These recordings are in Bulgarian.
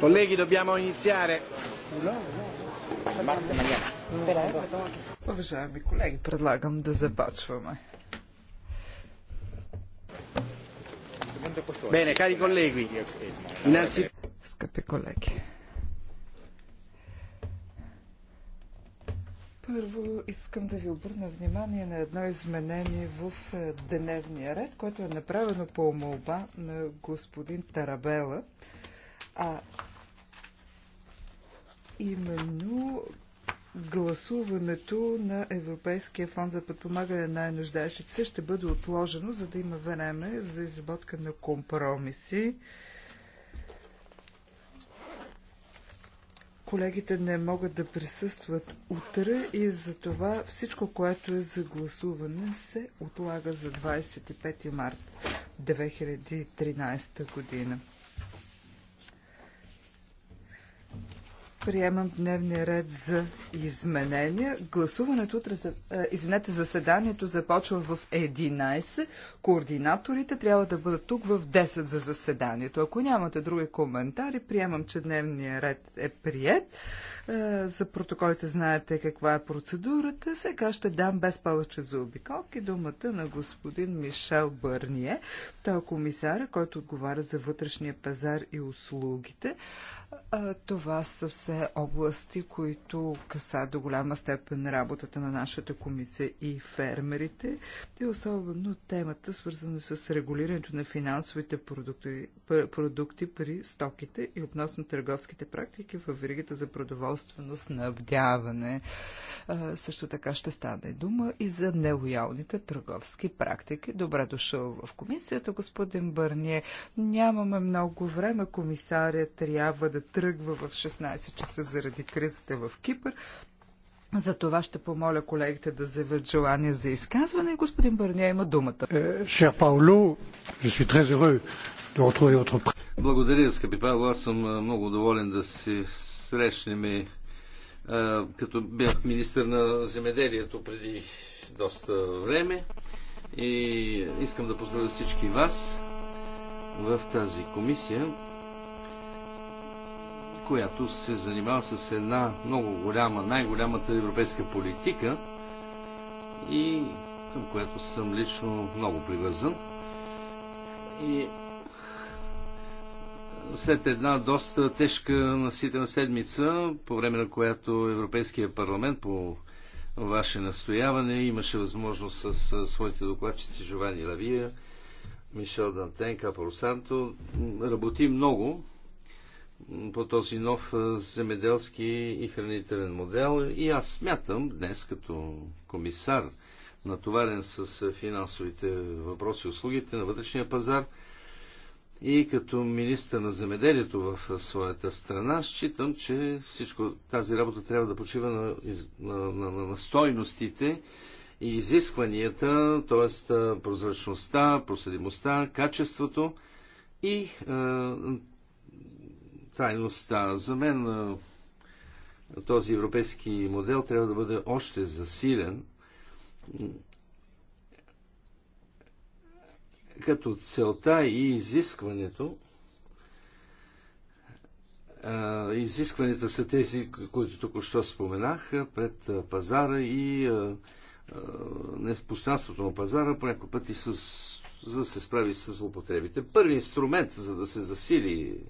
Colleghi, dobbiamo iniziare. Уважаеми колеги, предлагам да започваме. Bene, cari colleghi, Скъпи колеги, Първо искам да ви обърна внимание на едно изменение в е, дневния ред, което е направено по молба на господин Тарабела а именно гласуването на Европейския фонд за подпомагане на най-нуждаещите се ще бъде отложено, за да има време за изработка на компромиси. Колегите не могат да присъстват утре и за това всичко, което е за гласуване, се отлага за 25 март 2013 година. приемам дневния ред за изменения. Гласуването, е, извинете, заседанието започва в 11. Координаторите трябва да бъдат тук в 10 за заседанието. Ако нямате други коментари, приемам, че дневния ред е прият. Е, за протоколите знаете каква е процедурата. Сега ще дам без повече за обиколки думата на господин Мишел Бърние. Той е комисар, който отговаря за вътрешния пазар и услугите. Това са все области, които касаят до голяма степен работата на нашата комисия и фермерите, и особено темата, свързана с регулирането на финансовите продукти, продукти при стоките и относно търговските практики в веригата за продоволствено снабдяване. Също така ще стане дума и за нелоялните търговски практики. Добре дошъл в комисията, господин Бърние. Нямаме много време. Комисаря трябва да да тръгва в 16 часа заради кризата в Кипър. За това ще помоля колегите да заявят желание за изказване. Господин Бърния има думата. Е, шер Пауло, je suis très heureux de votre... Благодаря, скъпи Павло. Аз съм много доволен да се срещнем и, като бях министър на земеделието преди доста време. И искам да поздравя всички вас в тази комисия която се занимава с една много голяма, най-голямата европейска политика и към която съм лично много привързан. И след една доста тежка наситена седмица, по време на която Европейския парламент по ваше настояване имаше възможност с, своите докладчици Жовани Лавия, Мишел Дантен, Капро Санто, работи много по този нов земеделски и хранителен модел. И аз смятам днес като комисар, натоварен с финансовите въпроси и услугите на вътрешния пазар, и като министър на земеделието в своята страна, считам, че всичко тази работа трябва да почива на, на, на, на стойностите и изискванията, т.е. прозрачността, проследимостта, качеството и е, трайността. За мен този европейски модел трябва да бъде още засилен като целта и изискването изискванията са тези, които тук що споменах, пред пазара и неспостанството на пазара, по някой път и с, за да се справи с злопотребите. Първи инструмент, за да се засили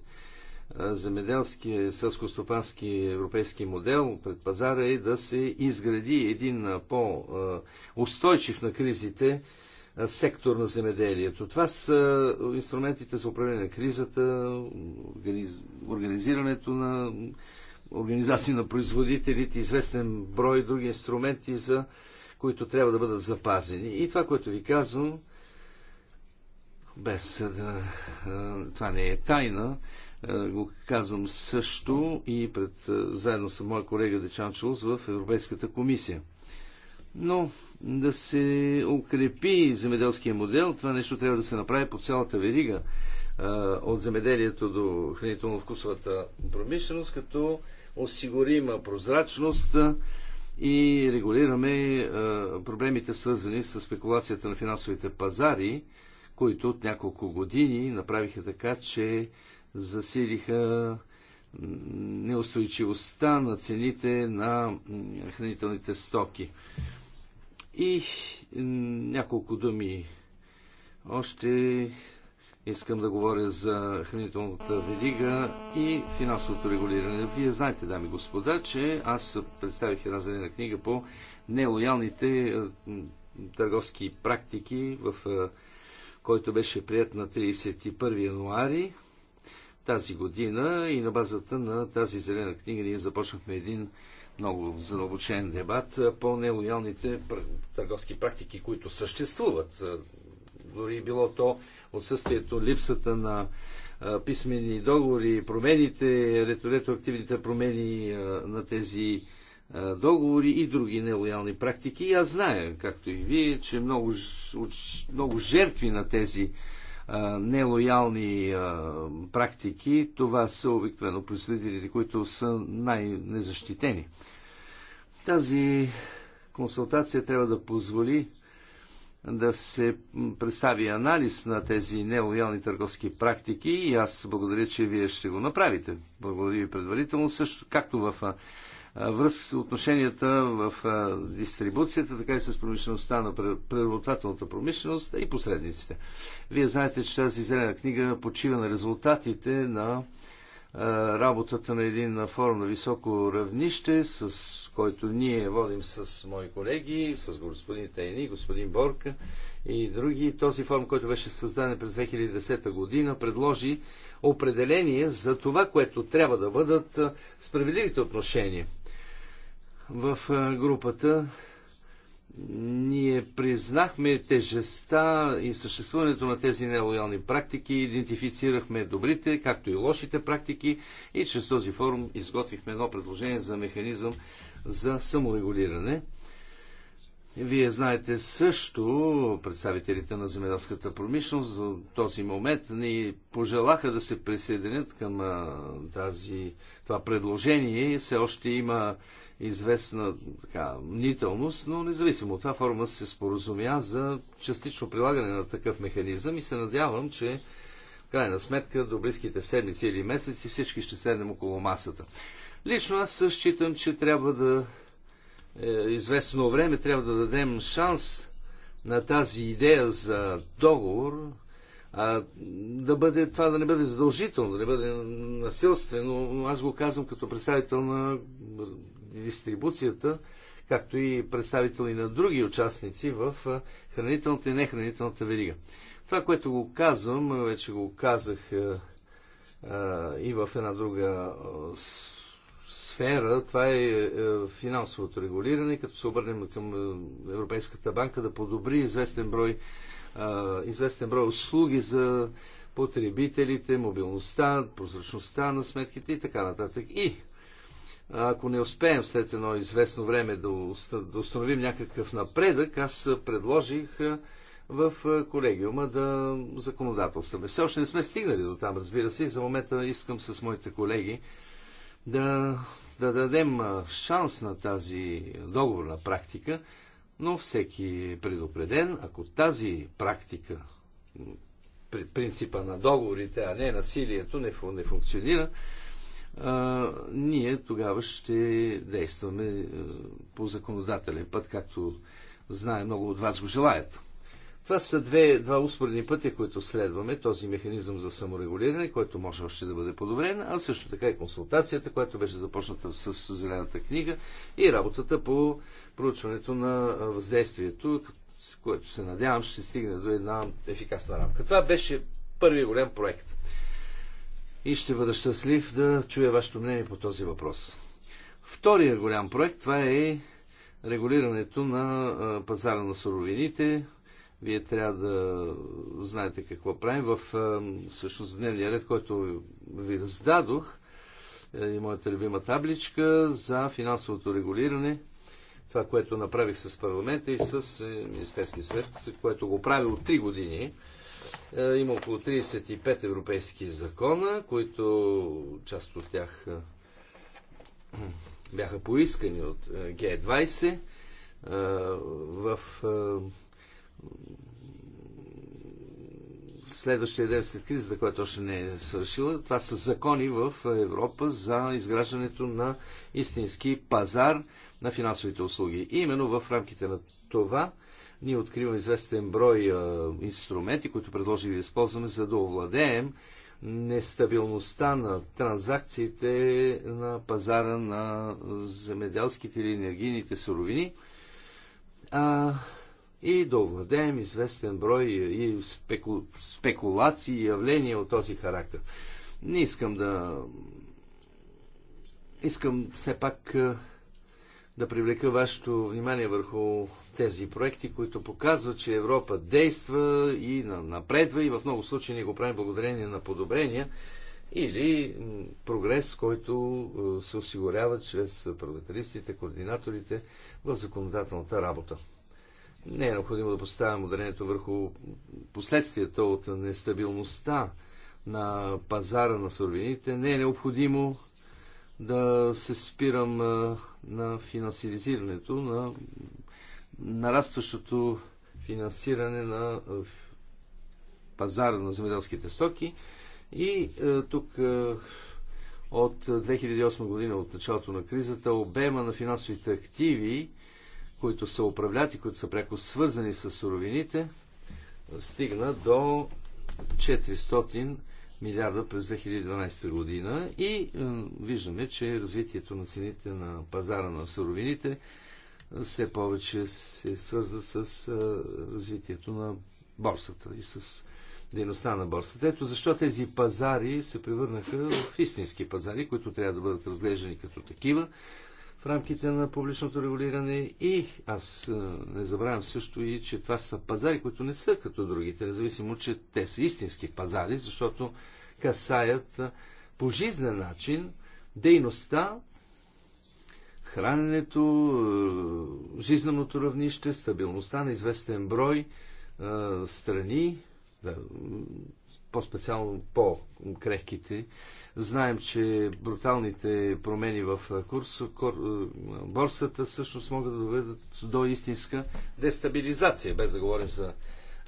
земеделския сълскостопански европейски модел пред пазара е да се изгради един по-устойчив на кризите сектор на земеделието. Това са инструментите за управление на кризата, организирането на организации на производителите, известен брой други инструменти, за които трябва да бъдат запазени. И това, което ви казвам, без да... Това не е тайна. Е, го казвам също и пред, е, заедно с моя колега Дечан Чулс в Европейската комисия. Но да се укрепи земеделския модел, това нещо трябва да се направи по цялата верига е, от земеделието до хранително-вкусовата промишленост, като осигурима прозрачност и регулираме проблемите свързани с спекулацията на финансовите пазари, които от няколко години направиха така, че засилиха неустойчивостта на цените на хранителните стоки. И няколко думи. Още искам да говоря за хранителната верига и финансовото регулиране. Вие знаете, дами и господа, че аз представих една зелена книга по нелоялните търговски практики, в който беше прият на 31 януари тази година и на базата на тази зелена книга ние започнахме един много задълбочен дебат по нелоялните търговски практики, които съществуват. Дори било то отсъствието, липсата на писмени договори, промените, ретроактивните промени на тези договори и други нелоялни практики. И аз знае, както и вие, че много, много жертви на тези нелоялни практики, това са обикновено производителите, които са най-незащитени. Тази консултация трябва да позволи да се представи анализ на тези нелоялни търговски практики и аз благодаря, че вие ще го направите. Благодаря ви предварително, също както в връз отношенията в дистрибуцията, така и с промишлеността на преработвателната промишленост и посредниците. Вие знаете, че тази зелена книга почива на резултатите на работата на един форум на високо равнище, с който ние водим с мои колеги, с господин Тайни, господин Борка и други. Този форум, който беше създаден през 2010 година, предложи определение за това, което трябва да бъдат справедливите отношения. В групата ние признахме тежестта и съществуването на тези нелоялни практики, идентифицирахме добрите, както и лошите практики и чрез този форум изготвихме едно предложение за механизъм за саморегулиране. Вие знаете също, представителите на земеделската промишленост до този момент ни пожелаха да се присъединят към тази, това предложение. Все още има известна така, мнителност, но независимо от това форма се споразумя за частично прилагане на такъв механизъм и се надявам, че в крайна сметка до близките седмици или месеци всички ще седнем около масата. Лично аз считам, че трябва да е, известно време трябва да дадем шанс на тази идея за договор, а, да бъде, това да не бъде задължително, да не бъде насилствено. Аз го казвам като представител на дистрибуцията, както и представители на други участници в хранителната и нехранителната верига. Това, което го казвам, вече го казах и в една друга сфера, това е, е финансовото регулиране, като се обърнем към Европейската банка да подобри известен брой, известен брой услуги за потребителите, мобилността, прозрачността на сметките и така нататък. И ако не успеем след едно известно време да установим някакъв напредък, аз предложих в колегиума да законодателстваме. Все още не сме стигнали до там, разбира се, и за момента искам с моите колеги да, да дадем шанс на тази договорна практика, но всеки е предупреден, ако тази практика, принципа на договорите, а не насилието, не, не функционира, а, ние тогава ще действаме а, по законодателен път, както знае много от вас го желаят. Това са две, два успоредни пътя, които следваме. Този механизъм за саморегулиране, който може още да бъде подобрен, а също така и консултацията, която беше започната с Зелената книга и работата по проучването на въздействието, което се надявам ще стигне до една ефикасна рамка. Това беше първи голям проект и ще бъда щастлив да чуя вашето мнение по този въпрос. Втория голям проект, това е регулирането на пазара на суровините. Вие трябва да знаете какво правим. В, всъщност, дневния ред, който ви раздадох, е, и моята любима табличка за финансовото регулиране. Това, което направих с парламента и с е, Министерски съвет, което го прави от 3 години е, има около 35 европейски закона, които част от тях е, бяха поискани от е, Г20 в следващия ден след кризата, която още не е свършила. Това са закони в Европа за изграждането на истински пазар на финансовите услуги. И именно в рамките на това ние откриваме известен брой а, инструменти, които предложили да използваме, за да овладеем нестабилността на транзакциите на пазара на земеделските или енергийните суровини. А, и да овладеем известен брой и спеку... спекулации и явления от този характер. Не искам да. Искам все пак да привлека вашето внимание върху тези проекти, които показват, че Европа действа и напредва и в много случаи ние го правим благодарение на подобрения или прогрес, който е, се осигурява чрез парламентаристите, координаторите в законодателната работа. Не е необходимо да поставям ударението върху последствията от нестабилността на пазара на суровините. Не е необходимо да се спирам на финансиризирането, на нарастващото финансиране на пазара на земеделските стоки. И тук от 2008 година, от началото на кризата, обема на финансовите активи, които са управляти, които са пряко свързани с суровините, стигна до 400 милиарда през 2012 година и е, виждаме, че развитието на цените на пазара на суровините е, все повече се свърза с е, развитието на борсата и с дейността на борсата. Ето защо тези пазари се превърнаха в истински пазари, които трябва да бъдат разглеждани като такива, рамките на публичното регулиране и аз е, не забравям също и, че това са пазари, които не са като другите, независимо, че те са истински пазари, защото касаят е, по жизнен начин дейността, храненето, е, жизненото равнище, стабилността на известен брой страни, по-специално по-крехките. Знаем, че бруталните промени в курс, кор, борсата всъщност могат да доведат до истинска дестабилизация, без да говорим за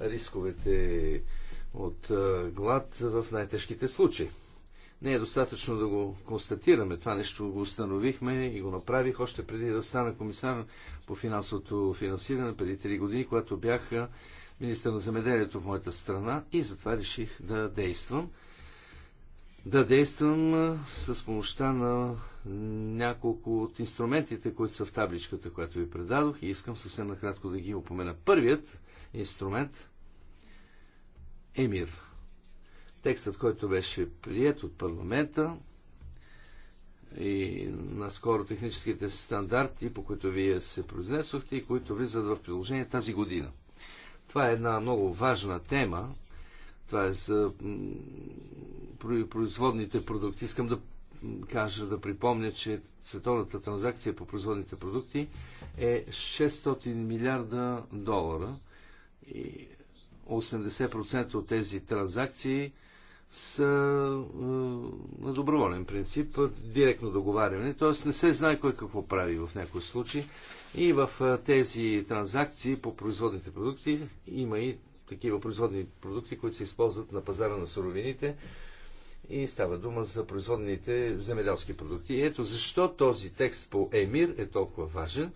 рисковете от глад в най-тежките случаи. Не е достатъчно да го констатираме. Това нещо го установихме и го направих още преди да стана комисар по финансовото финансиране, преди 3 години, когато бяха министър на земеделието в моята страна и затова реших да действам. Да действам с помощта на няколко от инструментите, които са в табличката, която ви предадох и искам съвсем накратко да ги упомена. Първият инструмент е мир. Текстът, който беше прият от парламента и наскоро техническите стандарти, по които вие се произнесохте и които влизат в приложение тази година. Това е една много важна тема. Това е за производните продукти. Искам да кажа, да припомня, че световната транзакция по производните продукти е 600 милиарда долара и 80% от тези транзакции – са е, на доброволен принцип, директно договаряне, т.е. не се знае кой какво прави в някои случаи. И в е, тези транзакции по производните продукти има и такива производни продукти, които се използват на пазара на суровините и става дума за производните земеделски продукти. И ето защо този текст по ЕМИР е толкова важен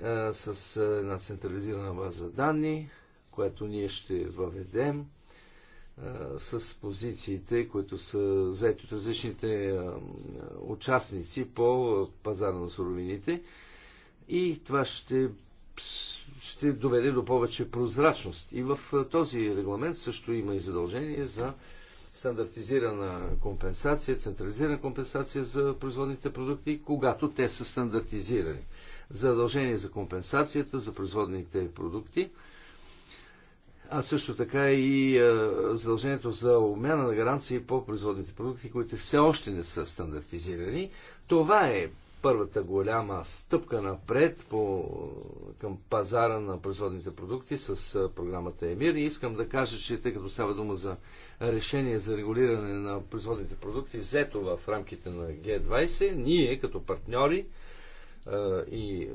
е, с една централизирана база данни, която ние ще въведем с позициите, които са заети от различните участници по пазара на суровините. И това ще, ще доведе до повече прозрачност. И в този регламент също има и задължение за стандартизирана компенсация, централизирана компенсация за производните продукти, когато те са стандартизирани. Задължение за компенсацията за производните продукти – а също така и задължението за обмяна на гаранции по производните продукти, които все още не са стандартизирани. Това е първата голяма стъпка напред по, към пазара на производните продукти с програмата ЕМИР. И искам да кажа, че тъй като става дума за решение за регулиране на производните продукти, взето в рамките на Г20, ние като партньори и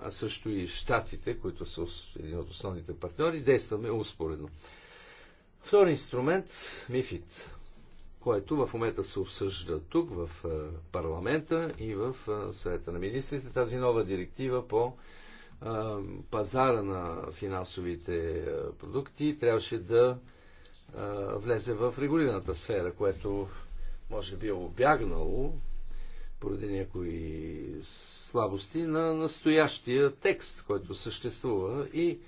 а също и щатите, които са един от основните партньори, действаме успоредно. Втори инструмент – Мифит, който в момента се обсъжда тук, в парламента и в съвета на министрите. Тази нова директива по пазара на финансовите продукти трябваше да влезе в регулираната сфера, което може би е обягнало поради някои слабости на настоящия текст, който съществува и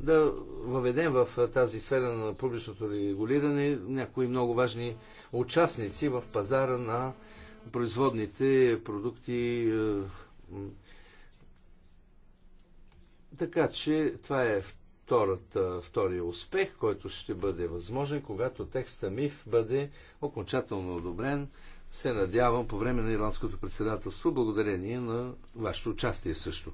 да въведем в тази сфера на публичното регулиране някои много важни участници в пазара на производните продукти. Е, така че това е втората, втория успех, който ще бъде възможен, когато текста МИФ бъде окончателно одобрен се надявам по време на ирландското председателство, благодарение на вашето участие също.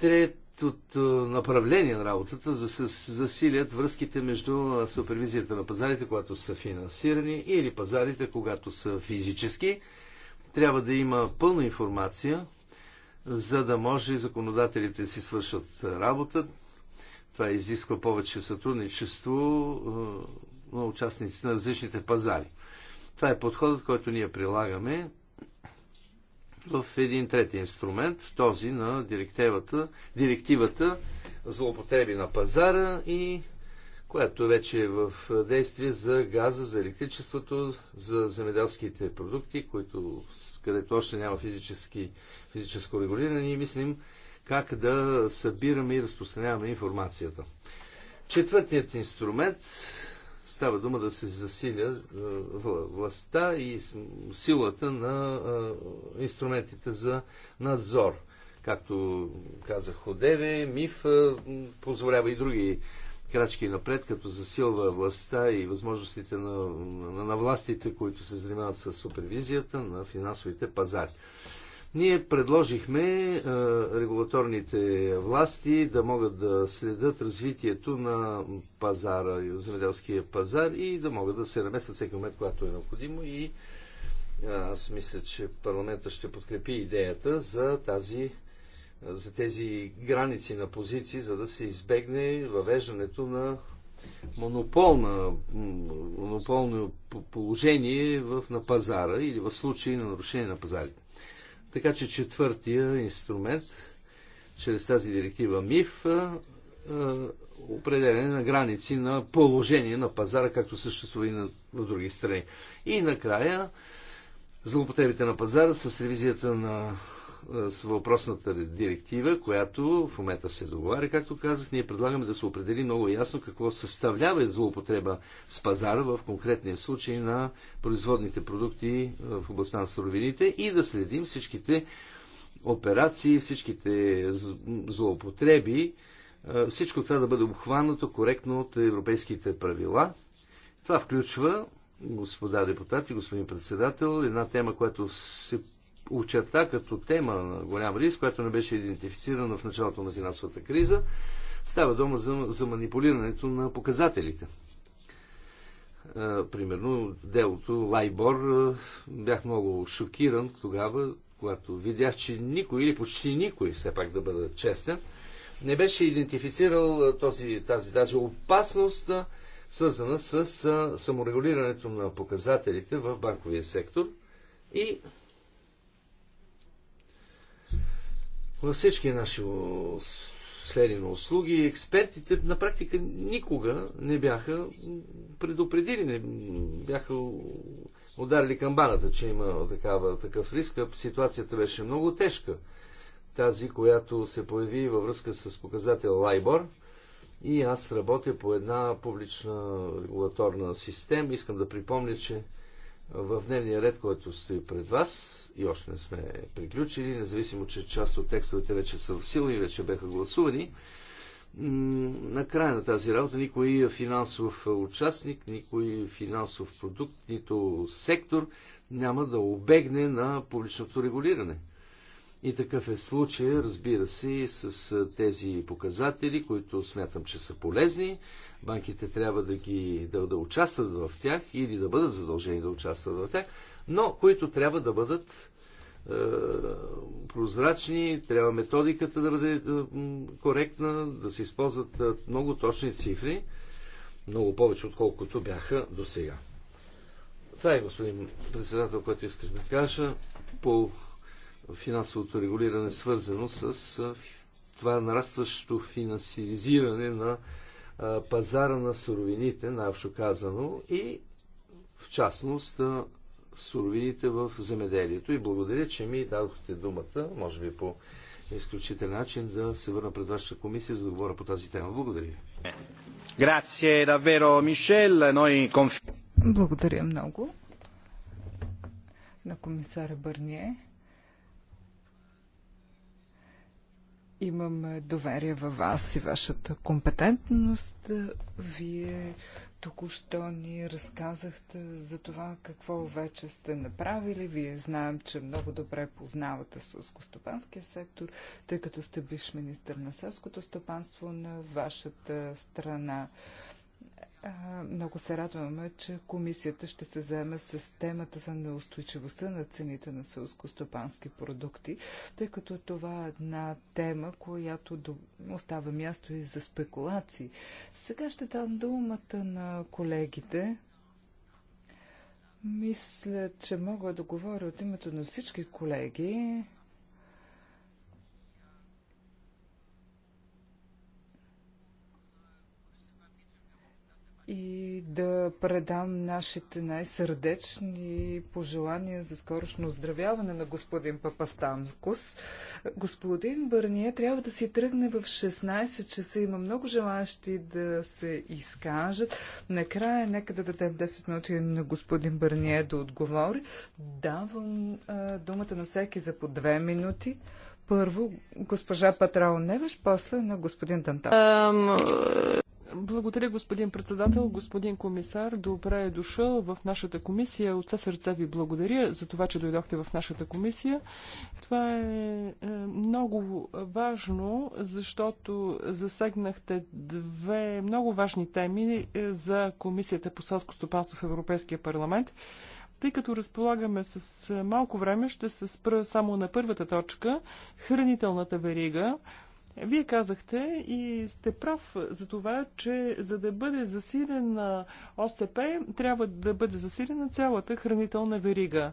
Третото направление на работата за се засилят връзките между супервизията на пазарите, когато са финансирани, или пазарите, когато са физически. Трябва да има пълна информация, за да може законодателите си свършат работа. Това изисква повече сътрудничество на участниците на различните пазари. Това е подходът, който ние прилагаме в един трети инструмент, този на директивата, директивата за употреби на пазара и която вече е в действие за газа, за електричеството, за земеделските продукти, които, където още няма физически, физическо регулиране, ние мислим как да събираме и разпространяваме информацията. Четвъртият инструмент Става дума да се засиля е, властта и силата на е, инструментите за надзор. Както казах одеве, МИФ е, позволява и други крачки напред, като засилва властта и възможностите на, на, на властите, които се занимават с супервизията на финансовите пазари. Ние предложихме регулаторните власти да могат да следят развитието на пазара, земеделския пазар и да могат да се намесят всеки момент, когато е необходимо и аз мисля, че парламента ще подкрепи идеята за тази за тези граници на позиции, за да се избегне въвеждането на монополна, монополно положение в, на пазара или в случай на нарушение на пазарите. Така че четвъртия инструмент, чрез тази директива МИФ, определяне на граници на положение на пазара, както съществува и на, на други страни. И накрая, злоупотребите на пазара с ревизията на с въпросната директива, която в момента се договаря. Както казах, ние предлагаме да се определи много ясно какво съставлява злоупотреба с пазара в конкретния случай на производните продукти е, в областта на суровините и да следим всичките операции, всичките злоупотреби, е, всичко това да бъде обхванато коректно от европейските правила. Това включва, господа депутати, господин председател, една тема, която се очерта като тема на голям риск, която не беше идентифицирана в началото на финансовата криза. Става дума за, за манипулирането на показателите. Примерно делото Лайбор бях много шокиран тогава, когато видях, че никой или почти никой, все пак да бъда честен, не беше идентифицирал този, тази, тази опасност, свързана с саморегулирането на показателите в банковия сектор и във всички наши сфери на услуги, експертите на практика никога не бяха предупредили, не бяха ударили камбаната, че има такава, такъв риск. Ситуацията беше много тежка. Тази, която се появи във връзка с показател Лайбор. И аз работя по една публична регулаторна система. Искам да припомня, че в дневния ред, който стои пред вас, и още не сме приключили, независимо, че част от текстовете вече са в сила и вече бяха гласувани, на края на тази работа никой финансов участник, никой финансов продукт, нито сектор няма да обегне на публичното регулиране. И такъв е случай, разбира се, и с тези показатели, които смятам, че са полезни банките трябва да, ги, да, да участват в тях или да бъдат задължени да участват в тях, но които трябва да бъдат е, прозрачни, трябва методиката да бъде е, коректна, да се използват е, много точни цифри, много повече отколкото бяха до сега. Това е, господин председател, което исках да кажа по финансовото регулиране, свързано с е, това нарастващо финансиризиране на пазара на суровините, наобщо казано, и в частност суровините в земеделието. И благодаря, че ми дадохте думата, може би по изключителен начин, да се върна пред вашата комисия, за да говоря по тази тема. Благодаря ви. Благодаря много на комисаря Бърние. Имам е, доверие във вас и вашата компетентност. Е, вие току-що ни разказахте за това какво вече сте направили. Вие знаем, че много добре познавате сълскостопанския сектор, тъй като сте биш министр на селското стопанство на вашата страна. Много се радваме, че комисията ще се заеме с темата за неустойчивостта на цените на селско-стопански продукти, тъй като това е една тема, която остава място и за спекулации. Сега ще дам думата на колегите. Мисля, че мога да говоря от името на всички колеги. и да предам нашите най-сърдечни пожелания за скорошно оздравяване на господин Папастамкус. Господин Бърния трябва да си тръгне в 16 часа. Има много желащи да се изкажат. Накрая нека да дадем 10 минути на господин Бърния да отговори. Давам а, думата на всеки за по 2 минути. Първо госпожа Патрао Невеш, после на господин Дантал. Благодаря, господин председател, господин комисар. Добре е дошъл в нашата комисия. От все сърце ви благодаря за това, че дойдохте в нашата комисия. Това е, е много важно, защото засегнахте две много важни теми е, за Комисията по селско стопанство в Европейския парламент. Тъй като разполагаме с е, малко време, ще се спра само на първата точка – хранителната верига – вие казахте и сте прав за това, че за да бъде засилена ОСП, трябва да бъде засилена цялата хранителна верига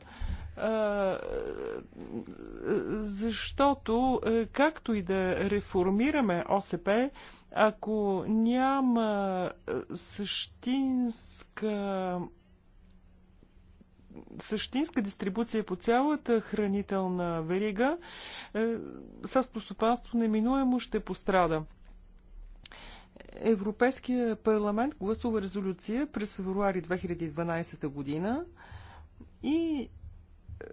защото е, както и да реформираме ОСП, ако няма е, същинска същинска дистрибуция по цялата хранителна верига, с е, селското стопанство неминуемо ще пострада. Европейския парламент гласува резолюция през февруари 2012 година и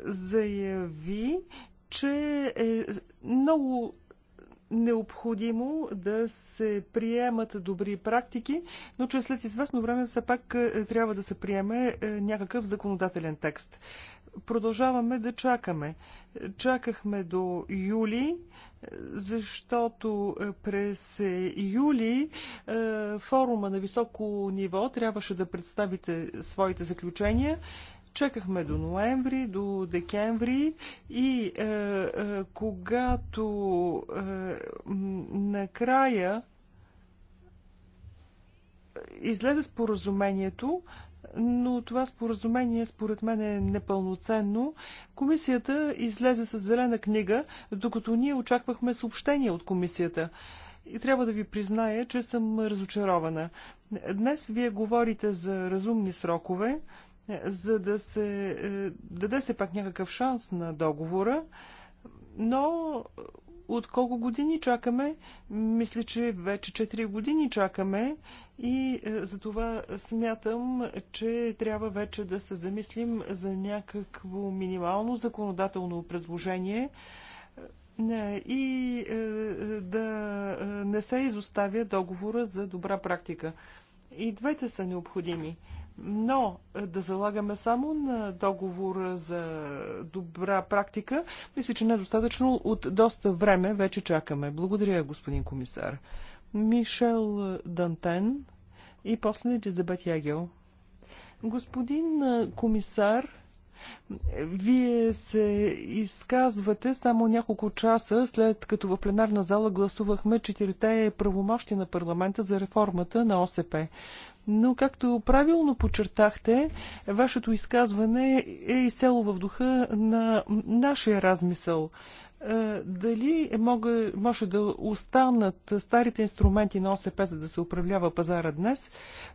заяви, че е много необходимо да се приемат добри практики, но че след известно време все пак е, трябва да се приеме е, някакъв законодателен текст. Продължаваме да чакаме. Чакахме до юли, е, защото през юли форума на високо ниво трябваше да представите своите заключения. Чакахме до ноември, до декември и е, е, когато е, накрая е, излезе споразумението, но това споразумение според мен е непълноценно. Комисията излезе с зелена книга, докато ние очаквахме съобщение от комисията. И трябва да ви призная, че съм разочарована. Днес вие говорите за разумни срокове, е, за да се е, даде се пак някакъв шанс на договора, но е, от колко години чакаме? Мисля, че вече 4 години чакаме и за това смятам, че трябва вече да се замислим за някакво минимално законодателно предложение и да не се изоставя договора за добра практика. И двете са необходими. Но е, да залагаме само на договор за добра практика, мисля, че недостатъчно. Е От доста време вече чакаме. Благодаря, господин комисар. Мишел Дантен и после Елизабет Ягел. Господин е, комисар, вие се изказвате само няколко часа след като в пленарна зала гласувахме четирите правомощи на парламента за реформата на ОСП. Но, както правилно подчертахте, вашето изказване е изцяло в духа на нашия размисъл. Е, дали мога, може да останат старите инструменти на ОСП, за да се управлява пазара днес?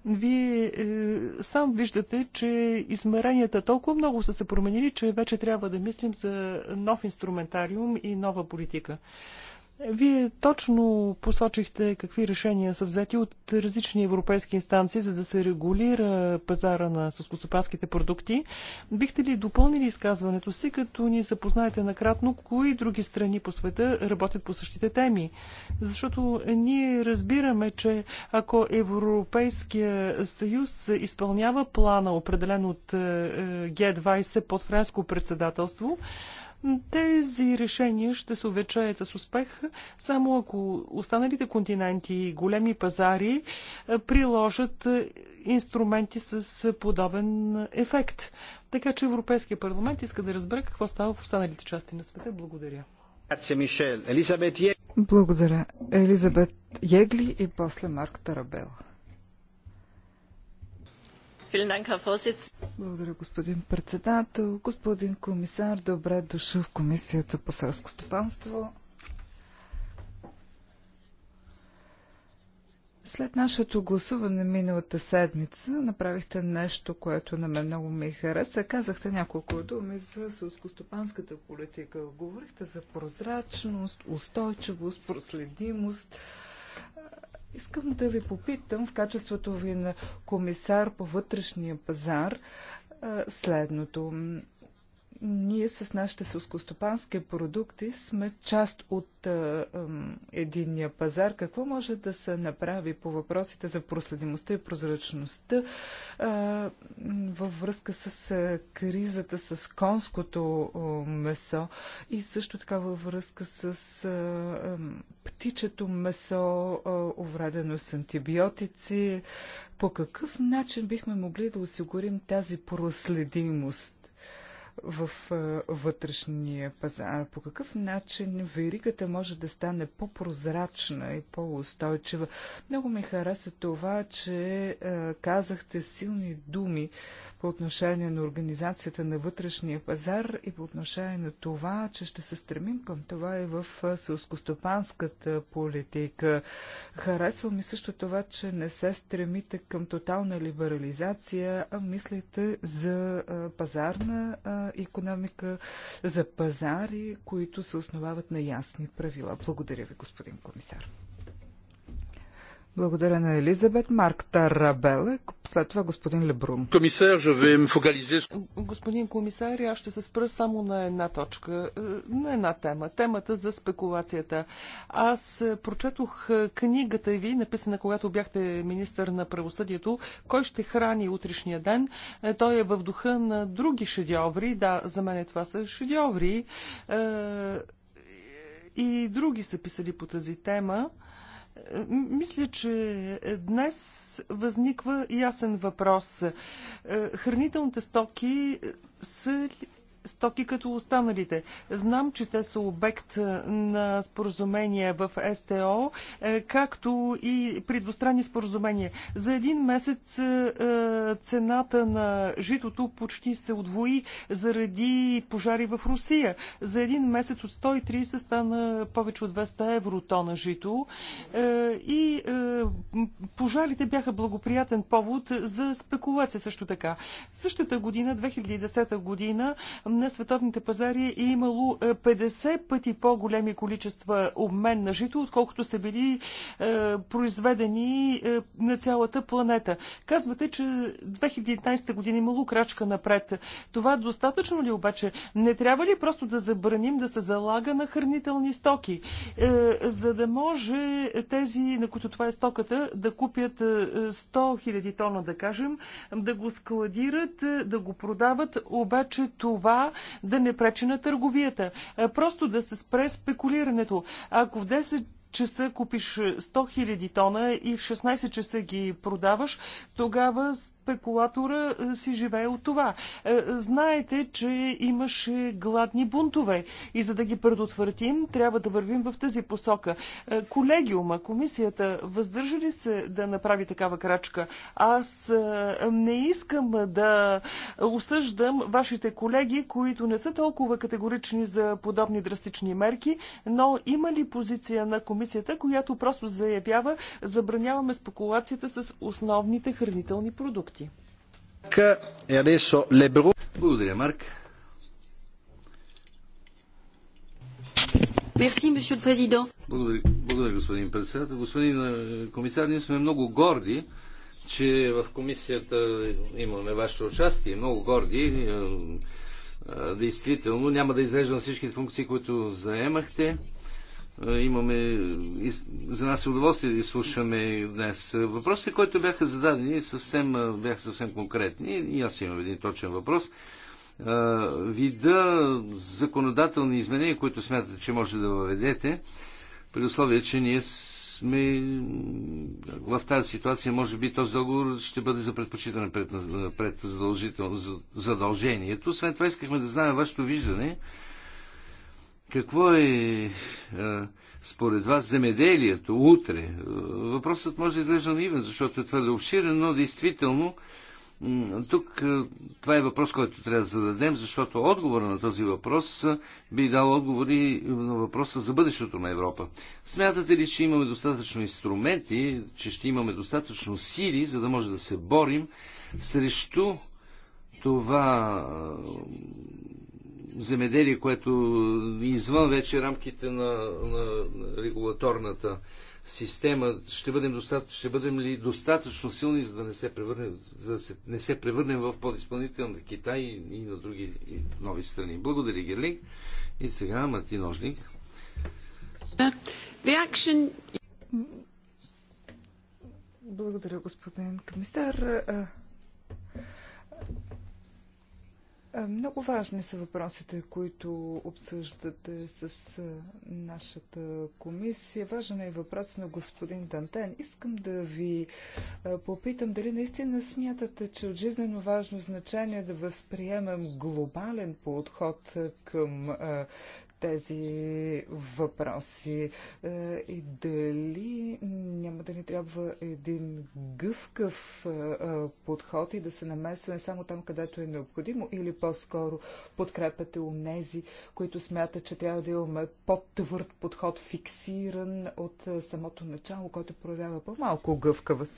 Вие е, сам виждате, че измеренията толкова много са се променили, че вече трябва да мислим за нов инструментариум и нова политика. Вие точно посочихте какви решения са взети от различни европейски инстанции, за да се регулира пазара на съскостопанските продукти. Бихте ли допълнили изказването си, като ни запознаете накратно, кои други страни по света работят по същите теми? Защото ние разбираме, че ако Европейския съюз изпълнява плана, определен от е, Г20 под френско председателство, тези решения ще се увечаят с успех, само ако останалите континенти и големи пазари е, приложат е, инструменти с е, подобен ефект. Така че Европейския парламент иска да разбере какво става в останалите части на света. Благодаря. Благодаря. Елизабет Егли и после Марк Тарабела. Благодаря, господин председател. Господин комисар, добре дошъл в Комисията по селско стопанство. След нашето гласуване миналата седмица направихте нещо, което на мен много ми хареса. Казахте няколко думи за селскостопанската политика. Говорихте за прозрачност, устойчивост, проследимост. Искам да ви попитам в качеството ви на комисар по вътрешния пазар следното. Ние с нашите сълскостопански продукти сме част от а, единния пазар. Какво може да се направи по въпросите за проследимостта и прозрачността а, във връзка с а, кризата с конското а, месо и също така във връзка с а, а, птичето месо, а, увредено с антибиотици? По какъв начин бихме могли да осигурим тази проследимост? в вътрешния пазар? По какъв начин веригата може да стане по-прозрачна и по-устойчива? Много ми хареса това, че казахте силни думи по отношение на организацията на вътрешния пазар и по отношение на това, че ще се стремим към това и в селскостопанската политика. Харесва ми също това, че не се стремите към тотална либерализация, а мислите за пазарна економика, за пазари, които се основават на ясни правила. Благодаря ви, господин комисар. Благодаря на Елизабет. Марк Тарабеле. след това господин Лебрум. Комисар, Господин комисар, аз ще се спра само на една точка, е, на една тема. Темата за спекулацията. Аз е, прочетох е, книгата ви, написана когато бяхте министър на правосъдието, кой ще храни утрешния ден. Той е в духа на други шедьоври. Да, за мен това са шедьоври. И други са писали по тази тема. Мисля, че днес възниква ясен въпрос. Е, хранителните стоки са стоки като останалите. Знам, че те са обект е, на споразумения в СТО, е, както и при двустранни споразумения. За един месец е, цената на житото почти се удвои заради пожари в Русия. За един месец от 130 стана повече от 200 евро тона жито и пожарите бяха благоприятен повод за спекулация също така. Същата година, 2010 година, на световните пазари е имало 50 е, пъти по-големи количества обмен на жито, отколкото са били е, произведени е, на цялата планета. Казвате, че 2019 година имало крачка напред. Това достатъчно ли обаче? Не трябва ли просто да забраним да се залага на хранителни стоки, е, за да може тези, на които това е стоката, да купят 100 е, 000 тона, да кажем, да го складират, е, да го продават, обаче това това да не пречи на търговията. Е, просто да се спре спекулирането. Ако в 10 часа купиш 100 000 тона и в 16 часа ги продаваш, тогава спекулатора е, си живее от това. Е, знаете, че имаше гладни бунтове и за да ги предотвратим, трябва да вървим в тази посока. Е, колегиума, комисията, въздържа ли се да направи такава крачка? Аз не искам да осъждам вашите колеги, които не са толкова категорични за подобни драстични мерки, но има ли позиция на комисията, която просто заявява, забраняваме спекулацията с основните хранителни продукти? проекти. Благодаря, Марк. благодаря, господин председател. Господин комисар, ние сме много горди, че в комисията имаме вашето участие. Много горди. Действително, няма да изреждам всички функции, които заемахте. Е, имаме, за нас е удоволствие да изслушаме днес. Въпросите, които бяха зададени, съвсем, е, бяха съвсем конкретни. И аз имам един точен въпрос. Е, вида законодателни изменения, които смятате, че може да въведете, при условие, че ние сме в тази ситуация, може би този договор ще бъде за предпочитане пред, пред задължението. Освен това, искахме да знаем вашето виждане какво е, е според вас земеделието утре? Е, въпросът може да изглежда наивен, защото е твърде обширен, но действително тук е, това е въпрос, който трябва да зададем, защото отговора на този въпрос би дал отговори на въпроса за бъдещето на Европа. Смятате ли, че имаме достатъчно инструменти, че ще имаме достатъчно сили, за да може да се борим срещу това земеделие, което извън вече рамките на, на регулаторната система, ще бъдем, ще бъдем ли достатъчно силни, за да не се превърнем, за да се, не се превърнем в подиспълнител на Китай и, и на други и нови страни. Благодаря, Герлин. И сега Мати Ножник. Reaction... Благодаря, господин комисар. Много важни са въпросите, които обсъждате с нашата комисия. Важен е въпрос на господин Дантен. Искам да ви попитам дали наистина смятате, че от жизнено важно значение е да възприемем глобален подход към тези въпроси е, и дали няма да ни трябва един гъвкав е, е, подход и да се намесваме само там, където е необходимо или по-скоро подкрепяте нези, които смятат, че трябва да имаме по-твърд подход, фиксиран от самото начало, който проявява по-малко гъвкавост.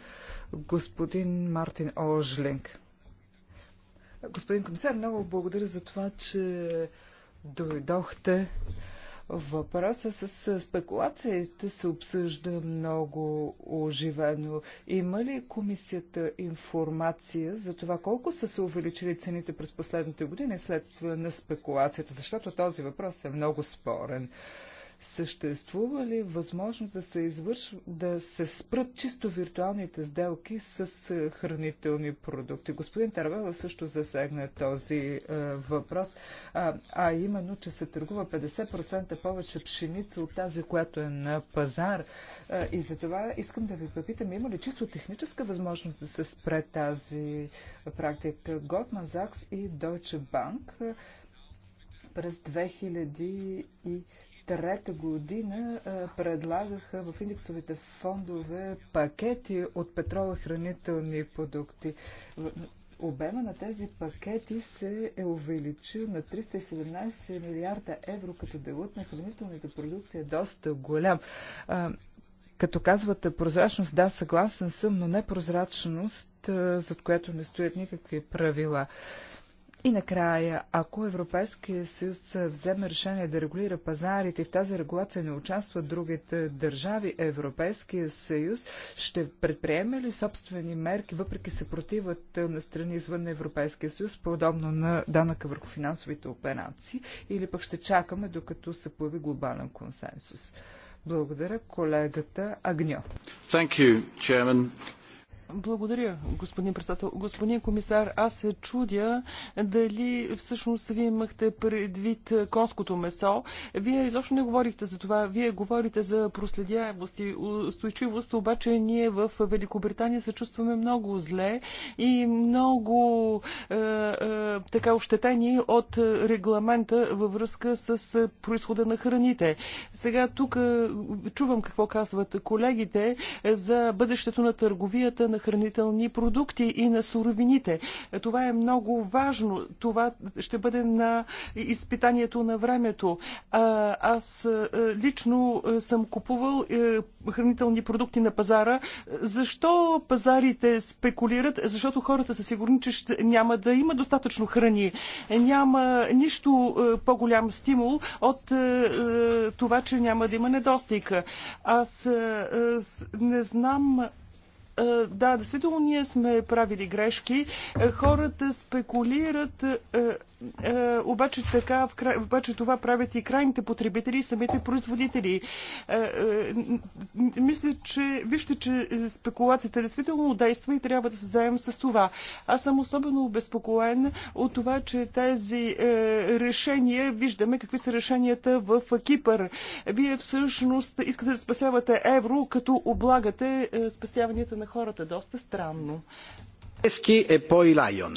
Господин Мартин Ожлинг. Господин комисар, много благодаря за това, че дойдохте. Въпроса с спекулациите се обсъжда много оживено. Има ли комисията информация за това колко са се увеличили цените през последните години следствие на спекулацията? Защото този въпрос е много спорен. Съществува ли възможност да се, извършва, да се спрат чисто виртуалните сделки с е, хранителни продукти? Господин Тарвела също засегна този е, въпрос, а, а именно, че се търгува 50% повече пшеница от тази, която е на пазар. Е, и за това искам да ви попитам, има ли чисто техническа възможност да се спре тази практика? Готман Закс и Deutsche Bank през 2000 и трета година предлагаха в индексовите фондове пакети от петролохранителни продукти. Обема на тези пакети се е увеличил на 317 милиарда евро, като делът на хранителните продукти е доста голям. Като казвате прозрачност, да, съгласен съм, но не прозрачност, зад която не стоят никакви правила. И накрая, ако Европейския съюз вземе решение да регулира пазарите и в тази регулация не участват другите държави, Европейския съюз ще предприеме ли собствени мерки, въпреки съпротивът на страни извън Европейския съюз, подобно на данъка върху финансовите операции, или пък ще чакаме докато се появи глобален консенсус? Благодаря колегата Агньо. Thank you, chairman. Благодаря, господин председател. Господин комисар, аз се чудя дали всъщност вие имахте предвид конското месо. Вие изобщо не говорихте за това. Вие говорите за проследяемост и устойчивост, обаче ние в Великобритания се чувстваме много зле и много е, е, така ощетени от регламента във връзка с происхода на храните. Сега тук е, чувам какво казват колегите за бъдещето на търговията на хранителни продукти и на суровините. Това е много важно. Това ще бъде на изпитанието на времето. Аз лично съм купувал е, хранителни продукти на пазара. Защо пазарите спекулират? Защото хората са сигурни, че ще, няма да има достатъчно храни. Няма нищо е, по-голям стимул от е, това, че няма да има недостиг. Аз не знам е, да, действително ние сме правили грешки. Е, хората спекулират е, е, обаче, така, в обаче това правят и крайните потребители и самите производители. Е, е, мисля, че вижте, че спекулацията действително действа и трябва да се заем с това. Аз съм особено обезпокоен от това, че тези е, решения, виждаме какви са решенията в Кипър. Вие всъщност искате да спасявате евро, като облагате е, спестяванията на хората. Доста странно. Ески е по-илайон.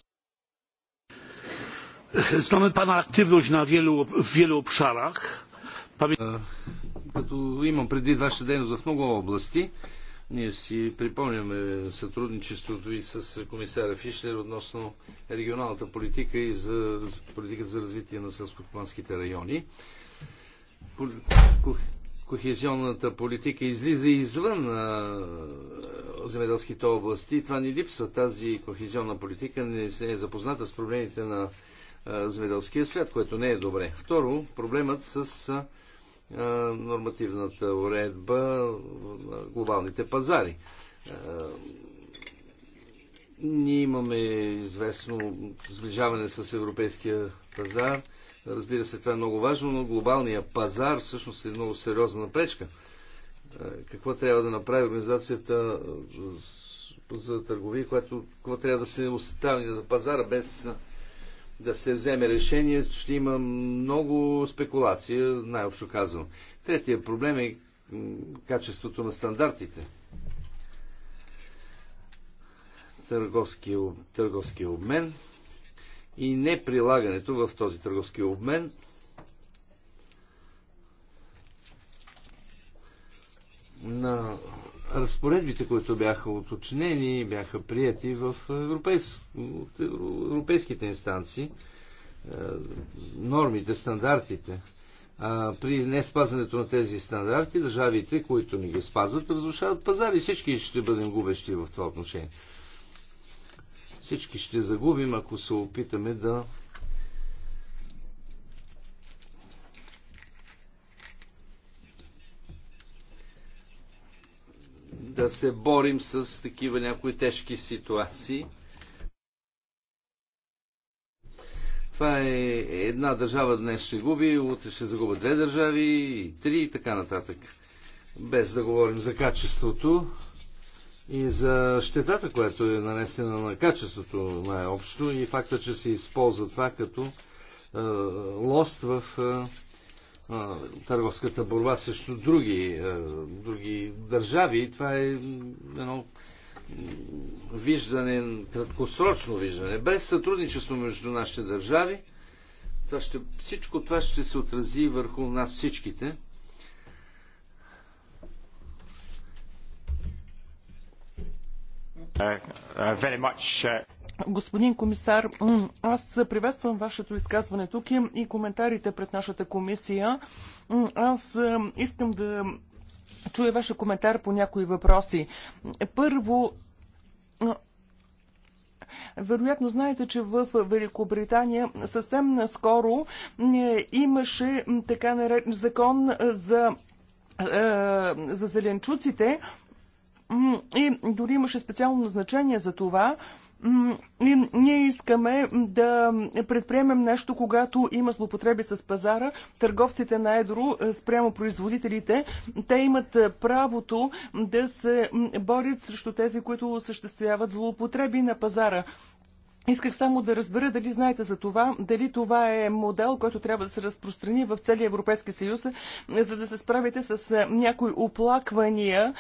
Znamy Pana aktywność na wielu, w wielu obszarach. E, като имам предвид вашата дейност в много области, ние си припомняме сътрудничеството и с комисаря Фишлер относно регионалната политика и за политиката за развитие на селско селскопанските райони. Кохезионната политика излиза извън земеделските области. Това ни липсва. Тази кохезионна политика не се е запозната с проблемите на земеделския свят, което не е добре. Второ, проблемът с нормативната уредба на глобалните пазари. Ние имаме известно сближаване с европейския пазар. Разбира се, това е много важно, но глобалния пазар всъщност е много сериозна пречка. Какво трябва да направи организацията за търговия, което, трябва да се остави за пазара без да се вземе решение, ще има много спекулация, най-общо казвам. Третия проблем е качеството на стандартите. Търговски, търговски обмен и неприлагането в този търговски обмен на разпоредбите, които бяха уточнени, бяха прияти в европейс... от европейските инстанции, е, нормите, стандартите. А, при не спазването на тези стандарти, държавите, които не ги спазват, разрушават пазари. Всички ще бъдем губещи в това отношение. Всички ще загубим, ако се опитаме да да се борим с такива някои тежки ситуации. Това е една държава днес ще губи, утре ще загубят две държави, и три и така нататък. Без да говорим за качеството и за щетата, която е нанесена на качеството най-общо и факта, че се използва това като е, лост в е, търговската борба срещу други, други държави. Това е едно виждане, краткосрочно виждане. Без сътрудничество между нашите държави, това ще, всичко това ще се отрази върху нас всичките. Uh, uh, very much, uh... Господин комисар, аз приветствам вашето изказване тук и коментарите пред нашата комисия. Аз искам да чуя вашия коментар по някои въпроси. Първо, вероятно знаете, че в Великобритания съвсем наскоро имаше така наречен закон за, за зеленчуците и дори имаше специално назначение за това ние искаме да предприемем нещо, когато има злопотреби с пазара, търговците на едро е, спрямо производителите, те имат е, правото да се борят срещу тези, които осъществяват злоупотреби на пазара. Исках само да разбера дали знаете за това, дали това е модел, който трябва да се разпространи в целия Европейски съюз, за да се справите с е, някои оплаквания,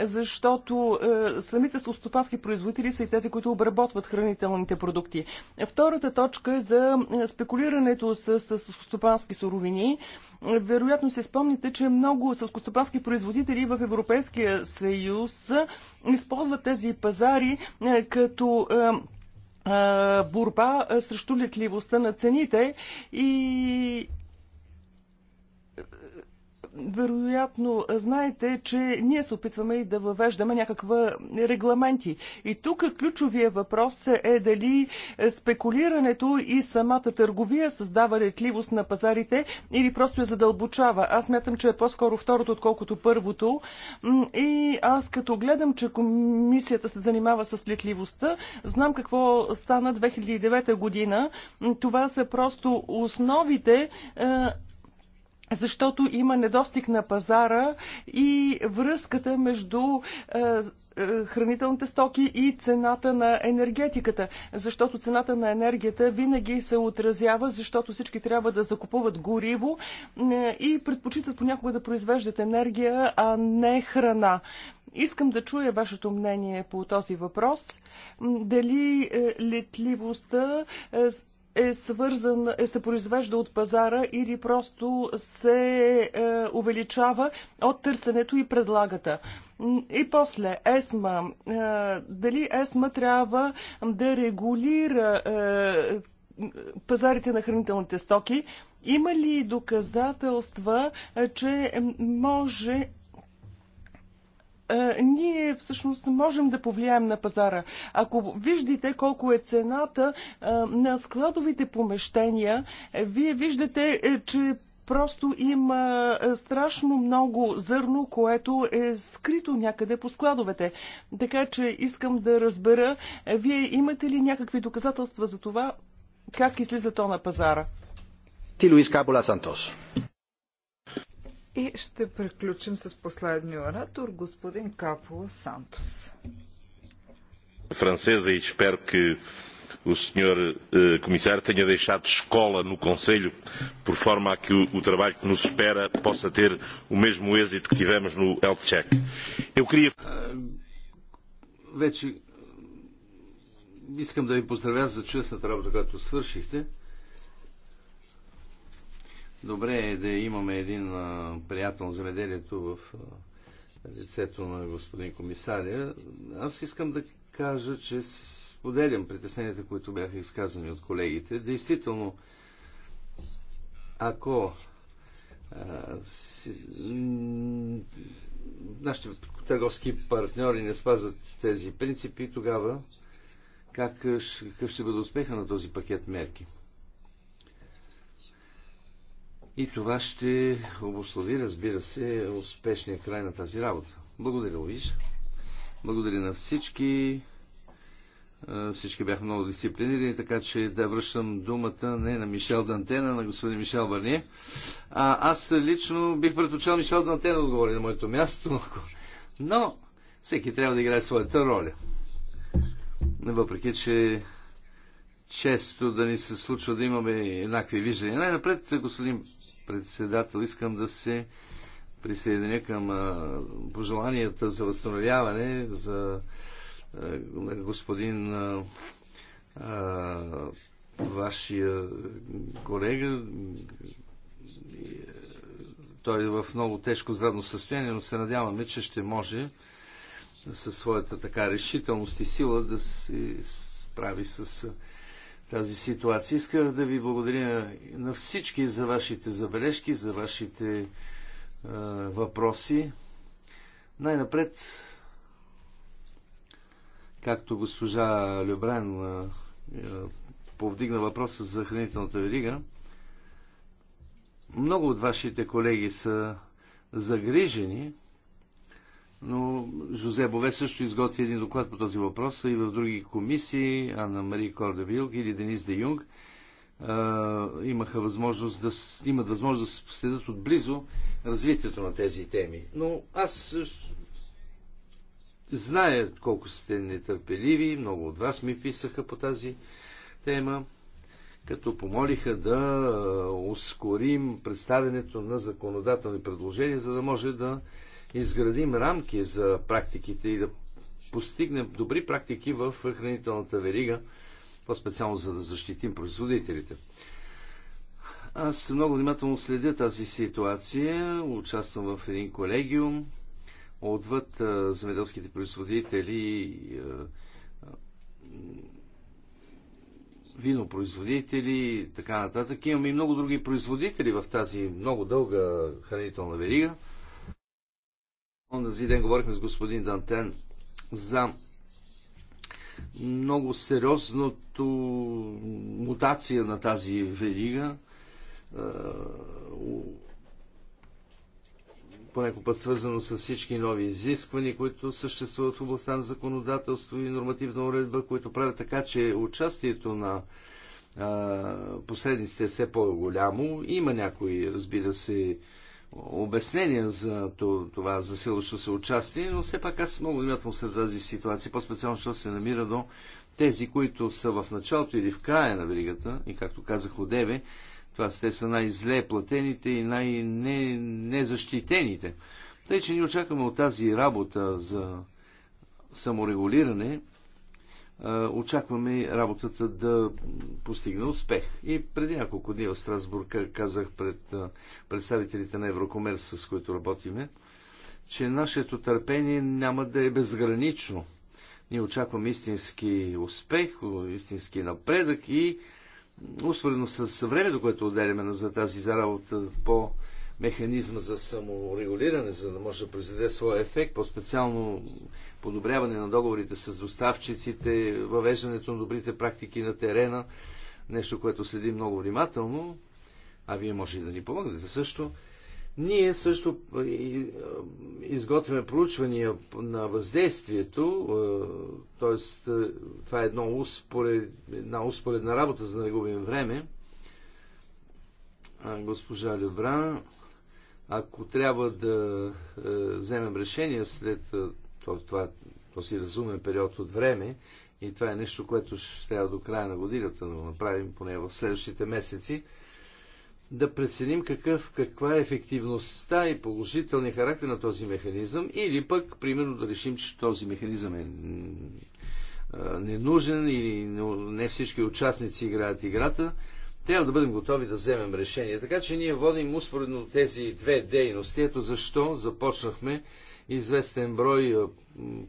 защото е, самите сълстопански производители са и тези, които обработват хранителните продукти. Втората точка е за е, спекулирането с сълстопански суровини. Вероятно се спомните, че много сълскостопански производители в Европейския съюз е, използват тези пазари е, като е, борба срещу летливостта на цените и вероятно знаете, че ние се опитваме и да въвеждаме някаква регламенти. И тук ключовия въпрос е дали спекулирането и самата търговия създава ретливост на пазарите или просто я задълбочава. Аз мятам, че е по-скоро второто, отколкото първото. И аз като гледам, че комисията се занимава с летливостта, знам какво стана 2009 година. Това са просто основите е, защото има недостиг на пазара и връзката между е, е, хранителните стоки и цената на енергетиката, защото цената на енергията винаги се отразява, защото всички трябва да закупуват гориво е, и предпочитат понякога да произвеждат енергия, а не храна. Искам да чуя вашето мнение по този въпрос. Дали летливостта е свързан, е, се произвежда от пазара или просто се е, увеличава от търсенето и предлагата. И после ЕСМА. Е, дали ЕСМА трябва да регулира е, пазарите на хранителните стоки? Има ли доказателства, е, че може ние всъщност можем да повлияем на пазара. Ако виждате колко е цената на складовите помещения, вие виждате, е, че просто има страшно много зърно, което е скрито някъде по складовете. Така че искам да разбера, вие имате ли някакви доказателства за това, как излиза то на пазара? Ти Луис Кабула Сантос. И ще приключим с последния оратор, господин Капола Сантос. Francesa e espero que o Sr. Eh, Comissário tenha deixado escola no Conselho, por forma a que o, o trabalho que nos espera possa ter o mesmo êxito que tivemos no Health Check. Eu queria. Вече искам да ви поздравя за честната работа, която свършихте. Добре е да имаме един приятел на земеделието в лицето на господин комисаря. Аз искам да кажа, че споделям притесненията, които бяха изказани от колегите. Действително, ако а, си, нашите търговски партньори не спазват тези принципи, тогава как, какъв ще бъде успеха на този пакет мерки? И това ще обослови, разбира се, успешния край на тази работа. Благодаря, Луиш. Благодаря на всички. Всички бяха много дисциплинирани, така че да връщам думата не на Мишел Дантена, на господин Мишел Барние. А, аз лично бих предпочел Мишел Дантена да отговори на моето място, но всеки трябва да играе своята роля. Въпреки, че често да ни се случва да имаме еднакви виждания. Най-напред, господин председател, искам да се присъединя към пожеланията за възстановяване за господин а, вашия колега. Той е в много тежко здравно състояние, но се надяваме, че ще може със своята така решителност и сила да се справи с тази ситуация. Исках да ви благодаря на всички за вашите забележки, за вашите е, въпроси. Най-напред, както госпожа Любрен е, повдигна въпроса за хранителната верига, много от вашите колеги са загрижени но Жозе Бове също изготви един доклад по този въпрос и в други комисии, Анна Мари Кордавилк или Денис Де Юнг, имаха възможност да, имат възможност да се следят отблизо развитието на тези теми. Но аз зная колко сте нетърпеливи, много от вас ми писаха по тази тема, като помолиха да ускорим представенето на законодателни предложения, за да може да изградим рамки за практиките и да постигнем добри практики в хранителната верига, по-специално за да защитим производителите. Аз много внимателно следя тази ситуация, участвам в един колегиум, отвъд земеделските производители, винопроизводители и така нататък. Имаме и много други производители в тази много дълга хранителна верига – Онзи ден говорихме с господин Дантен за много сериозното мутация на тази верига. Е, понеко път свързано с всички нови изисквания, които съществуват в областта на законодателство и нормативна уредба, които правят така, че участието на е, последниците е все по-голямо. Има някои, разбира се, обяснения за това засилващо се участие, но все пак аз много внимателно след тази ситуация, по-специално, защото се намира до тези, които са в началото или в края на веригата, и както казах Деве, това те са най-зле платените и най-незащитените. Тъй, че ни очакваме от тази работа за саморегулиране очакваме работата да постигне успех. И преди няколко дни в Страсбург казах пред представителите на Еврокомерс, с които работиме, че нашето търпение няма да е безгранично. Ние очакваме истински успех, истински напредък и успоредно с времето, което отделяме за тази за работа по механизма за саморегулиране, за да може да произведе своя ефект, по-специално подобряване на договорите с доставчиците, въвеждането на добрите практики на терена, нещо, което следи много внимателно, а вие може и да ни помогнете също. Ние също изготвяме проучвания на въздействието, т.е. това е едно успоред, една успоредна работа, за да не губим време госпожа Лебран. Ако трябва да е, вземем решение след е, това, този разумен период от време, и това е нещо, което ще трябва до края на годината да го направим, поне в следващите месеци, да преценим какъв, каква е ефективността и положителния характер на този механизъм или пък, примерно, да решим, че този механизъм е, е ненужен или не всички участници играят играта трябва да бъдем готови да вземем решение. Така че ние водим успоредно тези две дейности. Ето защо започнахме известен брой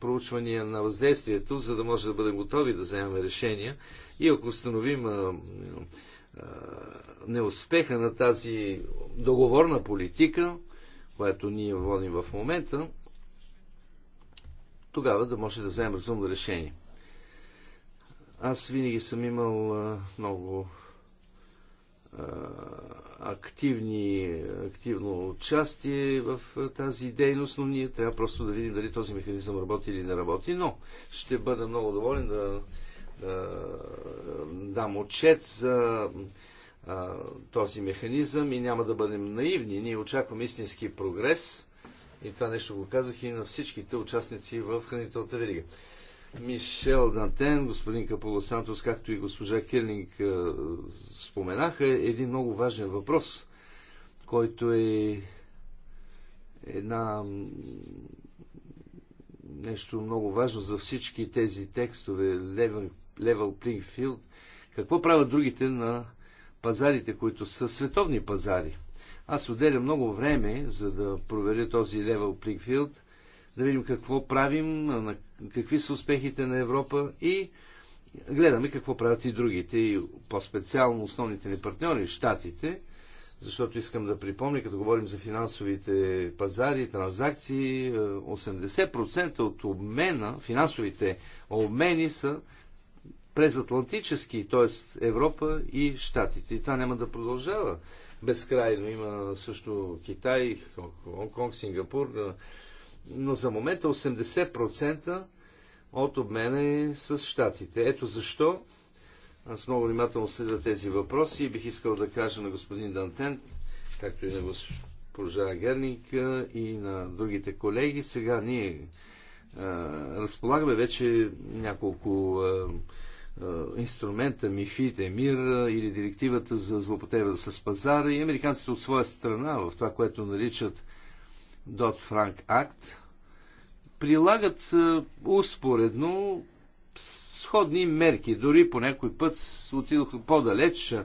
проучвания на въздействието, за да може да бъдем готови да вземем решения. И ако установим неуспеха на тази договорна политика, която ние водим в момента, тогава да може да вземем разумно решение. Аз винаги съм имал много активни, активно участие в тази дейност, но ние трябва просто да видим дали този механизъм работи или не работи. Но ще бъда много доволен да, да дам отчет за а, този механизъм и няма да бъдем наивни. Ние очакваме истински прогрес и това нещо го казах и на всичките участници в хранителната верига. Мишел Дантен, господин Сантос, както и госпожа Келинг е, споменаха, е един много важен въпрос, който е една нещо много важно за всички тези текстове, level, level playing field, какво правят другите на пазарите, които са световни пазари. Аз отделя много време, за да проверя този level playing field, да видим какво правим, на какви са успехите на Европа и гледаме какво правят и другите, и по-специално основните ни партньори, щатите, защото искам да припомня, като говорим за финансовите пазари, транзакции, 80% е, от обмена, финансовите обмени са през Атлантически, т.е. Европа и Штатите. И това няма да продължава безкрайно. Има също Китай, Хонконг, Сингапур, е, но за момента 80% от обмена е с щатите. Ето защо аз много внимателно следя тези въпроси и бих искал да кажа на господин Дантен, както и на госпожа Герник и на другите колеги. Сега ние а, разполагаме вече няколко а, а, инструмента, мифите, мир или директивата за злопотреба с пазара и американците от своя страна в това, което наричат Дот Франк Акт, прилагат успоредно сходни мерки. Дори по някой път отидоха по-далеч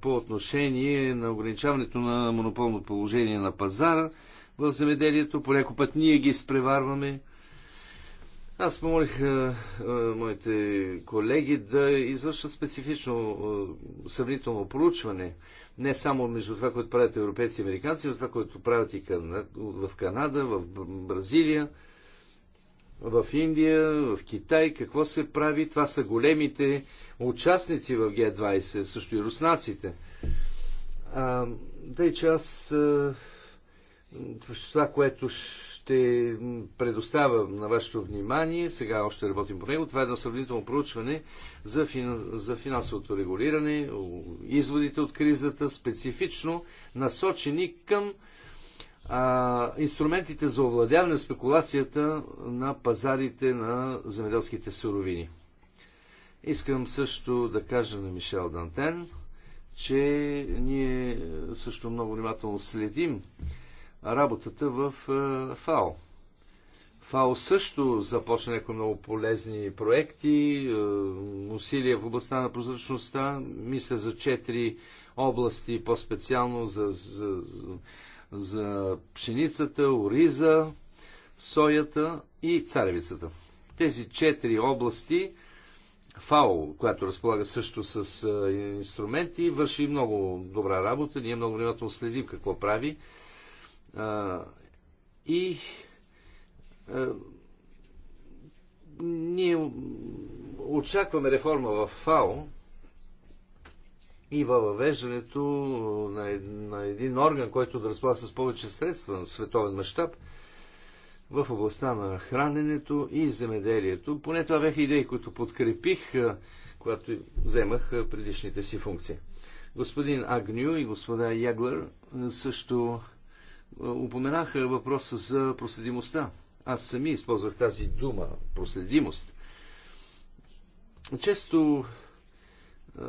по отношение на ограничаването на монополно положение на пазара в земеделието. По някой път ние ги изпреварваме. Аз помолих а, а, моите колеги да извършат специфично а, сравнително проучване, не само между това, което правят европейци и американци, но това, което правят и в Канада, в Бразилия, в Индия, в Китай, какво се прави. Това са големите участници в Г-20, също и руснаците. А, тъй, че аз а, това, което ще предоставя на вашето внимание, сега още работим по него, това е едно сравнително проучване за, фин... за финансовото регулиране, изводите от кризата, специфично насочени към а, инструментите за овладяване на спекулацията на пазарите на земеделските суровини. Искам също да кажа на Мишел Дантен, че ние също много внимателно следим работата в е, ФАО. ФАО също започна някои много полезни проекти, е, усилия в областта на прозрачността, мисля за четири области, по-специално за, за, за пшеницата, ориза, соята и царевицата. Тези четири области ФАО, която разполага също с е, инструменти, върши много добра работа. Ние много внимателно следим какво прави и ние очакваме реформа в ФАО и във въвеждането на, на един орган, който да разполага с повече средства на световен мащаб в областта на храненето и земеделието. Поне това бяха идеи, които подкрепих, когато вземах предишните си функции. Господин Агню и господа Яглер също е, упоменах въпроса за проследимостта. Аз сами използвах тази дума проследимост. Често е,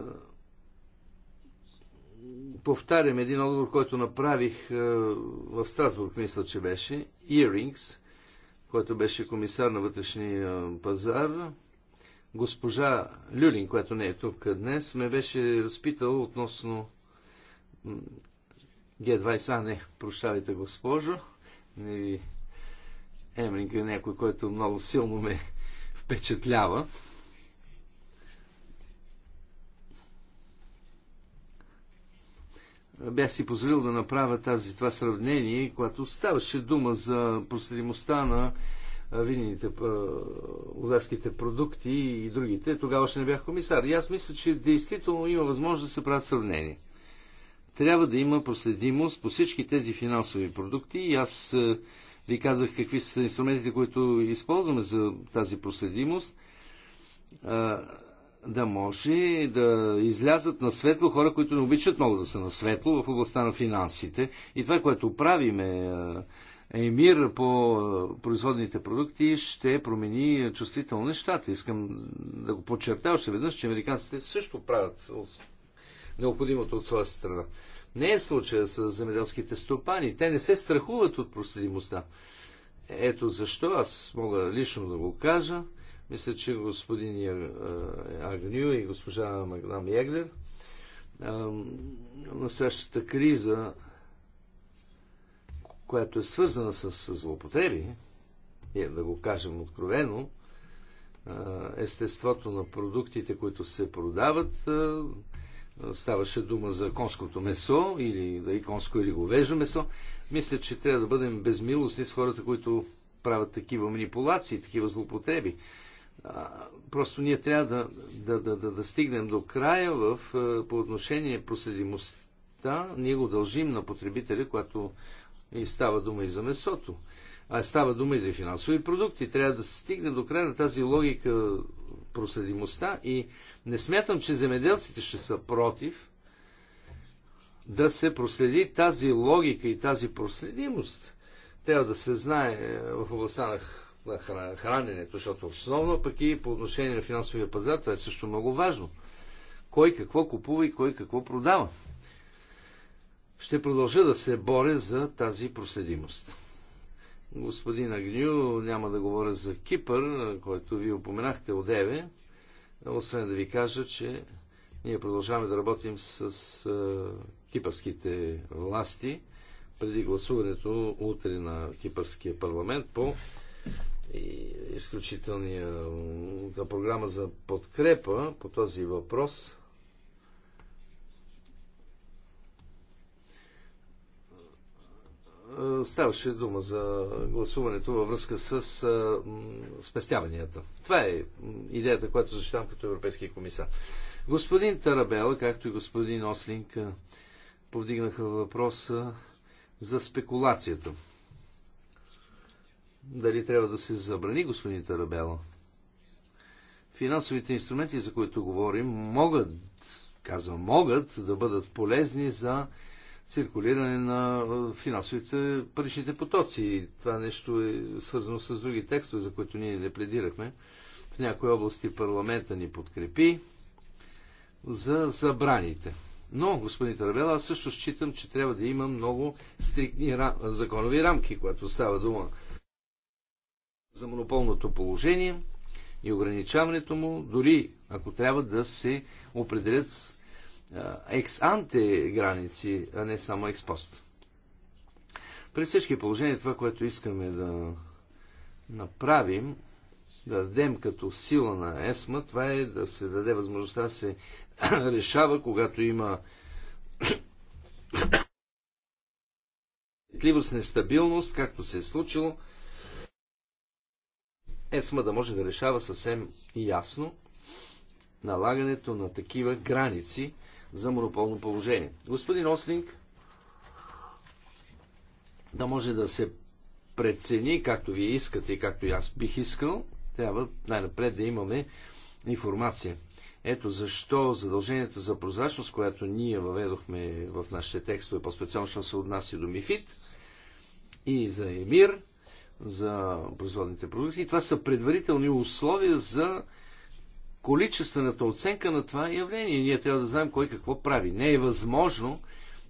повтарям един отговор, който направих е, в Страсбург, мисля, че беше, Earrings, който беше комисар на вътрешния пазар. Госпожа Люлин, която не е тук днес, ме беше разпитал относно г20, а не, прощавайте госпожо, не ви... Емринг е някой, който много силно ме впечатлява. бях си позволил да направя тази, това сравнение, когато ставаше дума за проследимостта на винените лозарските продукти и другите. Тогава ще не бях комисар. И аз мисля, че действително има възможност да се правят сравнение. Трябва да има проследимост по всички тези финансови продукти и аз е, ви казах какви са инструментите, които използваме за тази проследимост е, да може да излязат на светло хора, които не обичат много да са на светло в областта на финансите. И това, което правиме е, Емир по производните продукти ще промени чувствително нещата. Искам да го подчертая още веднъж, че американците също правят необходимото от своя страна. Не е случая с земеделските стопани. Те не се страхуват от проследимостта. Ето защо аз мога лично да го кажа. Мисля, че господин Агню и госпожа Магдам Еглер настоящата криза, която е свързана с злоупотреби, е да го кажем откровено, естеството на продуктите, които се продават, ставаше дума за конското месо или дали конско или говеждо месо, мисля, че трябва да бъдем безмилостни с хората, които правят такива манипулации, такива злопотреби. А, просто ние трябва да, да, да, да, да стигнем до края в, по отношение проследимостта. Ние го дължим на потребителя, когато и става дума и за месото а става дума и за финансови продукти. Трябва да се стигне до края на тази логика проследимостта и не смятам, че земеделците ще са против да се проследи тази логика и тази проследимост. Трябва да се знае е, в областта на храненето, защото основно пък и по отношение на финансовия пазар, това е също много важно. Кой какво купува и кой какво продава. Ще продължа да се боря за тази проследимост. Господин Агню, няма да говоря за Кипър, който ви упоменахте одеве, освен да ви кажа, че ние продължаваме да работим с а, кипърските власти преди гласуването утре на Кипърския парламент по изключителния програма за подкрепа по този въпрос. Е, ставаше дума за гласуването във връзка с е, спестяванията. Това е идеята, която защитавам като европейски комисар. Господин Тарабела, както и господин Ослинг, е, повдигнаха въпроса за спекулацията. Дали трябва да се забрани, господин Тарабела? Финансовите инструменти, за които говорим, могат, казвам, могат да бъдат полезни за циркулиране на финансовите паричните потоци. Това нещо е свързано с други текстове, за които ние не пледирахме. В някои области парламента ни подкрепи за забраните. Но, господин Тарабела, аз също считам, че трябва да има много стриктни рам... законови рамки, когато става дума за монополното положение и ограничаването му, дори ако трябва да се определят екс-анте граници, а не само експост. При всички положения това, което искаме да направим, да дадем като сила на ЕСМА, това е да се даде възможността да се решава, когато има тливост, нестабилност, както се е случило, ЕСМА да може да решава съвсем ясно налагането на такива граници за монополно положение. Господин Ослинг, да може да се прецени, както вие искате и както и аз бих искал, трябва най-напред да имаме информация. Ето защо задълженията за прозрачност, която ние въведохме в нашите текстове, по-специално ще се отнася до мифит и за ЕМИР, за производните продукти. Това са предварителни условия за количествената оценка на това явление. Ние трябва да знаем кой какво прави. Не е възможно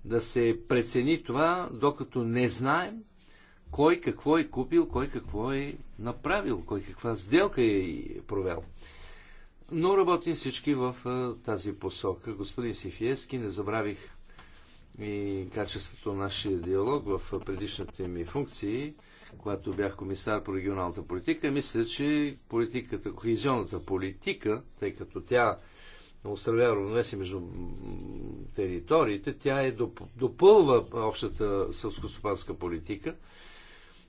да се прецени това, докато не знаем кой какво е купил, кой какво е направил, кой каква сделка е, е провел. Но работим всички в тази посока. Господин Сифиески, не забравих и качеството на нашия диалог в предишните ми функции когато бях комисар по регионалната политика. Мисля, че политиката, кохезионната политика, тъй като тя установява равновесие между териториите, тя е допълва общата сълскостопанска политика.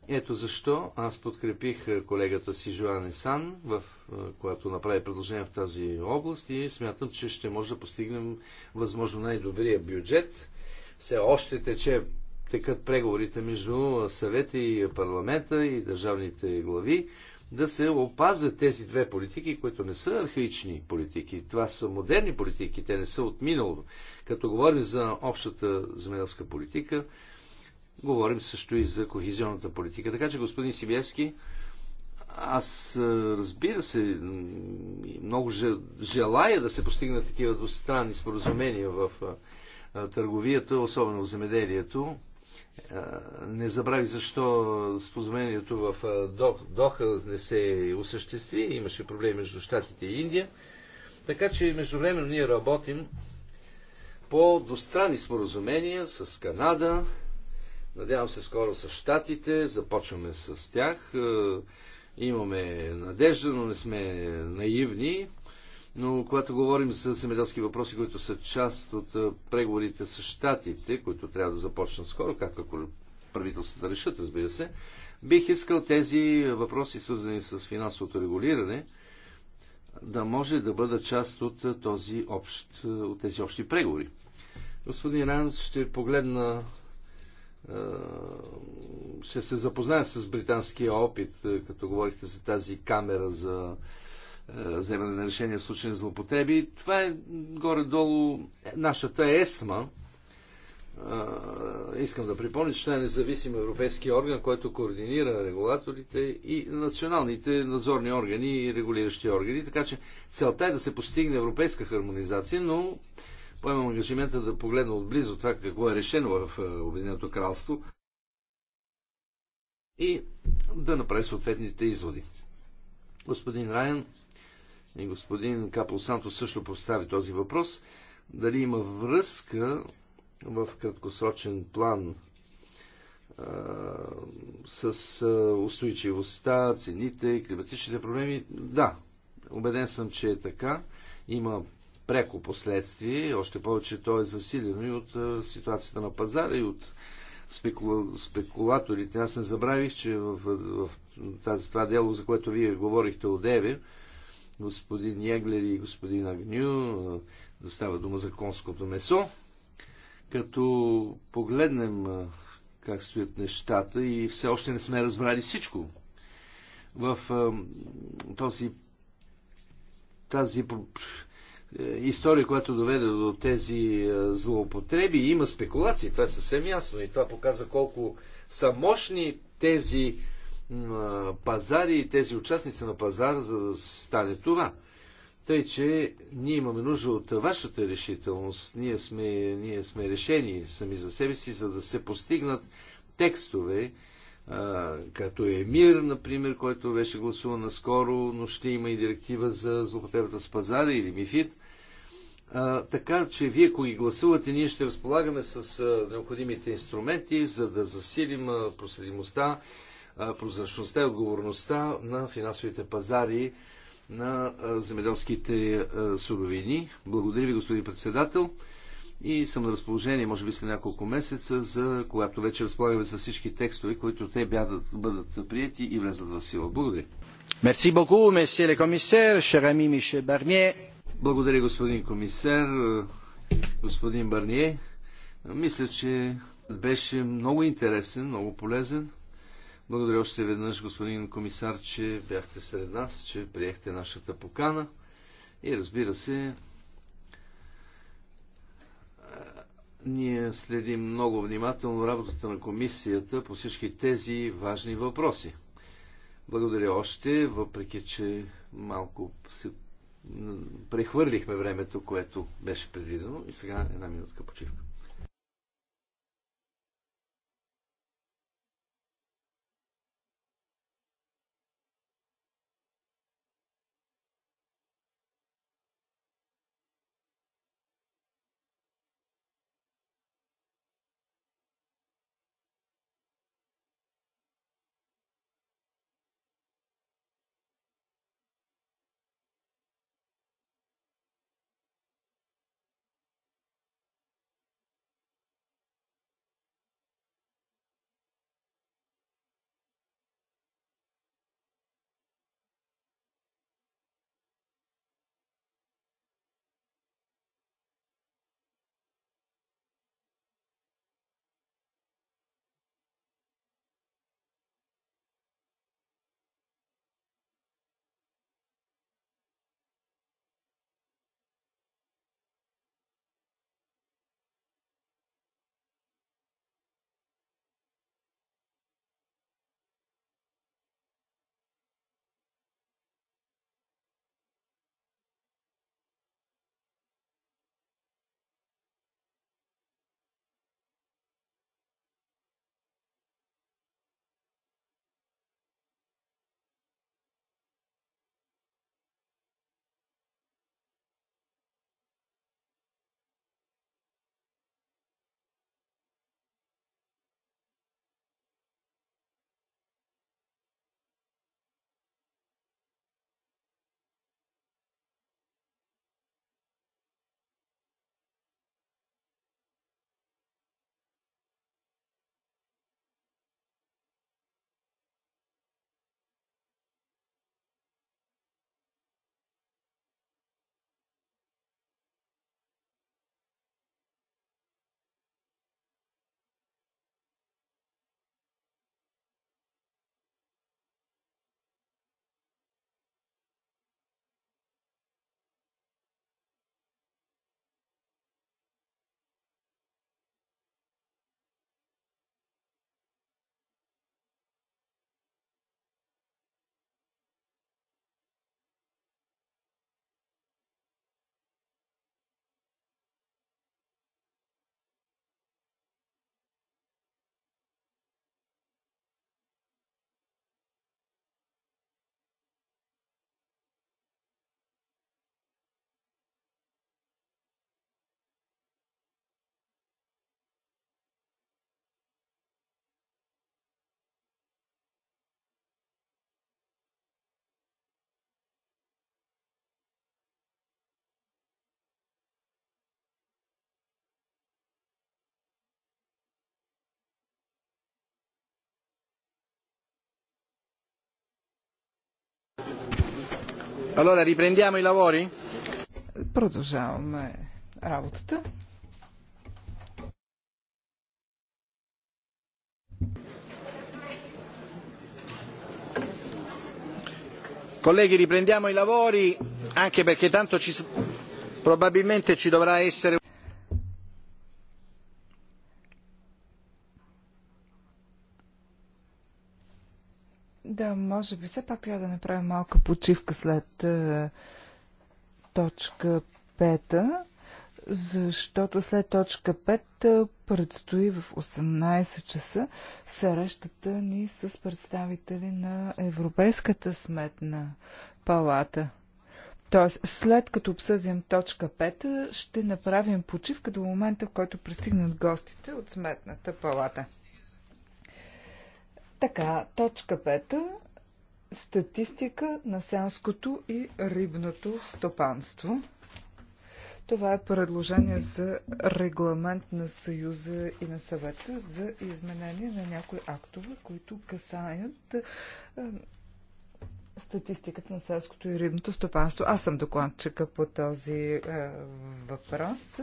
Ето защо аз подкрепих е, колегата си Жоан Сан, в, е, която направи предложение в тази област и смятам, че ще може да постигнем възможно най-добрия бюджет. Все още тече текат преговорите между съвета и парламента и държавните глави, да се опазят тези две политики, които не са архаични политики. Това са модерни политики, те не са от миналото. Като говорим за общата земеделска политика, говорим също и за кохизионната политика. Така че, господин Сибиевски, аз е, разбира се, много желая да се постигнат такива двустранни споразумения в е, е, търговията, особено в земеделието не забрави защо споразумението в Доха не се осъществи. Имаше проблеми между Штатите и Индия. Така че междувременно ние работим по двустранни споразумения с Канада, надявам се скоро с Штатите, започваме с тях. Е, имаме надежда, но не сме наивни. Но когато говорим за земеделски въпроси, които са част от преговорите с щатите, които трябва да започнат скоро, както ако правителствата решат, разбира се, бих искал тези въпроси, свързани с финансовото регулиране, да може да бъда част от, този общ, от тези общи преговори. Господин Ранс ще погледна, ще се запозная с британския опит, като говорихте за тази камера за е, вземане на решение в случай на злопотреби. Това е горе-долу нашата ЕСМА. Е, искам да припомня, че това е независим европейски орган, който координира регулаторите и националните надзорни органи и регулиращи органи. Така че целта е да се постигне европейска хармонизация, но поемам ангажимента да погледна отблизо това какво е решено в е, Обединеното кралство и да направи съответните изводи. Господин Райан и господин Капо Санто също постави този въпрос. Дали има връзка в краткосрочен план с устойчивостта, цените, климатичните проблеми. Да, убеден съм, че е така. Има преко последствие, още повече то е засилено и от ситуацията на пазара и от спекула... спекулаторите. Аз не забравих, че в, в, в тази, това дело, за което вие говорихте от Деве, господин Яглер и господин Агню, да става дума за конското месо. Като погледнем как стоят нещата и все още не сме разбрали всичко. В този тази е, история, която доведе до тези злоупотреби, има спекулации, това е съвсем ясно и това показва колко са мощни тези на пазари и тези участници на пазара, за да стане това. Тъй, че ние имаме нужда от вашата решителност. Ние сме, ние сме решени сами за себе си, за да се постигнат текстове, а, като е мир, например, който беше гласуван наскоро, но ще има и директива за злопотребата с пазара или МИФИД. А, така че вие, ако ги гласувате, ние ще разполагаме с а, необходимите инструменти, за да засилим а, проследимостта прозрачността и отговорността на финансовите пазари на земеделските суровини. Благодаря ви, господин председател. И съм на разположение, може би след няколко месеца, за когато вече разполагаме с всички текстове, които те бядат, бъдат прияти и влезат в сила. Благодаря. Мерси beaucoup, monsieur ле комисер, шерами Мише Барние. Благодаря, господин комисар, господин Барние. Мисля, че беше много интересен, много полезен. Благодаря още веднъж, господин комисар, че бяхте сред нас, че приехте нашата покана. И разбира се, е, ние следим много внимателно работата на комисията по всички тези важни въпроси. Благодаря още, въпреки че малко се прехвърлихме времето, което беше предвидено. И сега една минутка почивка. Allora, riprendiamo i lavori? Продължаваме работата. Colleghi, riprendiamo i lavori anche perché tanto ci, probabilmente ci dovrà essere Да, може би все пак трябва да направим малка почивка след е, точка пета, защото след точка 5 е, предстои в 18 часа срещата ни с представители на Европейската сметна палата. Тоест, след като обсъдим точка 5, ще направим почивка до момента, в който пристигнат гостите от Сметната палата. Така, точка пета статистика на селското и рибното стопанство. Това е предложение за регламент на Съюза и на съвета за изменение на някои актове, които касаят е, статистиката на селското и рибното стопанство. Аз съм докладчика по този е, въпрос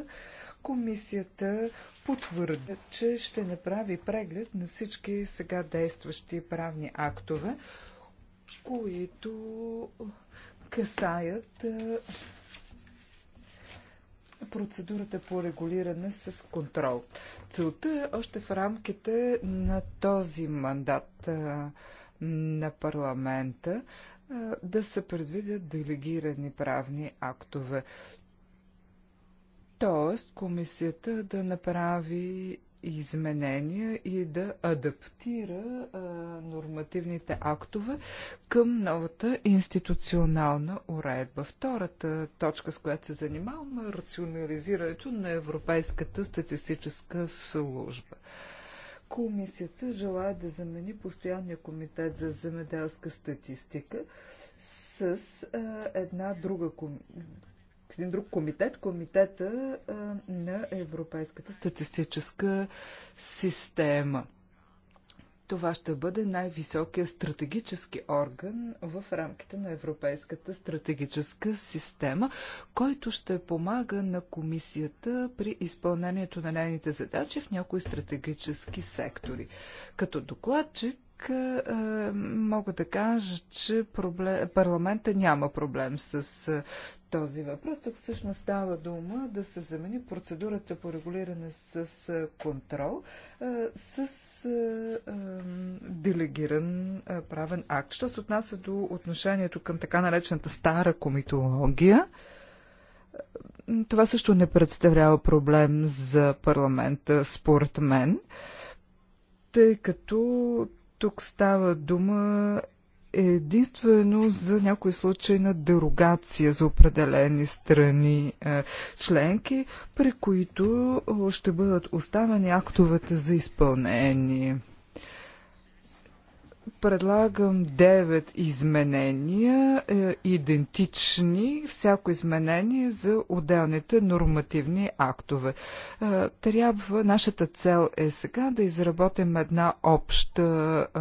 комисията потвърди, че ще направи преглед на всички сега действащи правни актове, които касаят процедурата по регулиране с контрол. Целта е още в рамките на този мандат на парламента да се предвидят делегирани правни актове. Тоест, комисията да направи изменения и да адаптира а, нормативните актове към новата институционална уредба. Втората точка, с която се занимаваме, е рационализирането на Европейската статистическа служба. Комисията желая да замени постоянния комитет за земеделска статистика с а, една друга комисия един друг комитет, комитета а, на Европейската статистическа система. Това ще бъде най-високия стратегически орган в рамките на Европейската стратегическа система, който ще помага на комисията при изпълнението на нейните задачи в някои стратегически сектори. Като докладчик мога да кажа, че проблем, парламента няма проблем с този въпрос. Тук всъщност става дума да се замени процедурата по регулиране с контрол с делегиран правен акт. Що се отнася до отношението към така наречената стара комитология, това също не представлява проблем за парламента, според мен, тъй като тук става дума единствено за някои случаи на дерогация за определени страни е, членки, при които ще бъдат оставени актовете за изпълнение предлагам 9 изменения, е, идентични, всяко изменение за отделните нормативни актове. Е, трябва, нашата цел е сега да изработим една обща е,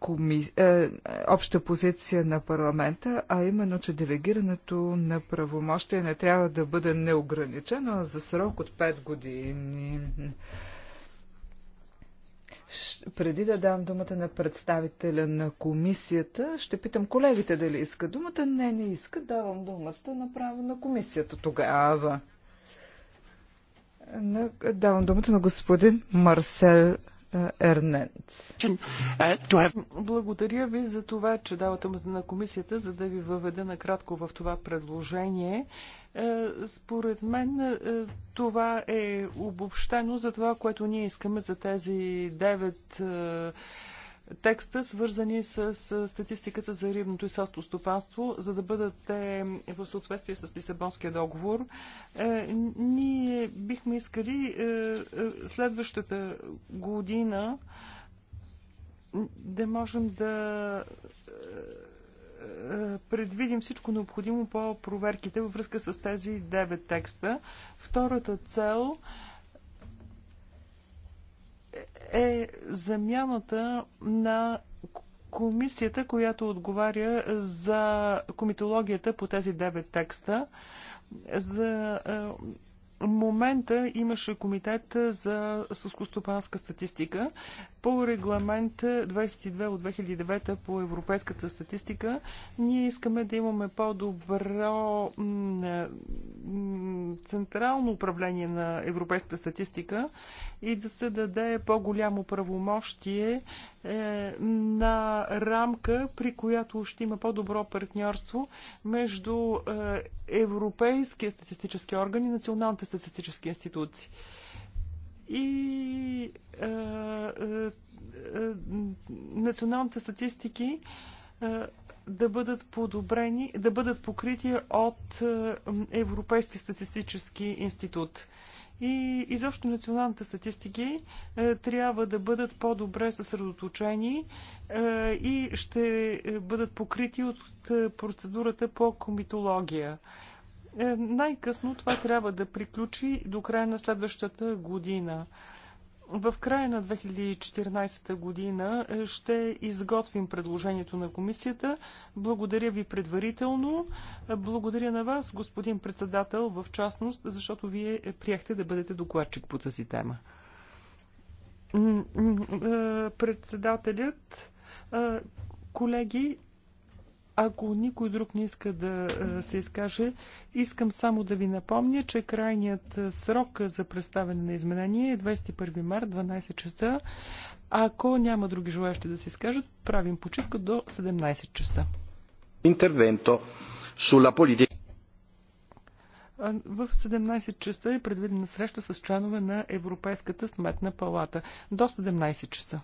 коми... е, обща позиция на парламента, а именно, че делегирането на правомощия не трябва да бъде неограничено а за срок от 5 години. Преди да дам думата на представителя на комисията, ще питам колегите дали иска думата. Не, не иска. Давам думата направо на комисията тогава. Давам думата на господин Марсел е, Ернент. Е, е- Благодаря ви за това, че давате на комисията, за да ви въведа накратко в това предложение. Според мен това е обобщено за това, което ние искаме за тези 9 текста, свързани с, с статистиката за рибното и селско стопанство, за да бъдат в съответствие с Лисабонския договор. Е, ние бихме искали е, е следващата година да можем да е, е, предвидим всичко необходимо по проверките във връзка с тези 9 текста. Втората цел е е замяната на комисията, която отговаря за комитологията по тези девет текста. За е, момента имаше комитет за съскостопанска статистика по регламент 22 от 2009 по европейската статистика. Ние искаме да имаме по-добро централно управление на европейската статистика и да се даде по-голямо правомощие е, на рамка, при която ще има по-добро партньорство между е, Европейския статистически орган и националните статистически институции. И е, националните статистики да бъдат подобрени, да бъдат покрити от Европейски статистически институт и изобщо националните статистики е, трябва да бъдат по-добре съсредоточени е, и ще е, бъдат покрити от процедурата по комитология. най-късно това трябва да приключи до края на следващата година. В края на 2014 година е, ще изготвим предложението на комисията. Благодаря ви предварително. Е, благодаря на вас, господин председател, в частност, защото вие е, приехте да бъдете докладчик по тази тема. Председателят, колеги, ако никой друг не иска да е, се изкаже, искам само да ви напомня, че крайният е, срок за представяне на изменение е 21 март, 12 часа. Ако няма други желаящи да се изкажат, правим почивка до 17 часа. Интервенто сула политика. В 17 часа е предвидена среща с членове на Европейската сметна палата. До 17 часа.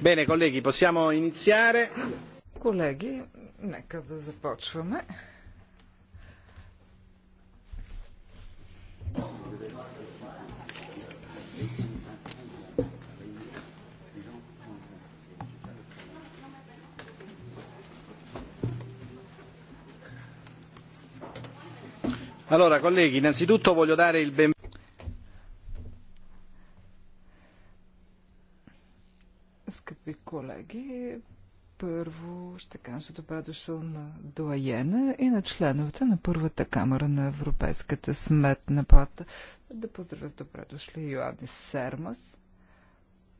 Bene, colleghi possiamo iniziare. Колеги, нека да започваме. Allora, colleghi, innanzitutto voglio dare il benvenuto Колеги, първо ще кажа добре дошъл на Дуаена и на членовете на първата камера на Европейската сметна плата. Да поздравя с добре дошли Йоанис Сермас,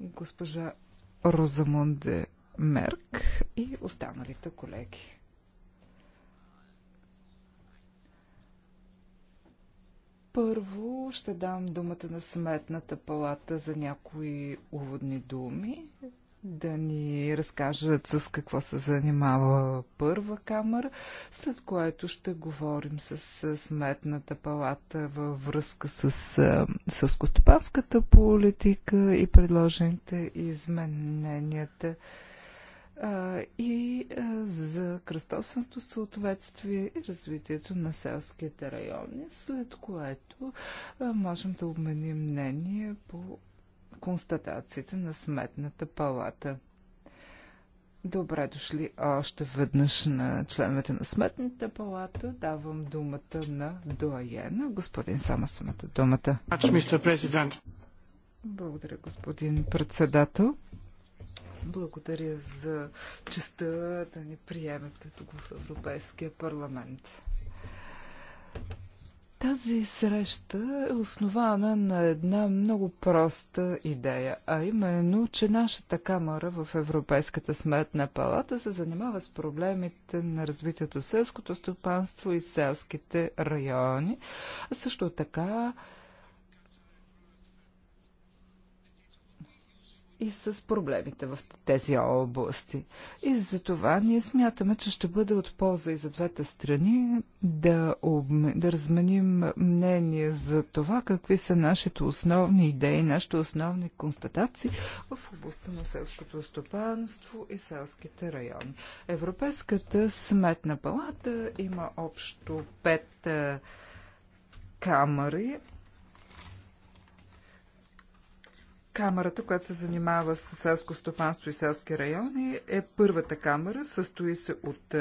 госпожа Розамонде Мерк и останалите колеги. Първо ще дам думата на Сметната палата за някои уводни думи да ни разкажат с какво се занимава първа камера, след което ще говорим с сметната палата във връзка с сълскостопанската политика и предложените измененията и за кръстосното съответствие и развитието на селските райони, след което можем да обменим мнение по констатациите на Сметната палата. Добре дошли още веднъж на членовете на Сметната палата. Давам думата на Дуаена. Господин Сама самата думата. Благодаря, господин председател. Благодаря за честа да ни приемете тук в Европейския парламент. Тази среща е основана на една много проста идея, а именно, че нашата камера в Европейската сметна палата се занимава с проблемите на развитието селското стопанство и селските райони, а също така и с проблемите в тези области. И за това ние смятаме, че ще бъде от полза и за двете страни да, обм... да разменим мнение за това какви са нашите основни идеи, нашите основни констатации в областта на селското стопанство и селските райони. Европейската сметна палата има общо пет камъри Камерата, която се занимава с селско стопанство и селски райони, е първата камера. Състои се от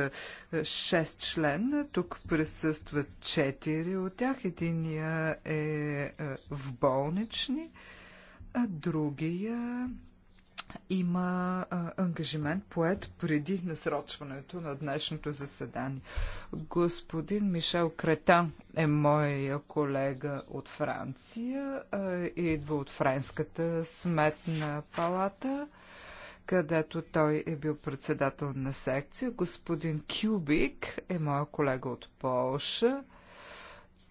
6 е, члена. Тук присъстват 4 от тях. Единия е, е в болнични, а другия има а, ангажимент поет преди насрочването на днешното заседание. Господин Мишел Кретан е моя колега от Франция, а, идва от Френската сметна палата, където той е бил председател на секция. Господин Кюбик е моя колега от Полша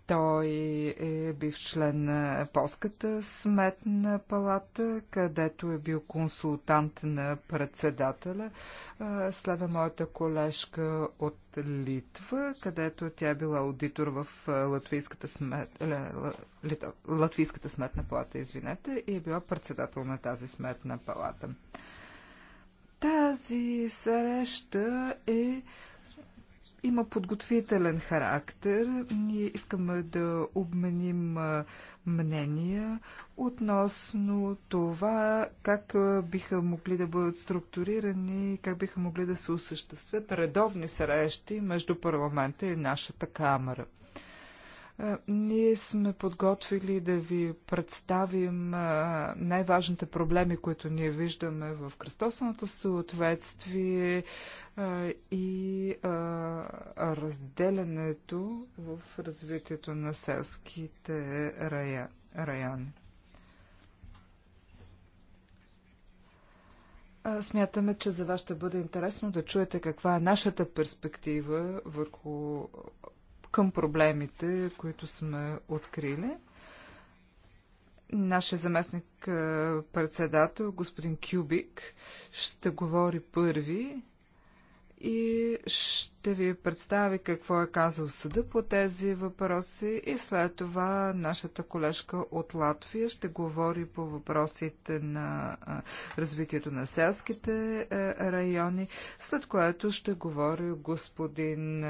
той е бив член на Полската сметна палата, където е бил консултант на председателя. Следва моята колежка от Литва, където тя е била аудитор в Латвийската, смет... Латвийската сметна палата, извинете, и е била председател на тази сметна палата. Тази среща е има подготвителен характер. Ние искаме да обменим мнения относно това как биха могли да бъдат структурирани, как биха могли да се осъществят редовни срещи между парламента и нашата камера. Ние сме подготвили да ви представим най-важните проблеми, които ние виждаме в кръстосаното съответствие и разделянето в развитието на селските райони. Смятаме, че за вас ще бъде интересно да чуете каква е нашата перспектива върху към проблемите, които сме открили. Нашия заместник председател, господин Кюбик, ще говори първи и ще ви представи какво е казал съда по тези въпроси и след това нашата колежка от Латвия ще говори по въпросите на развитието на селските райони, след което ще говори господин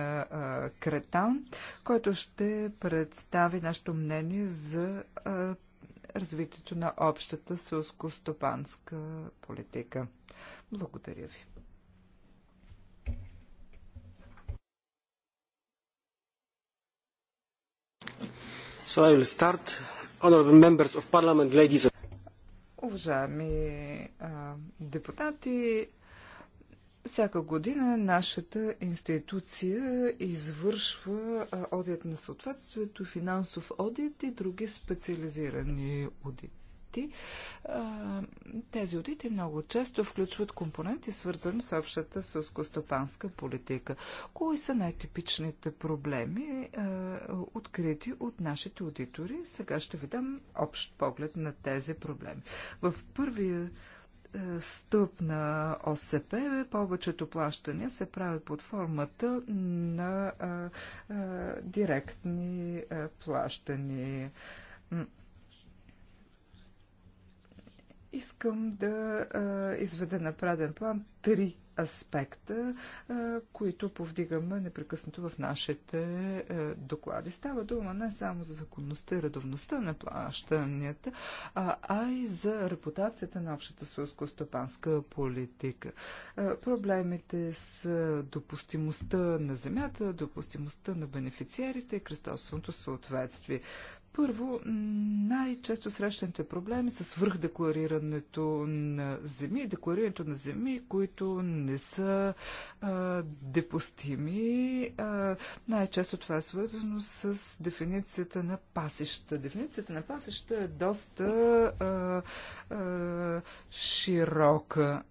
Кретан, който ще представи нашето мнение за развитието на общата селско-стопанска политика. Благодаря ви. So I will start. Honorable members of parliament, ladies and Уважаеми а, депутати, всяка година нашата институция извършва одит на съответствието, финансов одит и други специализирани одити одити. Тези одити много често включват компоненти, свързани с общата сълскостопанска политика. Кои са най-типичните проблеми, открити от нашите аудитори? Сега ще ви дам общ поглед на тези проблеми. В първия стъп на ОСП, повечето плащания се правят под формата на а, а, директни а, плащания. Искам да а, изведа на праден план три аспекта, а, които повдигаме непрекъснато в нашите а, доклади. Става дума не само за законността и редовността на плащанията, а, а и за репутацията на общата селско стопанска политика. А, проблемите с допустимостта на земята, допустимостта на бенефициарите и кръстосното съответствие. Първо, най-често срещаните проблеми са свръхдекларирането на земи, декларирането на земи, които не са а, депустими. А, най-често това е свързано с дефиницията на пасища. Дефиницията на пасища е доста а, а, широка.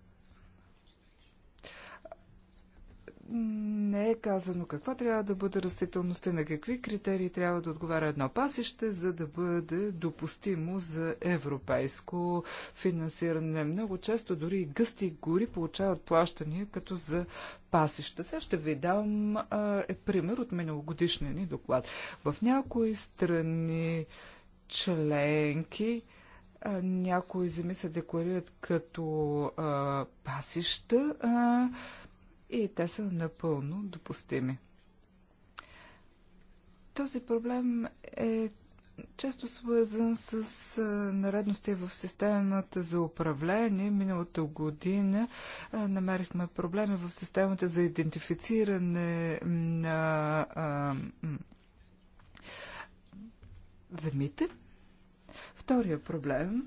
не е казано каква трябва да бъде растителността, на какви критерии трябва да отговаря едно пасище, за да бъде допустимо за европейско финансиране. Много често дори и гъсти гори получават плащания като за пасища. Сега ще ви дам а, е пример от миналогодишния ни доклад. В някои страни членки някои земи се декларират като а, пасища, а, и те са напълно допустими. Този проблем е често свързан с наредности в системата за управление. Миналата година намерихме проблеми в системата за идентифициране на а, земите. Втория проблем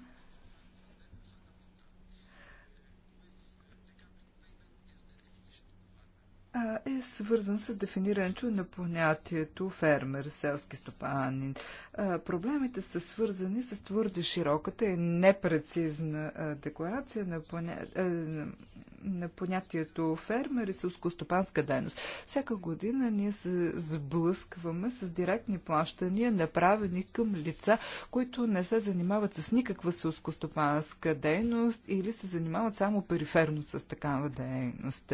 е свързан с дефинирането на понятието фермер, селски стопанин. Проблемите са свързани с твърде широката и непрецизна декларация на понятието на понятието фермер и е сълскостопанска дейност. Всяка година ние се сблъскваме с директни плащания, направени към лица, които не се занимават с никаква селскостопанска дейност или се занимават само периферно с такава дейност.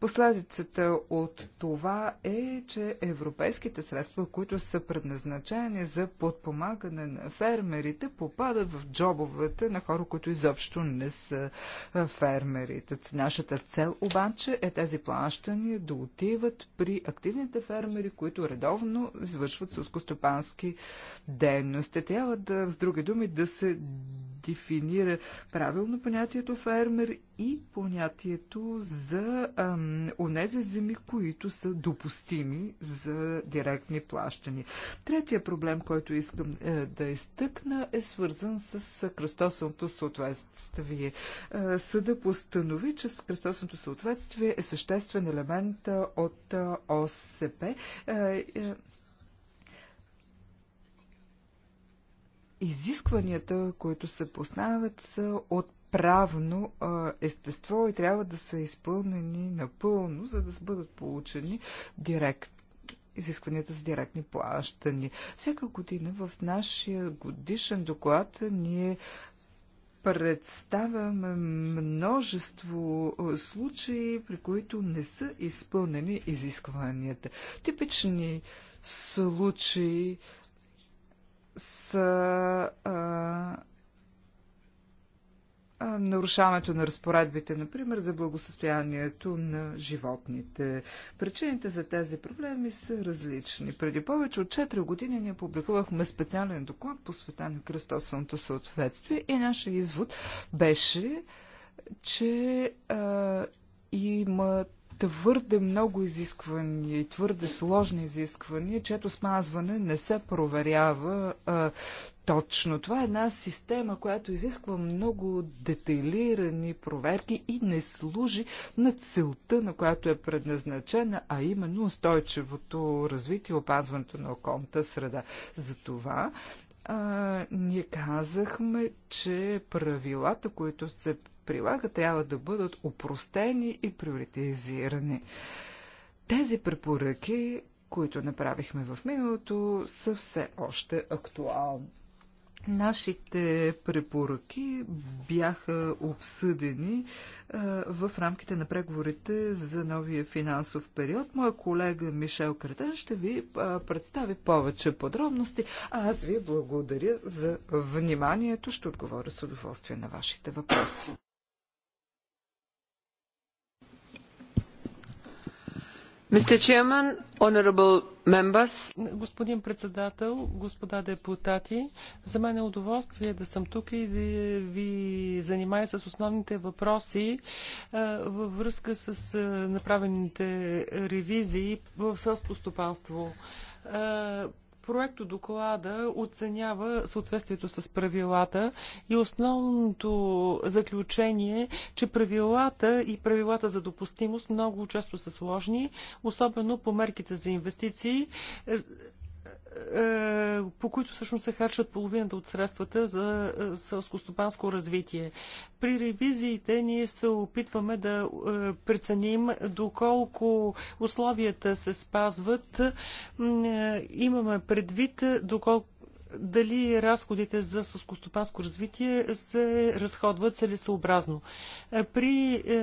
Последицата от това е, че европейските средства, които са предназначени за подпомагане на фермерите, попадат в джобовете на хора, които изобщо не са фермерите. Нашата цел обаче е тези плащания да отиват при активните фермери, които редовно извършват сълскостопански дейности. Трябва да, с други думи, да се дефинира правилно понятието фермер и понятието за ам, онези земи, които са допустими за директни плащания. Третия проблем, който искам е, да изтъкна, е свързан с кръстосното съответствие. Е, съда постанови, че кръстосното съответствие е съществен елемент от ОСП. Е, е, изискванията, които се поставят, са от правно естество и трябва да са изпълнени напълно, за да бъдат получени директно изискванията за директни плащани. Всяка година в нашия годишен доклад ние Представям множество е, случаи, при които не са изпълнени изискванията. Типични случаи са а, нарушаването на разпоредбите, например, за благосъстоянието на животните. Причините за тези проблеми са различни. Преди повече от 4 години ние публикувахме специален доклад, посветен на кръстосаното съответствие и нашия извод беше, че а, има твърде много изисквания и твърде сложни изисквания, чето смазване не се проверява а, точно. Това е една система, която изисква много детайлирани проверки и не служи на целта, на която е предназначена, а именно устойчивото развитие и опазването на околната среда. Затова а, ние казахме, че правилата, които се прилага, трябва да бъдат упростени и приоритизирани. Тези препоръки, които направихме в миналото, са все още актуални. Нашите препоръки бяха обсъдени а, в рамките на преговорите за новия финансов период. Моя колега Мишел Кретен ще ви а, представи повече подробности. А аз ви благодаря за вниманието. Ще отговоря с удоволствие на вашите въпроси. Господин председател, господа депутати, за мен е удоволствие да съм тук и да ви занимая с основните въпроси е, във връзка с е, направените ревизии в селско стопанство е, Проекто доклада оценява съответствието с правилата и основното заключение, че правилата и правилата за допустимост много често са сложни, особено по мерките за инвестиции. Е, по които всъщност се харчат половината от средствата за е, сълскостопанско развитие. При ревизиите ние се опитваме да е, преценим доколко условията се спазват. Имаме предвид доколко дали разходите за съскостопанско развитие се разходват целесообразно. Е, при е,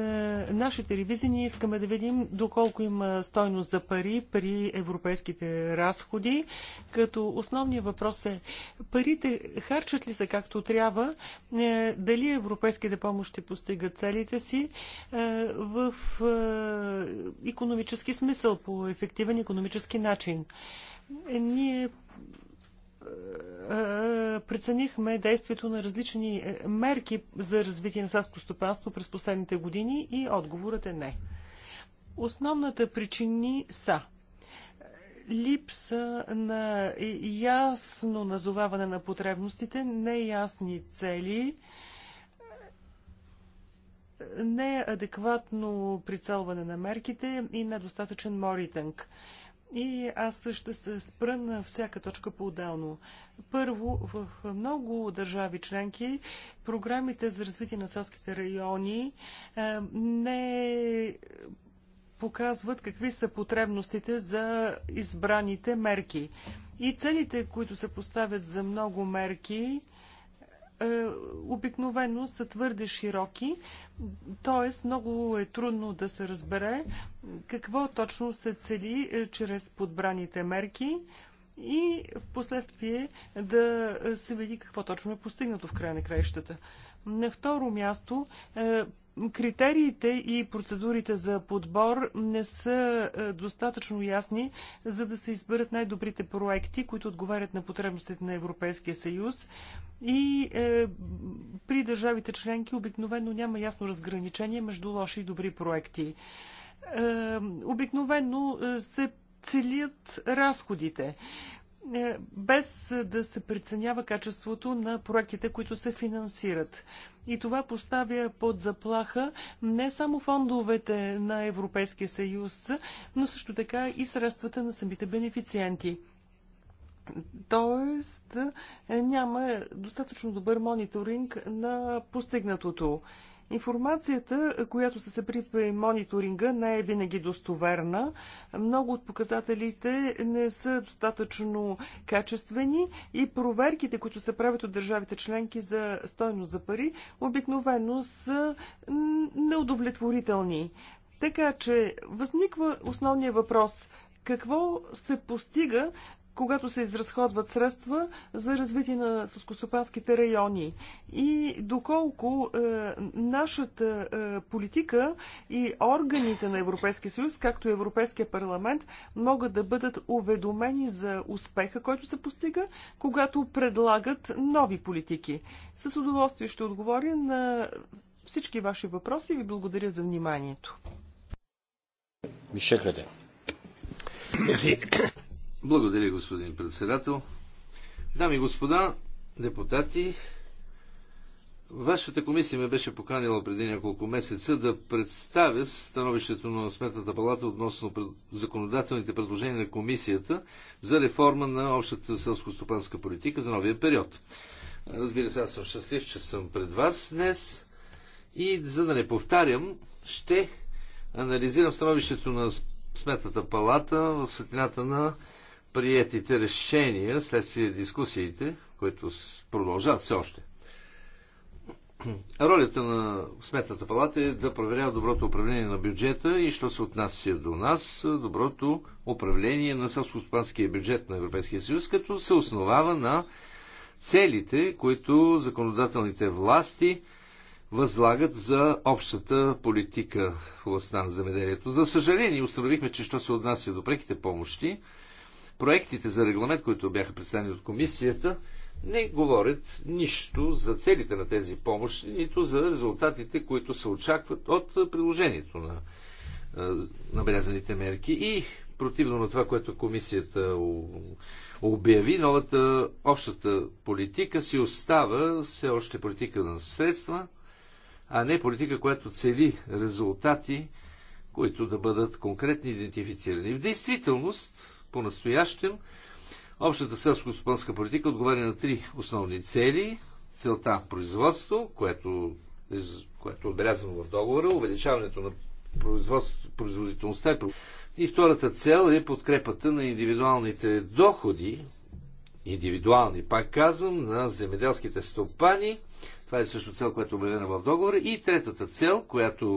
нашите ревизии ние искаме да видим доколко има стойност за пари при европейските разходи, като основният въпрос е парите харчат ли се както трябва, е, дали европейските помощи постигат целите си е, в е, економически смисъл, по ефективен економически начин. Е, ние е, преценихме действието на различни е, мерки за развитие на селското стопанство през последните години и отговорът е не. Основната причини са липса на ясно назоваване на потребностите, неясни цели, неадекватно прицелване на мерките и недостатъчен моритинг. И аз ще се спра на всяка точка по-отдално. Първо, в много държави членки програмите за развитие на селските райони е, не показват какви са потребностите за избраните мерки. И целите, които се поставят за много мерки, е, обикновено са твърде широки, т.е. много е трудно да се разбере какво точно се цели е, чрез подбраните мерки и в последствие да се види какво точно е постигнато в края на краищата. На второ място, е, Критериите и процедурите за подбор не са е, достатъчно ясни, за да се изберат най-добрите проекти, които отговарят на потребностите на Европейския съюз. И е, при държавите членки обикновено няма ясно разграничение между лоши и добри проекти. Е, обикновено е, се целият разходите. Е, без да се преценява качеството на проектите, които се финансират. И това поставя под заплаха не само фондовете на Европейския съюз, но също така и средствата на самите бенефициенти. Тоест е, няма достатъчно добър мониторинг на постигнатото. Информацията, която се събри при мониторинга, не е винаги достоверна. Много от показателите не са достатъчно качествени и проверките, които се правят от държавите членки за стойност за пари, обикновено са неудовлетворителни. Така че възниква основния въпрос какво се постига, когато се изразходват средства за развитие на съскостопанските райони и доколко е, нашата е, политика и органите на Европейския съюз, както и Европейския парламент, могат да бъдат уведомени за успеха, който се постига, когато предлагат нови политики. С удоволствие ще отговоря на всички ваши въпроси и ви благодаря за вниманието. Мишекате. Благодаря, господин председател. Дами и господа, депутати, Вашата комисия ме беше поканила преди няколко месеца да представя становището на Сметната палата относно законодателните предложения на комисията за реформа на общата селско-стопанска политика за новия период. Разбира се, аз съм щастлив, че съм пред вас днес и за да не повтарям, ще анализирам становището на Сметната палата в светлината на приетите решения следствие дискусиите, които продължават все още. Ролята на Сметната палата е да проверява доброто управление на бюджета и, що се отнася до нас, доброто управление на селскостопанския бюджет на Европейския съюз, като се основава на целите, които законодателните власти възлагат за общата политика в областта на земеделието. За съжаление, установихме, че що се отнася до преките помощи, проектите за регламент, които бяха представени от комисията, не говорят нищо за целите на тези помощи, нито за резултатите, които се очакват от приложението на набелязаните мерки. И противно на това, което комисията обяви, новата общата политика си остава все още политика на средства, а не политика, която цели резултати, които да бъдат конкретни идентифицирани. В действителност, по-настоящем общата селско-стопанска политика отговаря на три основни цели. Целта производство, което, е което е отбелязано в договора, увеличаването на производителността. Е И втората цел е подкрепата на индивидуалните доходи, индивидуални, пак казвам, на земеделските стопани. Това е също цел, която е обявена в договора. И третата цел, която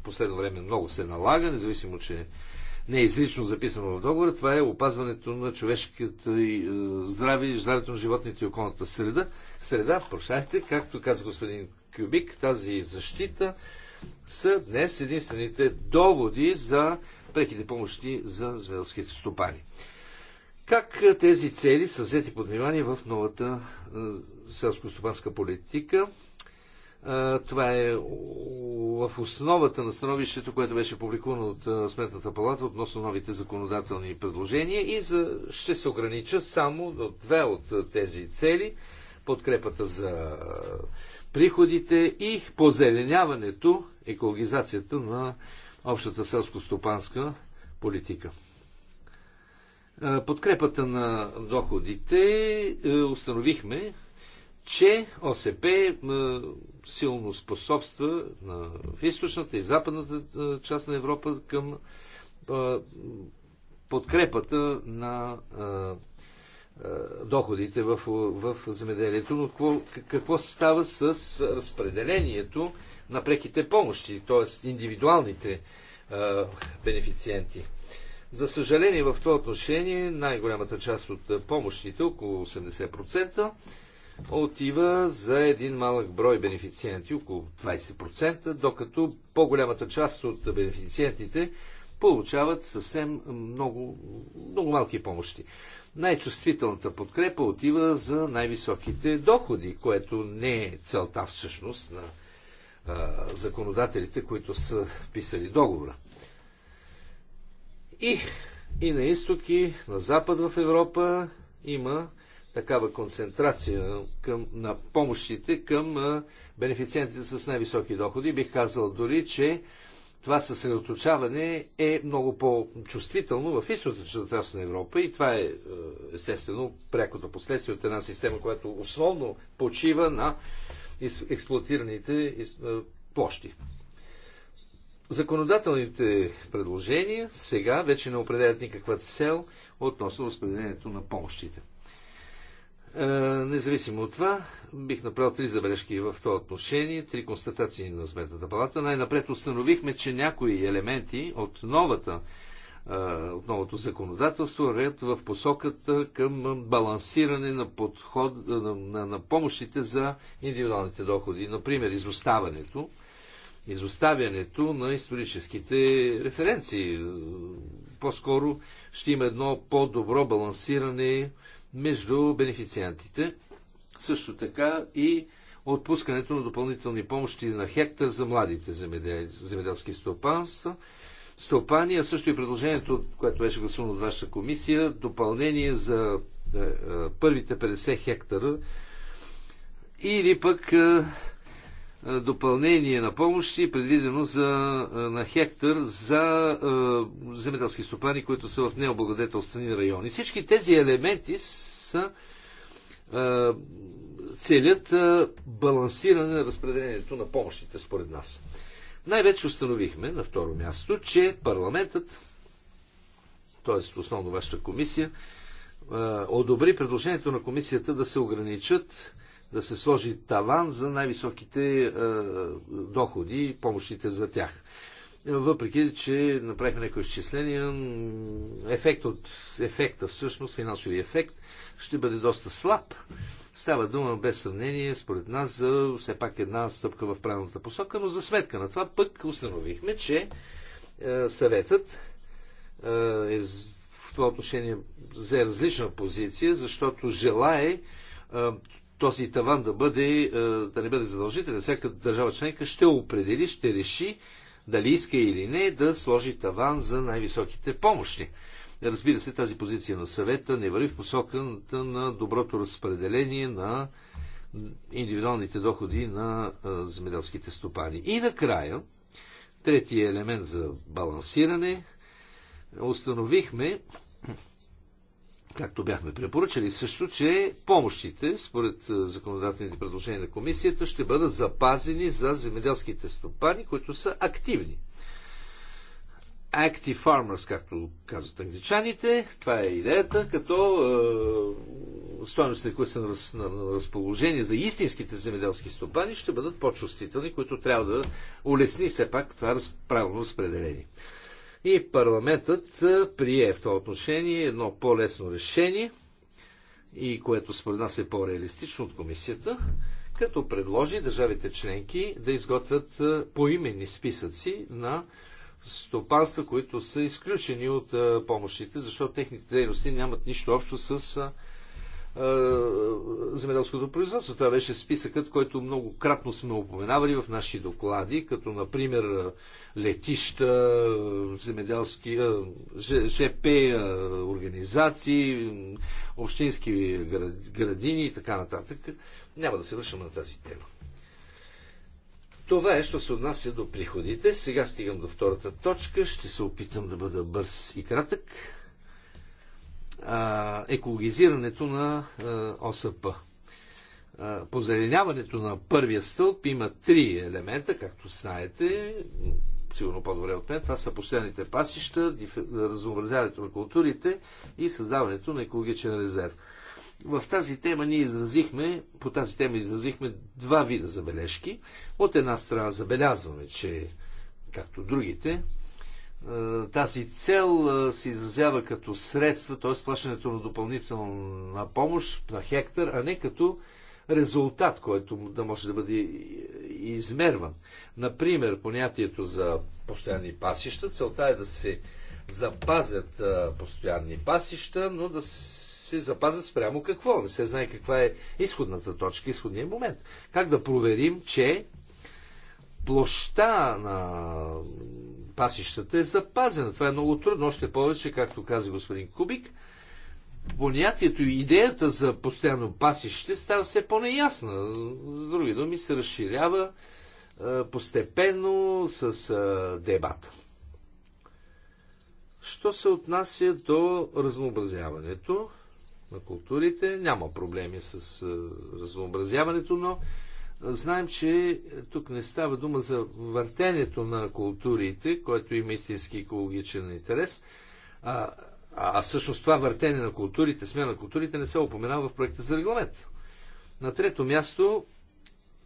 в последно време много се налага, независимо, че не е излично записано в договора, това е опазването на човешкото и е, е, здраве и здравето на животните и околната среда. Среда, прощайте, както каза господин Кюбик, тази защита са днес единствените доводи за преките помощи за земеделските стопани. Как е, тези цели са взети под внимание в новата селско-стопанска политика? Това е в основата на становището, което беше публикувано от Сметната палата относно новите законодателни предложения и за... ще се огранича само до две от тези цели подкрепата за приходите и позеленяването, екологизацията на общата селско-стопанска политика. Подкрепата на доходите е, установихме че ОСП силно способства в източната и западната част на Европа към подкрепата на доходите в, в земеделието, но какво, какво става с разпределението на преките помощи, т.е. индивидуалните бенефициенти. За съжаление, в това отношение най-голямата част от помощите, около 80%, отива за един малък брой бенефициенти, около 20%, докато по-голямата част от бенефициентите получават съвсем много, много малки помощи. Най-чувствителната подкрепа отива за най-високите доходи, което не е целта всъщност на а, законодателите, които са писали договора. И, и на изток, и на запад в Европа има такава концентрация към, на помощите към а, бенефициентите с най-високи доходи. Бих казал дори, че това съсредоточаване е много по-чувствително в източната част на Европа и това е естествено прякото последствие от една система, която основно почива на експлуатираните площи. Законодателните предложения сега вече не определят никаква цел относно разпределението на помощите. Е, независимо от това, бих направил три забележки в това отношение, три констатации на Сметната палата. Най-напред установихме, че някои елементи от новата е, от новото законодателство, ред в посоката към балансиране на подход е, на, на, на помощите за индивидуалните доходи. Например, изоставането, изоставянето на историческите референции. По-скоро ще има едно по-добро балансиране между бенефициентите. Също така и отпускането на допълнителни помощи на хектар за младите земеделски стопанства. Стопани, а също и предложението, което беше гласувано от вашата комисия, допълнение за е, е, първите 50 хектара или пък е, е, допълнение на помощи, предвидено за, е, на хектар за е, земеделски стопани, които са в необлагодетелствени райони. Всички тези елементи са е, целят е, балансиране на разпределението на помощите, според нас. Най-вече установихме, на второ място, че парламентът, т.е. основно вашата комисия, е, одобри предложението на комисията да се ограничат да се сложи таван за най-високите е, доходи и помощите за тях. Въпреки, че направихме някои изчисления, ефект от, ефекта всъщност, финансови ефект, ще бъде доста слаб. Става дума без съмнение, според нас, за все пак една стъпка в правилната посока, но за сметка на това пък установихме, че е, съветът е, е в това отношение взе различна позиция, защото желае е, този таван да, бъде, е, да не бъде задължителен. Всяка държава членка ще определи, ще реши дали иска или не да сложи таван за най-високите помощи. Разбира се, тази позиция на съвета не върви в посоката на доброто разпределение на индивидуалните доходи на е, земеделските стопани. И накрая, третия елемент за балансиране, установихме, както бяхме препоръчали също, че помощите, според законодателните предложения на комисията, ще бъдат запазени за земеделските стопани, които са активни. Active Farmers, както казват англичаните, това е идеята, като е, стоеностите, които са на, на разположение за истинските земеделски стопани, ще бъдат по-чувствителни, които трябва да улесни все пак това правилно разпределение. И парламентът прие в това отношение едно по-лесно решение, и което според нас е по-реалистично от комисията, като предложи държавите членки да изготвят поименни списъци на стопанства, които са изключени от помощите, защото техните дейности нямат нищо общо с земеделското производство. Това беше списъкът, който много кратно сме упоменавали в наши доклади, като например летища, земеделски, ЖП организации, общински градини и така нататък. Няма да се вършим на тази тема. Това е, що се отнася до приходите. Сега стигам до втората точка. Ще се опитам да бъда бърз и кратък екологизирането на ОСП. Позеленяването на първия стълб има три елемента, както знаете, сигурно по-добре от мен. Това са постоянните пасища, разнообразяването на културите и създаването на екологичен резерв. В тази тема ние изразихме, по тази тема изразихме два вида забележки. От една страна забелязваме, че както другите, е, тази цел е, се изразява като средства, т.е. плащането на допълнителна помощ на хектар, а не като резултат, който да може да бъде измерван. Например, понятието за постоянни пасища, целта е да се запазят е, постоянни пасища, но да се запазят спрямо какво. Не се знае каква е изходната точка, изходният момент. Как да проверим, че площта на пасищата е запазена. Това е много трудно, още повече, както каза господин Кубик, понятието и идеята за постоянно пасище става все по-неясна. С други думи, се разширява а, е, постепенно с а, е, дебата. Що се отнася до разнообразяването на културите, няма проблеми с а, е, разнообразяването, но Знаем, че тук не става дума за въртенето на културите, което има истински екологичен интерес, а, а всъщност това въртене на културите, смяна на културите не се упоменава в проекта за регламент. На трето място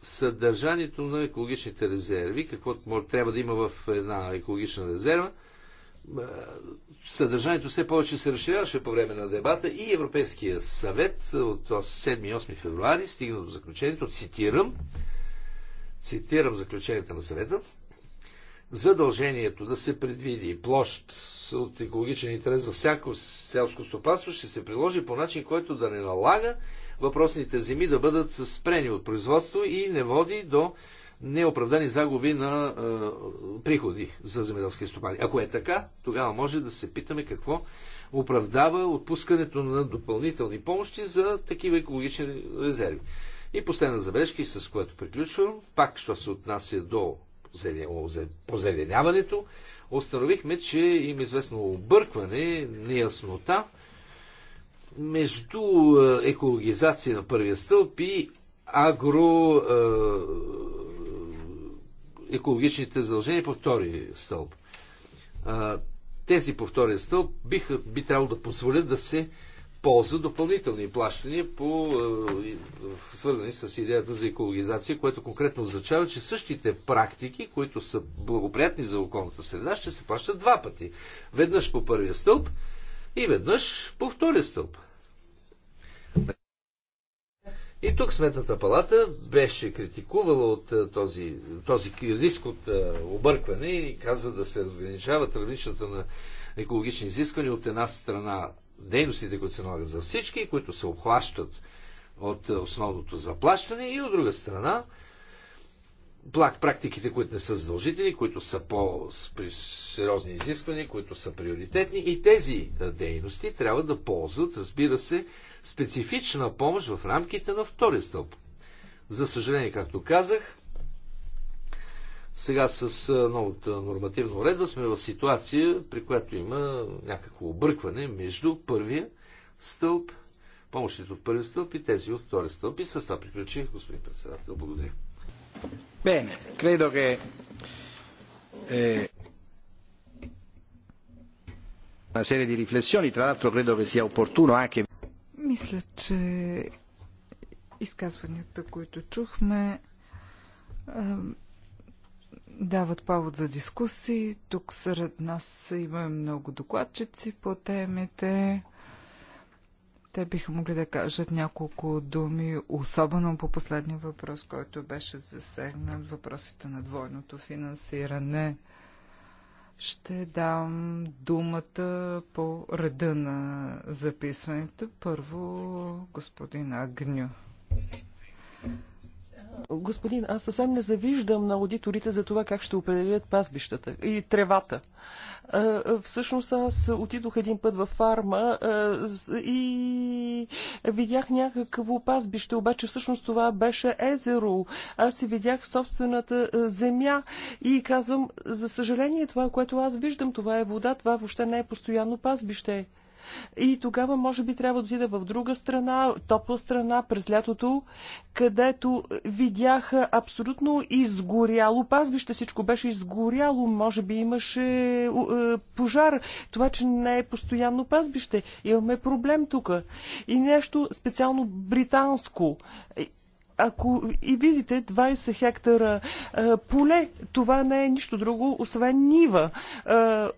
съдържанието на екологичните резерви, какво трябва да има в една екологична резерва – е, съдържанието все повече се разширяваше по време на дебата и Европейския съвет от 7-8 февруари стигна до заключението, цитирам, цитирам заключението на съвета, задължението да се предвиди площ от екологичен интерес във всяко селско стопанство ще се приложи по начин, който да не налага въпросните земи да бъдат спрени от производство и не води до неоправдани загуби на е, приходи за земеделски стопани. Ако е така, тогава може да се питаме какво оправдава отпускането на допълнителни помощи за такива екологични резерви. И последна забележка, с което приключвам, пак, що се отнася до позеленяването, установихме, че има е известно объркване, неяснота между екологизация на първия стълб и агро екологичните задължения по втори стълб. Тези по втори стълб биха, би трябвало да позволят да се полза допълнителни плащания, по, свързани с идеята за екологизация, което конкретно означава, че същите практики, които са благоприятни за околната среда, ще се плащат два пъти. Веднъж по първия стълб и веднъж по втория стълб. И тук Сметната палата беше критикувала от е, този, този риск от е, объркване и казва да се разграничават различната на екологични изисквания от една страна дейностите, които се налагат за всички, които се обхващат от е, основното заплащане и от друга страна практиките, които не са задължителни, които са по-сериозни изисквания, които са приоритетни и тези дейности трябва да ползват, разбира се, специфична помощ в рамките на втория стълб. За съжаление, както казах, сега с новата нормативна уредба сме в ситуация, при която има някакво объркване между първия стълб, помощите от първия стълб и тези от втория стълб. И с това приключих, господин председател. Благодаря. Бене, credo che eh, una serie di riflessioni, tra l'altro credo che sia opportuno anche мисля, че изказванията, които чухме, дават повод за дискусии. Тук сред нас има много докладчици по темите. Те биха могли да кажат няколко думи, особено по последния въпрос, който беше засегнат, въпросите на двойното финансиране ще дам думата по реда на записването. Първо господин Агню. Господин, аз съвсем не завиждам на аудиторите за това как ще определят пазбищата и тревата. Всъщност аз отидох един път във фарма и видях някакво пазбище, обаче всъщност това беше езеро. Аз си видях собствената земя и казвам, за съжаление това, което аз виждам, това е вода, това въобще не е постоянно пазбище и тогава може би трябва да отида в друга страна, топла страна през лятото, където видяха абсолютно изгоряло пазбище. Всичко беше изгоряло, може би имаше е, пожар. Това, че не е постоянно пазбище. Имаме проблем тук. И нещо специално британско е, ако и видите 20 хектара а, е, поле, това не е нищо друго, освен нива. А,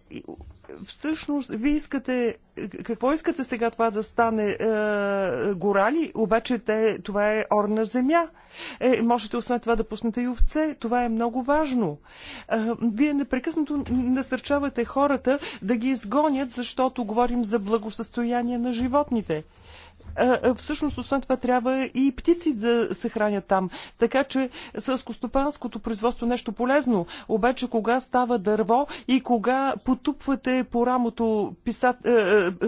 всъщност, вие искате, какво искате сега това да стане е, горали, обаче те, това е орна земя. Е, можете освен това да пуснете и овце, това е много важно. Е, вие непрекъснато насърчавате хората да ги изгонят, защото говорим за благосъстояние на животните. Всъщност, освен това, трябва и птици да се хранят там. Така че сълскостопанското производство е нещо полезно. Обаче, кога става дърво и кога потупвате по рамото писат,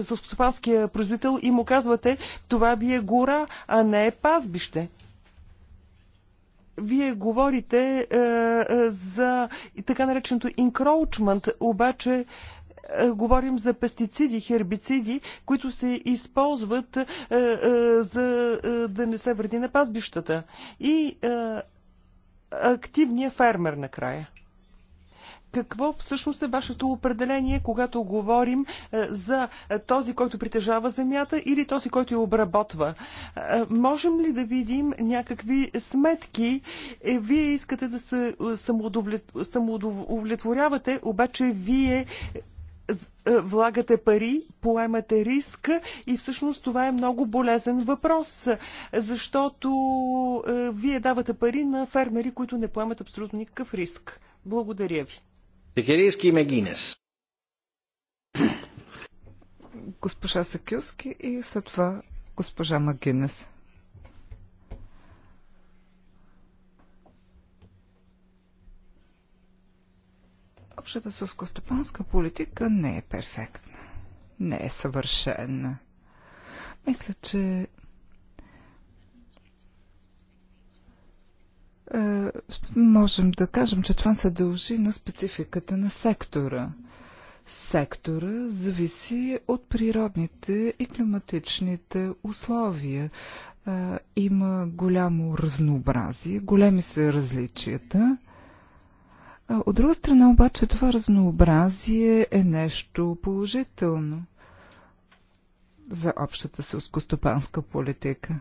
сълскостопанския производител и му казвате, това ви е гора, а не е пазбище вие говорите е, е, за така нареченото инкроучмент, обаче е, говорим за пестициди, хербициди, които се използват е, е, за да не се вреди на пазбищата. И активния фермер накрая какво всъщност е вашето определение, когато говорим за този, който притежава земята или този, който я обработва? Можем ли да видим някакви сметки? Вие искате да се самоудовлетворявате, обаче вие е, влагате пари, поемате риск и всъщност това е много болезен въпрос, защото е, вие давате пари на фермери, които не поемат абсолютно никакъв риск. Благодаря ви. Секерийски Мегинес. Госпожа Сакюски и след това госпожа Магинес. Общата сълскостопанска политика не е перфектна, не е съвършена. Мисля, че е, можем да кажем, че това се дължи на спецификата на сектора. Сектора зависи от природните и климатичните условия. Е, има голямо разнообразие, големи са различията. От друга страна обаче това разнообразие е нещо положително за общата селскостопанска политика.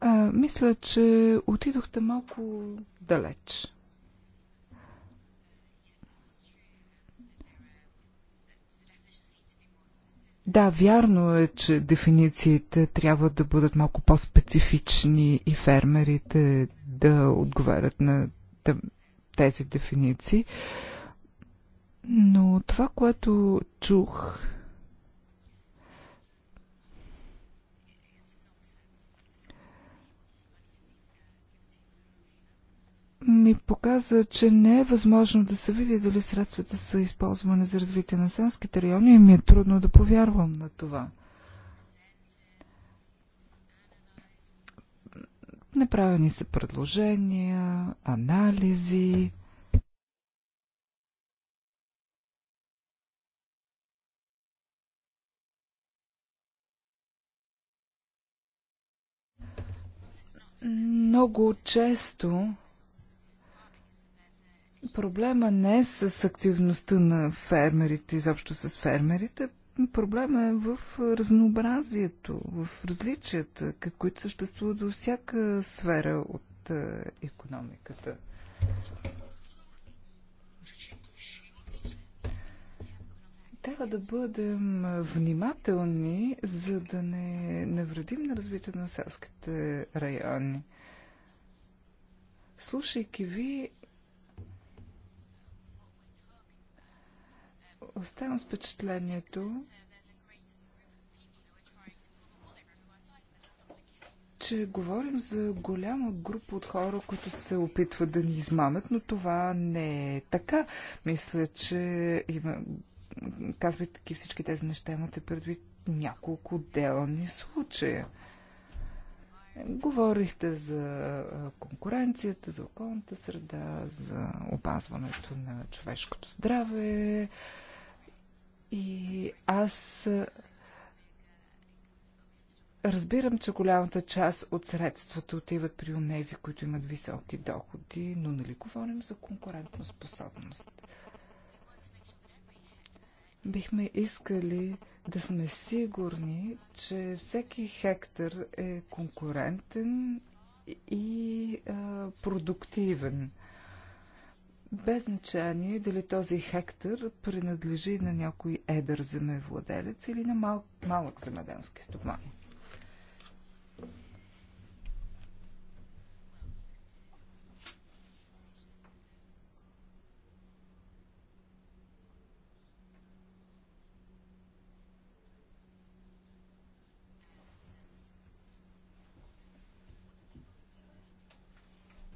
А, мисля, че отидохте малко далеч. Да, вярно е, че дефинициите трябва да бъдат малко по-специфични и фермерите да отговарят на тези дефиниции. Но това, което чух, ми показа, че не е възможно да се види дали средствата са използвани за развитие на селските райони и ми е трудно да повярвам на това. Направени са предложения, анализи. Много често проблема не е с активността на фермерите, изобщо с фермерите. Проблема е в разнообразието, в различията, които съществуват във всяка сфера от економиката. Трябва да бъдем внимателни, за да не навредим на развитието на селските райони. Слушайки ви, оставам с впечатлението, че говорим за голяма група от хора, които се опитват да ни измамят, но това не е така. Мисля, че има, казвайки всички тези неща, имате предвид няколко делни случая. Говорихте за конкуренцията, за околната среда, за опазването на човешкото здраве, и аз разбирам, че голямата част от средствата отиват при онези, които имат високи доходи, но нали говорим за конкурентна способност? Бихме искали да сме сигурни, че всеки хектар е конкурентен и а, продуктивен без значение дали този хектар принадлежи на някой едър земевладелец или на мал, малък земеделски стопанин.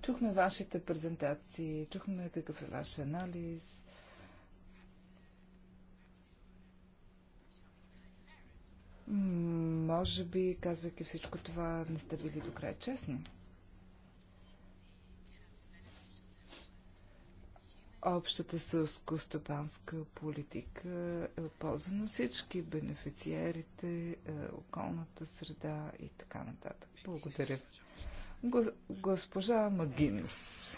Чухме вашите презентации, чухме какъв е ваш анализ. Може би, казвайки всичко това, не сте били до край честни. Общата селско-стопанска политика е полза на всички бенефициерите, е, околната среда и така нататък. Благодаря. Госпожа Магинес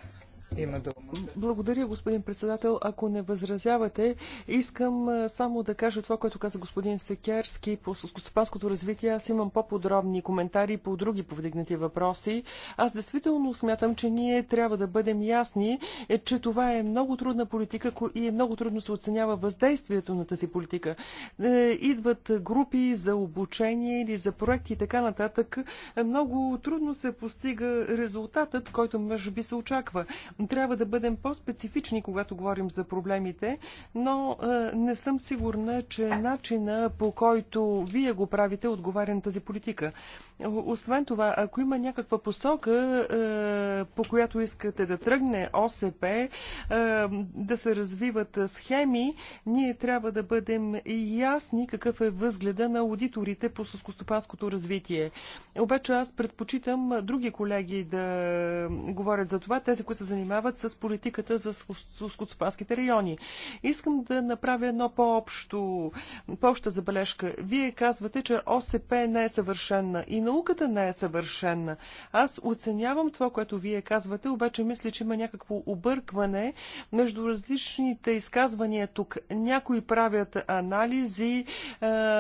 има дума. Благодаря, господин председател. Ако не възразявате, искам само да кажа това, което каза господин Секерски по сълскостопанското развитие. Аз имам по-подробни коментари по други повдигнати въпроси. Аз действително смятам, че ние трябва да бъдем ясни, е, че това е много трудна политика и е много трудно се оценява въздействието на тази политика. Е, идват групи за обучение или за проекти и така нататък. Е, много трудно се постига резултатът, който може би се очаква. Трябва да бъдем по-специфични, когато говорим за проблемите, но е, не съм сигурна, че начина по който вие го правите е отговаря на тази политика. Освен това, ако има някаква посока, е, по която искате да тръгне ОСП, да се развиват схеми, ние трябва да бъдем ясни какъв е възгледа на аудиторите по съскостопанското развитие. Обаче аз предпочитам други колеги да говорят за това, тези, които се занимават занимават с политиката за скотопанските райони. Искам да направя едно по-общо, по-обща забележка. Вие казвате, че ОСП не е съвършенна и науката не е съвършенна. Аз оценявам това, което вие казвате, обаче мисля, че има някакво объркване между различните изказвания тук. Някои правят анализи,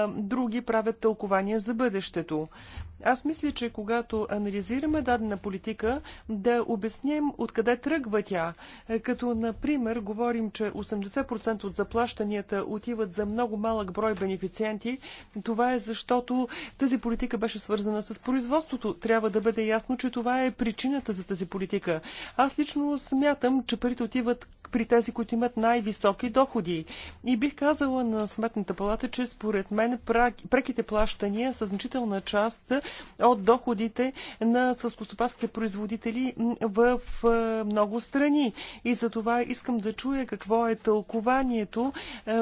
други правят тълкования за бъдещето. Аз мисля, че когато анализираме дадена политика, да обясним откъде тръгва тя. Е, като, например, говорим, че 80% от заплащанията отиват за много малък брой бенефициенти, това е защото тази политика беше свързана с производството. Трябва да бъде ясно, че това е причината за тази политика. Аз лично смятам, че парите отиват при тези, които имат най-високи доходи. И бих казала на Сметната палата, че според мен преките плащания са значителна част от доходите на съскостопанските производители в много страни. И за това искам да чуя какво е тълкованието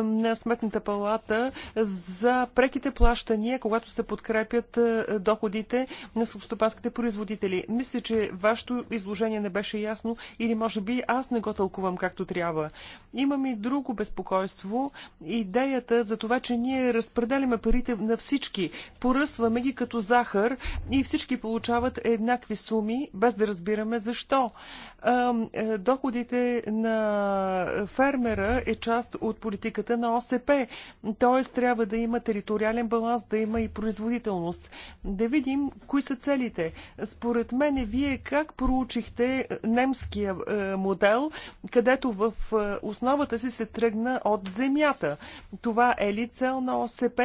на Сметната палата за преките плащания, когато се подкрепят доходите на съскостопанските производители. Мисля, че вашето изложение не беше ясно или може би аз не го тълкувам както трябва. Имам и друго безпокойство. Идеята за това, че ние разпределяме парите на всички, поръсваме ги като захар захар и всички получават еднакви суми, без да разбираме защо. Е, доходите на фермера е част от политиката на ОСП, т.е. трябва да има териториален баланс, да има и производителност. Да видим кои са целите. Според мен, вие как проучихте немския е, модел, където в е, основата си се тръгна от земята? Това е ли цел на ОСП?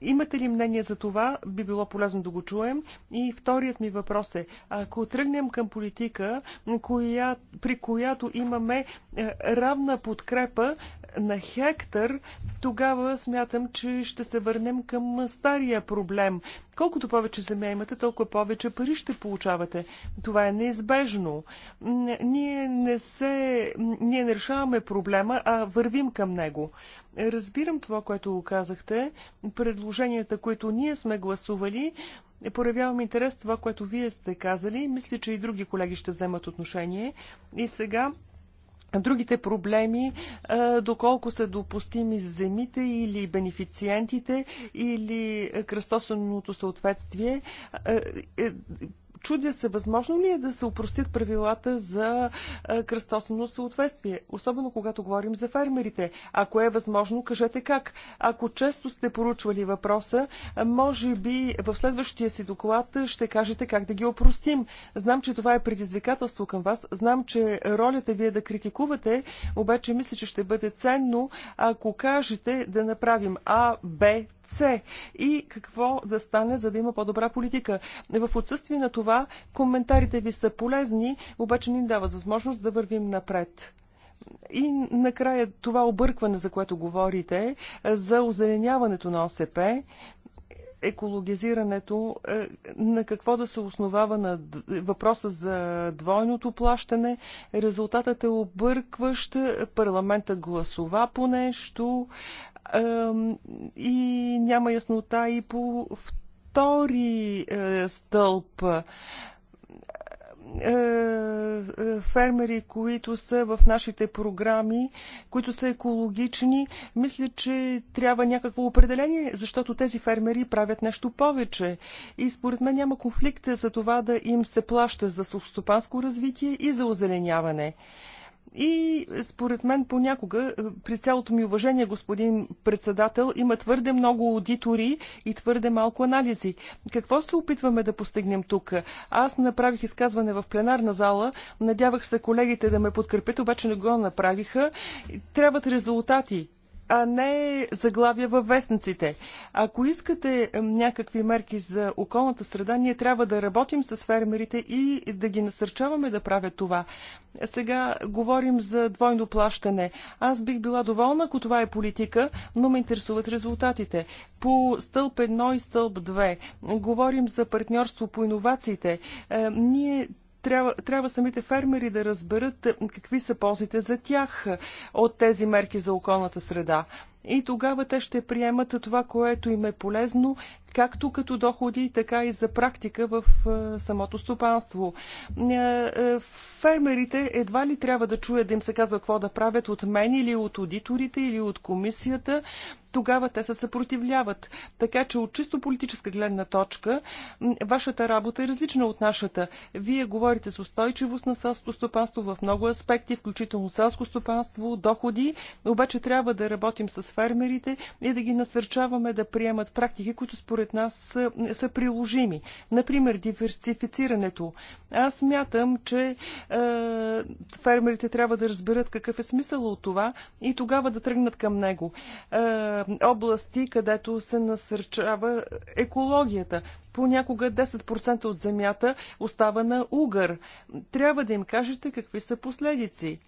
Имате ли мнение за това? Би било полезно да го чуем. И вторият ми въпрос е, ако тръгнем към политика, коя, при която имаме е, равна подкрепа на хектар, тогава смятам, че ще се върнем към стария проблем. Колкото повече земя имате, толкова повече пари ще получавате. Това е неизбежно. Ние не, се, ние не решаваме проблема, а вървим към него. Разбирам това, което казахте. Предложенията, които ние сме гласували, Проявявам интерес това, което вие сте казали. Мисля, че и други колеги ще вземат отношение. И сега другите проблеми, е, доколко са допустими земите или бенефициентите или кръстосаното съответствие. Е, е, Чудя се, възможно ли е да се упростят правилата за кръстосано съответствие, особено когато говорим за фермерите. Ако е възможно, кажете как. Ако често сте поручвали въпроса, може би в следващия си доклад ще кажете как да ги опростим. Знам, че това е предизвикателство към вас. Знам, че ролята ви е да критикувате, обаче мисля, че ще бъде ценно, ако кажете да направим А, Б, сърце и какво да стане, за да има по-добра политика. В отсъствие на това, коментарите ви са полезни, обаче ни дават възможност да вървим напред. И накрая това объркване, за което говорите, за озеленяването на ОСП, екологизирането, е, на какво да се основава на въпроса за двойното плащане. Резултатът е объркващ. Парламента гласова по нещо и няма яснота и по втори е, стълб е, е, фермери, които са в нашите програми, които са екологични, мисля, че трябва някакво определение, защото тези фермери правят нещо повече. И според мен няма конфликт за това да им се плаща за сълстопанско развитие и за озеленяване. И според мен понякога, е, при цялото ми уважение, господин председател, има твърде много аудитори и твърде малко анализи. Какво се опитваме да постигнем тук? Аз направих изказване в пленарна зала, надявах се колегите да ме подкрепят, обаче не го направиха. Трябват резултати а не заглавия във вестниците. Ако искате някакви мерки за околната среда, ние трябва да работим с фермерите и да ги насърчаваме да правят това. Сега говорим за двойно плащане. Аз бих била доволна, ако това е политика, но ме интересуват резултатите. По стълб 1 и стълб 2 говорим за партньорство по иновациите. Е, ние трябва, трябва самите фермери да разберат какви са ползите за тях е, от тези мерки за околната среда и тогава те ще приемат това, което им е полезно, както като доходи, така и за практика в е, самото стопанство. Е, фермерите едва ли трябва да чуят да им се казва какво да правят от мен или от аудиторите или от комисията тогава те се съпротивляват. Така че от чисто политическа гледна точка, вашата работа е различна от нашата. Вие говорите с устойчивост на селското стопанство в много аспекти, включително селско стопанство, доходи, обаче трябва да работим с фермерите и да ги насърчаваме да приемат практики, които според нас са, са приложими. Например, диверсифицирането. Аз мятам, че е, фермерите трябва да разберат какъв е смисъл от това и тогава да тръгнат към него. Е, области, където се насърчава екологията. Понякога 10% от земята остава на угър. Трябва да им кажете какви са последици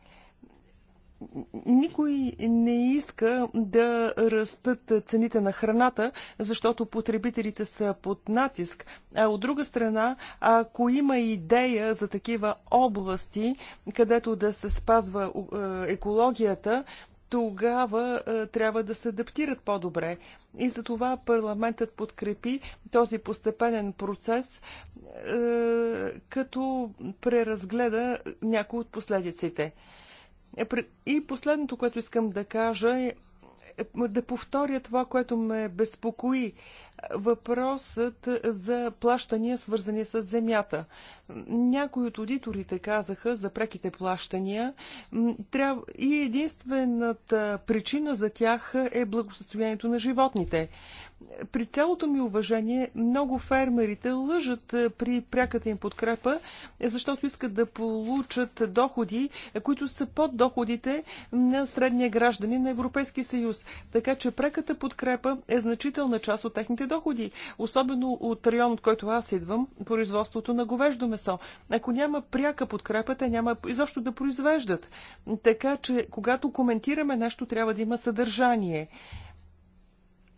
никой не иска да растат цените на храната, защото потребителите са под натиск. А от друга страна, ако има идея за такива области, където да се спазва е, екологията, тогава а, е, трябва да се адаптират по-добре. И за това парламентът подкрепи този постепенен процес, а, е, като преразгледа някои от последиците. Е, и последното, което искам да кажа е да повторя това, което ме безпокои въпросът за плащания, свързани с земята. Някои от аудиторите казаха за преките плащания трябва... и единствената причина за тях е благосъстоянието на животните. При цялото ми уважение, много фермерите лъжат е, при пряката им подкрепа, защото искат да получат доходи, е, които са под доходите на средния граждани на Европейския съюз. Така че пряката подкрепа е значителна част от техните доходи, особено от район, от който аз идвам, производството на говеждо месо. Ако няма пряка подкрепа, те няма изобщо да произвеждат. Така че, когато коментираме нещо, трябва да има съдържание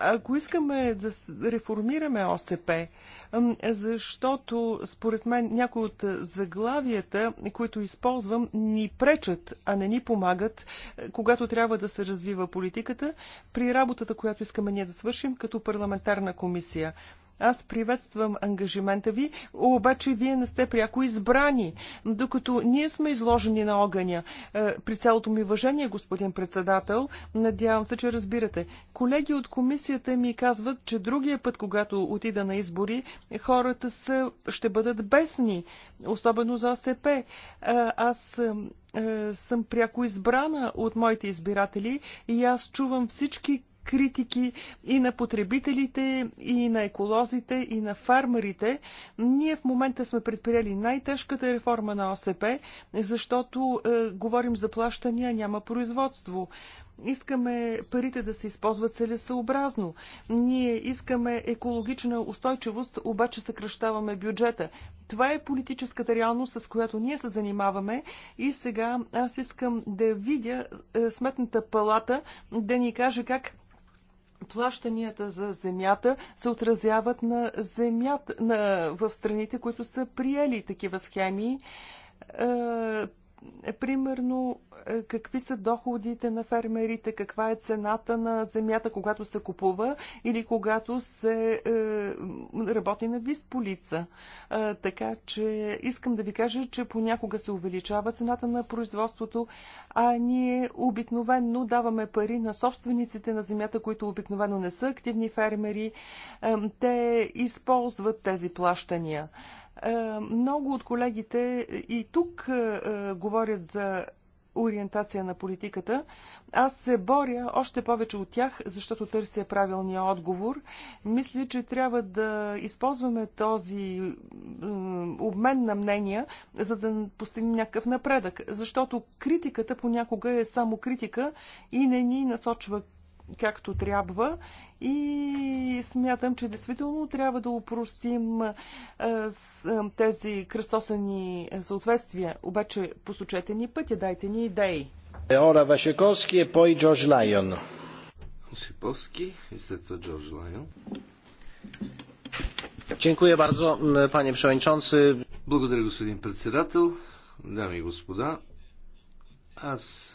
ако искаме да реформираме ОСП, защото според мен някои от заглавията, които използвам, ни пречат, а не ни помагат, е, когато трябва да се развива политиката при работата, която искаме ние да свършим като парламентарна комисия. Аз приветствам ангажимента ви, обаче вие не сте пряко избрани, докато ние сме изложени на огъня. Е, при цялото ми уважение, господин председател, надявам се, че разбирате. Колеги от комисията ми казват, че другия път, когато отида на избори, хората са, ще бъдат бесни, особено за ОСП. Е, аз е, съм пряко избрана от моите избиратели и аз чувам всички критики и на потребителите, и на еколозите, и на фармерите. Ние в момента сме предприели най-тежката реформа на ОСП, защото е, говорим за плащания, няма производство. Искаме парите да се използват целесъобразно. Ние искаме екологична устойчивост, обаче съкръщаваме бюджета. Това е политическата реалност, с която ние се занимаваме. И сега аз искам да видя е, Сметната палата да ни каже как плащанията за земята се отразяват на земята на, в страните, които са приели такива схеми. Е, е, примерно, е, какви са доходите на фермерите, каква е цената на земята, когато се купува или когато се е, работи на висполица. Е, така че искам да ви кажа, че понякога се увеличава цената на производството, а ние обикновенно даваме пари на собствениците на земята, които обикновено не са активни фермери. Е, те използват тези плащания. Е, е, много от колегите и тук е, е, говорят за ориентация на политиката. Аз се боря още повече от тях, защото търся правилния отговор. Мисля, че трябва да използваме този обмен на мнения, за да постигнем някакъв напредък. Защото критиката понякога е само критика и не ни насочва както трябва и смятам, че действително трябва да упростим тези кръстосани съответствия. Обаче посочете ни пътя, дайте ни идеи. Ора Вашековски е пой Джордж Лайон. Осиповски и след това Джордж Лайон. Дякую bardzo, пане przewodniczący. Благодаря, господин председател. Дами и господа, аз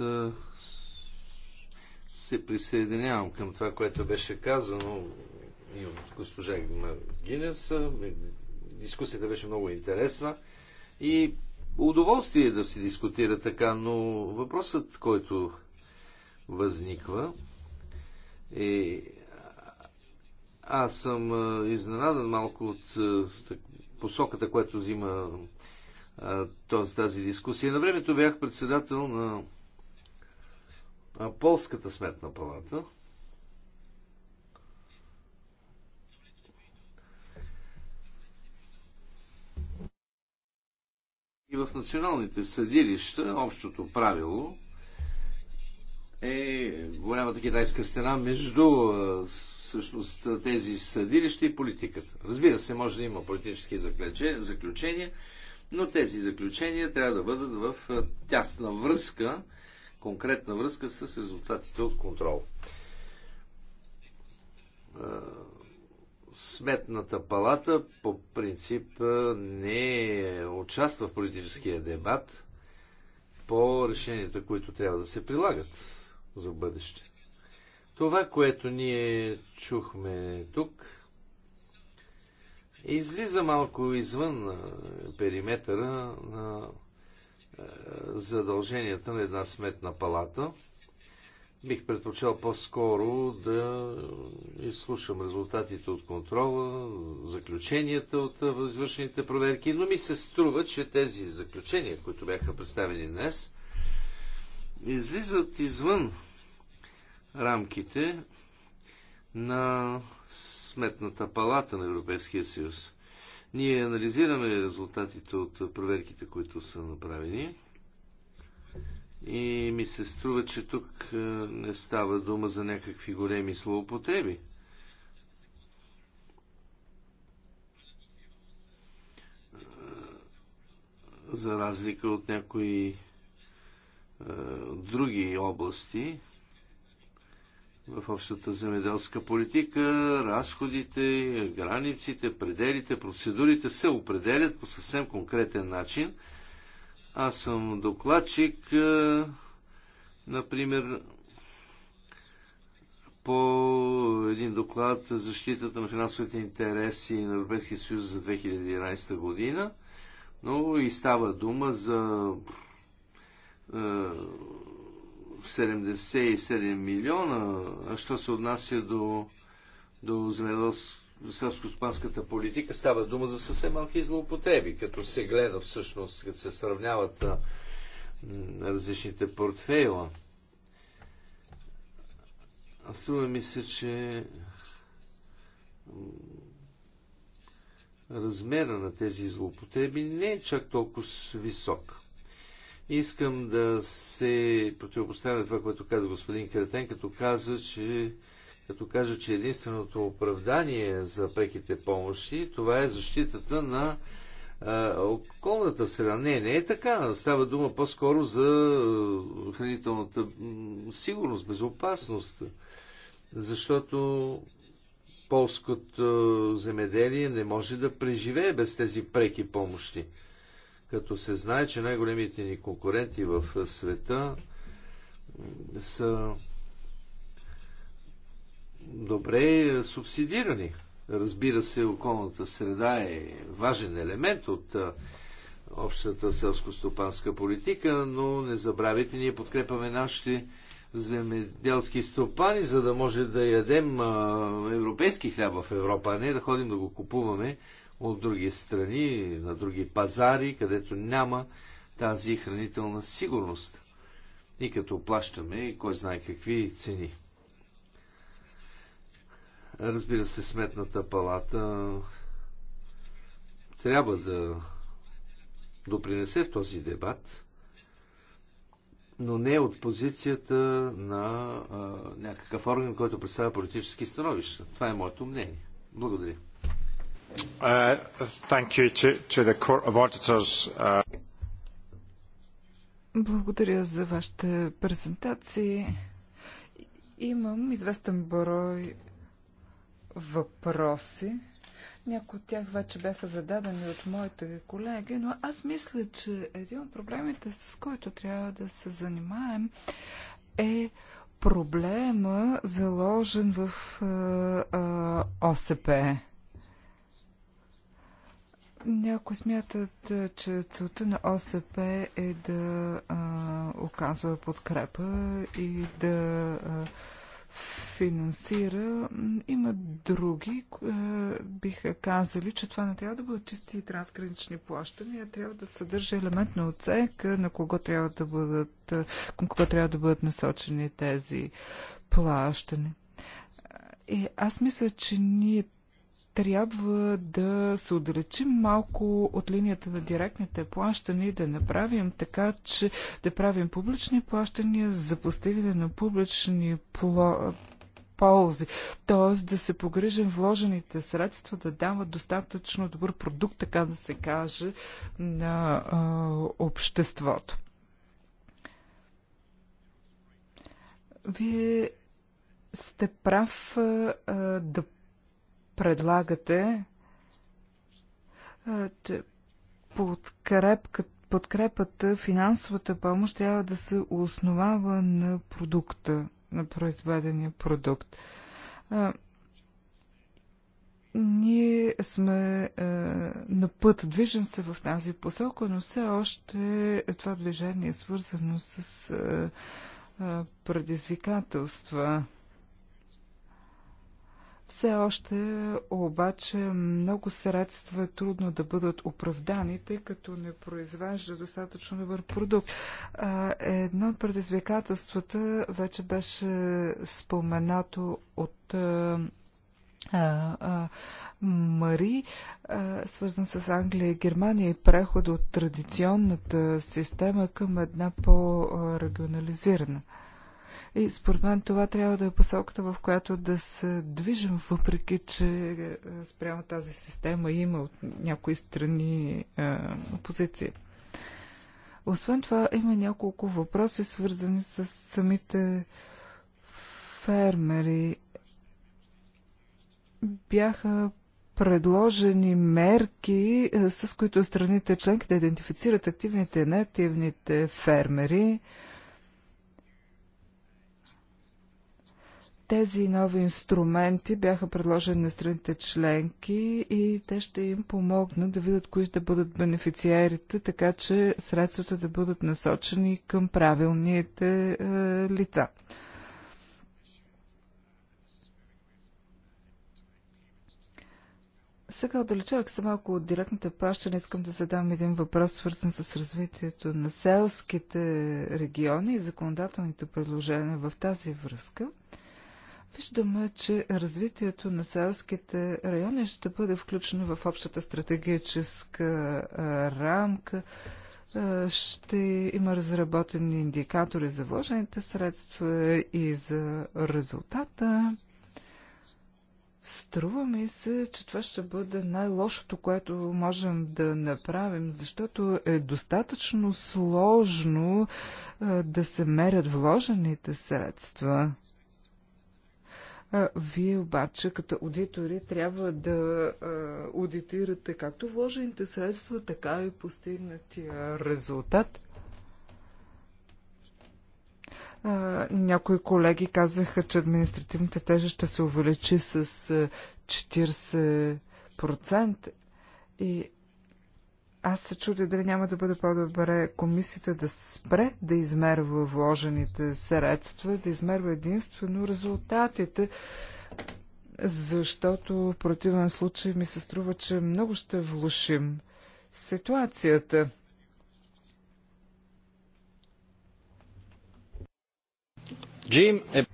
се присъединявам към това, което беше казано и от госпожа Гинес. Дискусията беше много интересна и удоволствие е да се дискутира така, но въпросът, който възниква е... Аз съм изненадан малко от посоката, която взима тази дискусия. На времето бях председател на Полската сметна палата и в националните съдилища общото правило е голямата китайска стена между всъщност тези съдилища и политиката. Разбира се, може да има политически заключения, но тези заключения трябва да бъдат в тясна връзка конкретна връзка с резултатите от контрол. Сметната палата по принцип не участва в политическия дебат по решенията, които трябва да се прилагат за бъдеще. Това, което ние чухме тук, излиза малко извън периметъра на задълженията на една сметна палата. Бих предпочел по-скоро да изслушам резултатите от контрола, заключенията от извършените проверки, но ми се струва, че тези заключения, които бяха представени днес, излизат извън рамките на Сметната палата на Европейския съюз. Ние анализираме резултатите от проверките, които са направени. И ми се струва, че тук е, не става дума за някакви големи злоупотреби. Е, за разлика от някои е, други области, в общата земеделска политика, разходите, границите, пределите, процедурите се определят по съвсем конкретен начин. Аз съм докладчик, е, например, по един доклад защитата на финансовите интереси на Европейския съюз за 2011 година, но и става дума за е, 77 милиона. А що се отнася до, до селско-спанската политика, става дума за съвсем малки злоупотреби, като се гледа всъщност, като се сравняват а, различните портфейла. Аз струва ми се, че размера на тези злоупотреби не е чак толкова висок. Искам да се противопоставя това, което каза господин Кретен, като каза, че като кажа, че единственото оправдание за преките помощи, това е защитата на а, околната среда. Не, не е така. Става дума по-скоро за хранителната сигурност, безопасност. Защото полското земеделие не може да преживее без тези преки помощи като се знае, че най-големите ни конкуренти в света са добре субсидирани. Разбира се, околната среда е важен елемент от общата селско-стопанска политика, но не забравяйте, ние подкрепаме нашите земеделски стопани, за да може да ядем европейски хляб в Европа, а не да ходим да го купуваме от други страни, на други пазари, където няма тази хранителна сигурност. И като плащаме, кой знае какви цени. Разбира се, сметната палата трябва да допринесе в този дебат, но не от позицията на а, някакъв орган, който представя политически становища. Това е моето мнение. Благодаря. Благодаря за вашите презентации. Имам известен брой въпроси. Някои от тях вече бяха зададени от моите колеги, но аз мисля, че един от проблемите, с който трябва да се занимаем, е проблема, заложен в а, а, ОСП. Някои смятат, че целта на ОСП е да а, оказва подкрепа и да а, финансира. Има други, а, биха казали, че това не трябва да бъдат чисти трансгранични плащания, трябва да съдържа елемент на оценка на кого трябва да бъдат, към кого трябва да бъдат насочени тези плащания. И аз мисля, че ние трябва да се отдалечим малко от линията на директните плащания и да направим така, че да правим публични плащания за постигане на публични пло... ползи. Тоест да се погрижим вложените средства да дават достатъчно добър продукт, така да се каже, на а, обществото. Вие сте прав а, да предлагате подкрепката подкрепата, финансовата помощ трябва да се основава на продукта, на произведения продукт. ние сме е, на път, движим се в тази посока, но все още това движение е свързано с е, е, предизвикателства. Все още обаче много средства е трудно да бъдат оправдани, тъй като не произвежда достатъчно добър продукт. Едно от предизвикателствата вече беше споменато от а, а, Мари, свързан с Англия и Германия и преход от традиционната система към една по-регионализирана. И според мен това трябва да е посоката, в която да се движим, въпреки че е, спрямо тази система има от някои страни е, опозиция. Освен това, има няколко въпроси, свързани с самите фермери. Бяха предложени мерки, е, с които страните членки да идентифицират активните и неактивните фермери. Тези нови инструменти бяха предложени на страните членки и те ще им помогнат да видят кои ще бъдат бенефициерите, така че средствата да бъдат насочени към правилните е, лица. Сега отдалечавах се малко от директната плащане. Искам да задам един въпрос, свързан с развитието на селските региони и законодателните предложения в тази връзка. Виждаме, че развитието на селските райони ще бъде включено в общата стратегическа рамка. Ще има разработени индикатори за вложените средства и за резултата. Струва ми се, че това ще бъде най-лошото, което можем да направим, защото е достатъчно сложно да се мерят вложените средства. Вие обаче като аудитори трябва да аудитирате както вложените средства, така и постигнатия резултат. Някои колеги казаха, че административната тежест ще се увеличи с 40% и аз се чудя дали няма да бъде по-добре комисията да спре да измерва вложените средства, да измерва единствено резултатите, защото в противен случай ми се струва, че много ще влушим ситуацията. Джим е...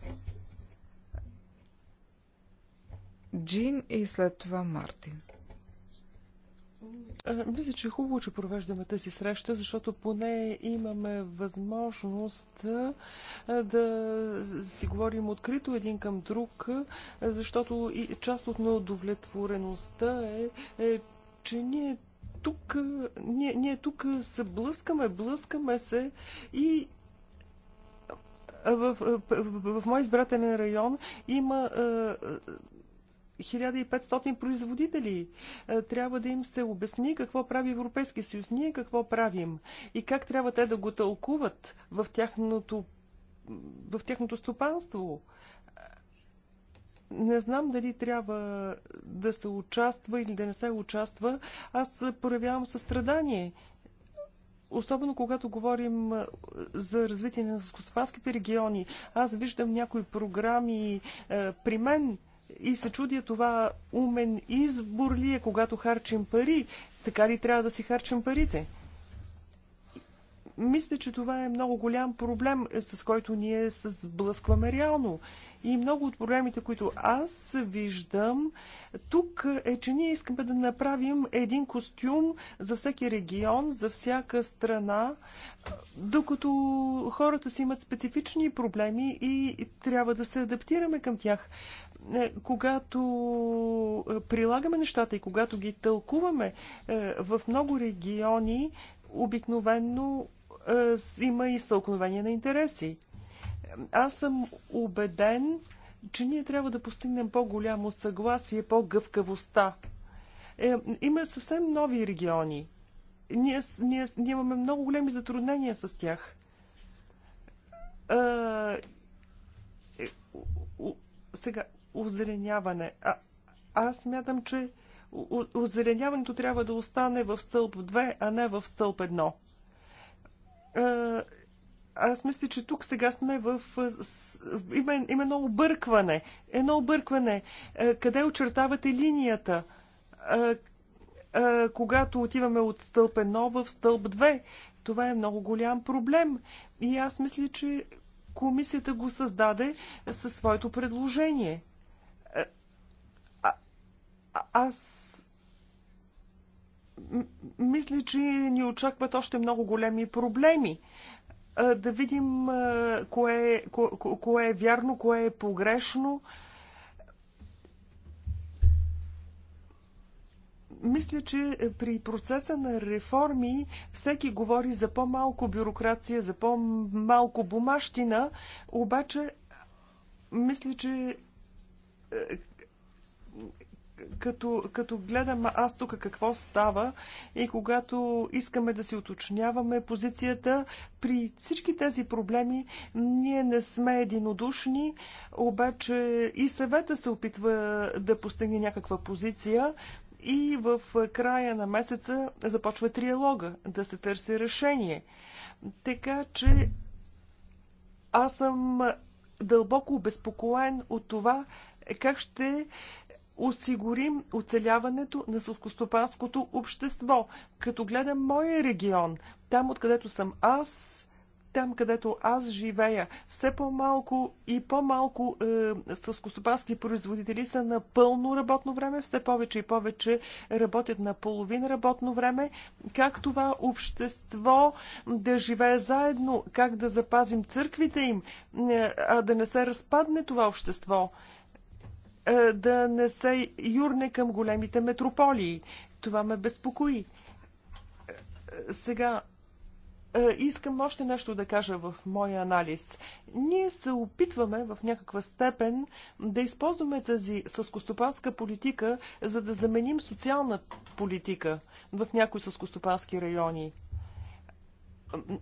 Джин и след това Мартин. Мисля, че е хубаво, че провеждаме тази среща, защото поне имаме възможност да си говорим открито един към друг, защото част от неудовлетвореността е, е че ние тук, ние, ние тук се блъскаме, блъскаме се и в, в, в, в мой избирателен район има е, 1500 производители. Е, трябва да им се обясни какво прави Европейски съюз, ние какво правим и как трябва те да го тълкуват в тяхното, в тяхното стопанство. Е, не знам дали трябва да се участва или да не се участва. Аз проявявам състрадание особено когато говорим е, за развитие на скостопанските региони, аз виждам някои програми е, при мен, и се чудя това умен избор ли е, когато харчим пари, така ли трябва да си харчим парите? Мисля, че това е много голям проблем, с който ние се сблъскваме реално. И много от проблемите, които аз виждам тук е, че ние искаме да направим един костюм за всеки регион, за всяка страна, докато хората си имат специфични проблеми и трябва да се адаптираме към тях е, когато прилагаме нещата и когато ги тълкуваме, е, в много региони обикновенно е, има и стълкновение на интереси аз съм убеден, че ние трябва да постигнем по-голямо съгласие по гъвкавостта. Е, има съвсем нови региони. Ние, ние, ние имаме много големи затруднения с тях. Е, е, у, сега, озеленяване. А, аз мятам, че озеленяването трябва да остане в стълб 2, а не в стълб 1 аз мисля, че тук сега сме в... Има, има едно объркване. Едно объркване. Е, къде очертавате линията? Е, е, когато отиваме от стълб 1 в стълб 2. Това е много голям проблем. И аз мисля, че комисията го създаде със своето предложение. аз мисля, че ни очакват още много големи проблеми да видим кое, кое, кое е вярно, кое е погрешно. мисля, че при процеса на реформи всеки говори за по-малко бюрокрация, за по-малко бумащина, обаче мисля, че е, като, като гледам аз тук какво става и когато искаме да си уточняваме позицията, при всички тези проблеми ние не сме единодушни, обаче и съвета се опитва да постигне някаква позиция и в края на месеца започва триалога, да се търси решение. Така че аз съм дълбоко обезпокоен от това, как ще осигурим оцеляването на сълскостопанското общество. Като гледам моя регион, там откъдето съм аз, там, където аз живея, все по-малко и по-малко е, сълскостопански производители са на пълно работно време, все повече и повече работят на половин работно време. Как това общество да живее заедно, как да запазим църквите им, е, а да не се разпадне това общество? Е, да не се юрне към големите метрополии. Това ме безпокои. Е, сега, е, искам още нещо да кажа в моя анализ. Ние се опитваме в някаква степен да използваме тази съскостопанска политика, за да заменим социална политика в някои съскостопански райони.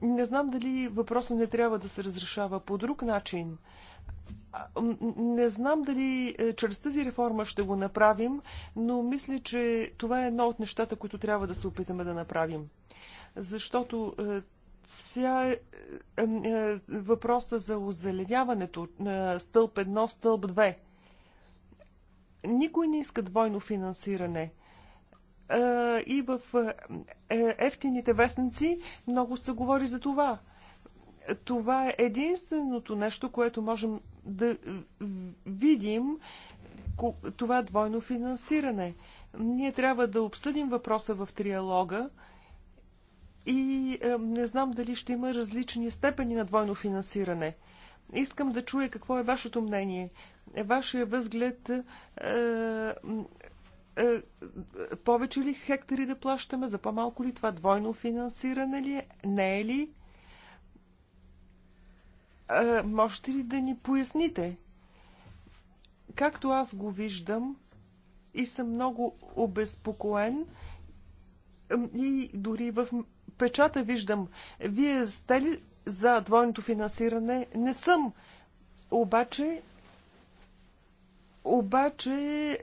Не знам дали въпросът не трябва да се разрешава по друг начин. Не знам дали е, чрез тази реформа ще го направим, но мисля, че това е едно от нещата, които трябва да се опитаме да направим. Защото сега е, е, въпроса за озеленяването на стълб 1, стълб 2. Никой не иска двойно финансиране и в ефтините вестници много се говори за това. Това е единственото нещо, което можем да видим това двойно финансиране. Ние трябва да обсъдим въпроса в триалога и е, не знам дали ще има различни степени на двойно финансиране. Искам да чуя какво е вашето мнение, е, вашия възглед. Е, е, повече ли хектари да плащаме, за по-малко ли това двойно финансиране ли е, не е ли? А, можете ли да ни поясните? Както аз го виждам и съм много обезпокоен и дори в печата виждам, вие сте ли за двойното финансиране? Не съм. Обаче обаче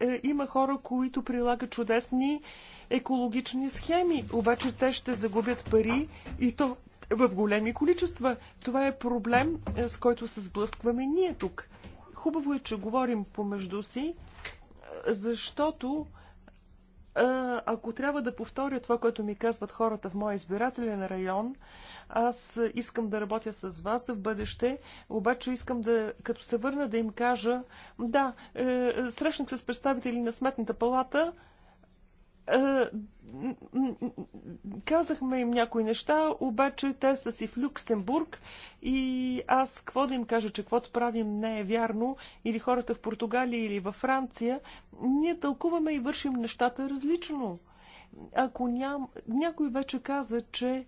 е, има хора, които прилагат чудесни екологични схеми, обаче те ще загубят пари и то в големи количества. Това е проблем, е, с който се сблъскваме ние тук. Хубаво е, че говорим помежду си, е, защото е, ако трябва да повторя това, което ми казват хората в моя избирателен район, аз искам да работя с вас в бъдеще, обаче искам да, като се върна, да им кажа, да, срещнах се с представители на Сметната палата, е, казахме им някои неща, обаче те са си в Люксембург и аз какво да им кажа, че каквото правим не е вярно, или хората в Португалия или във Франция, ние тълкуваме и вършим нещата различно. Ако ням... Някой вече каза, че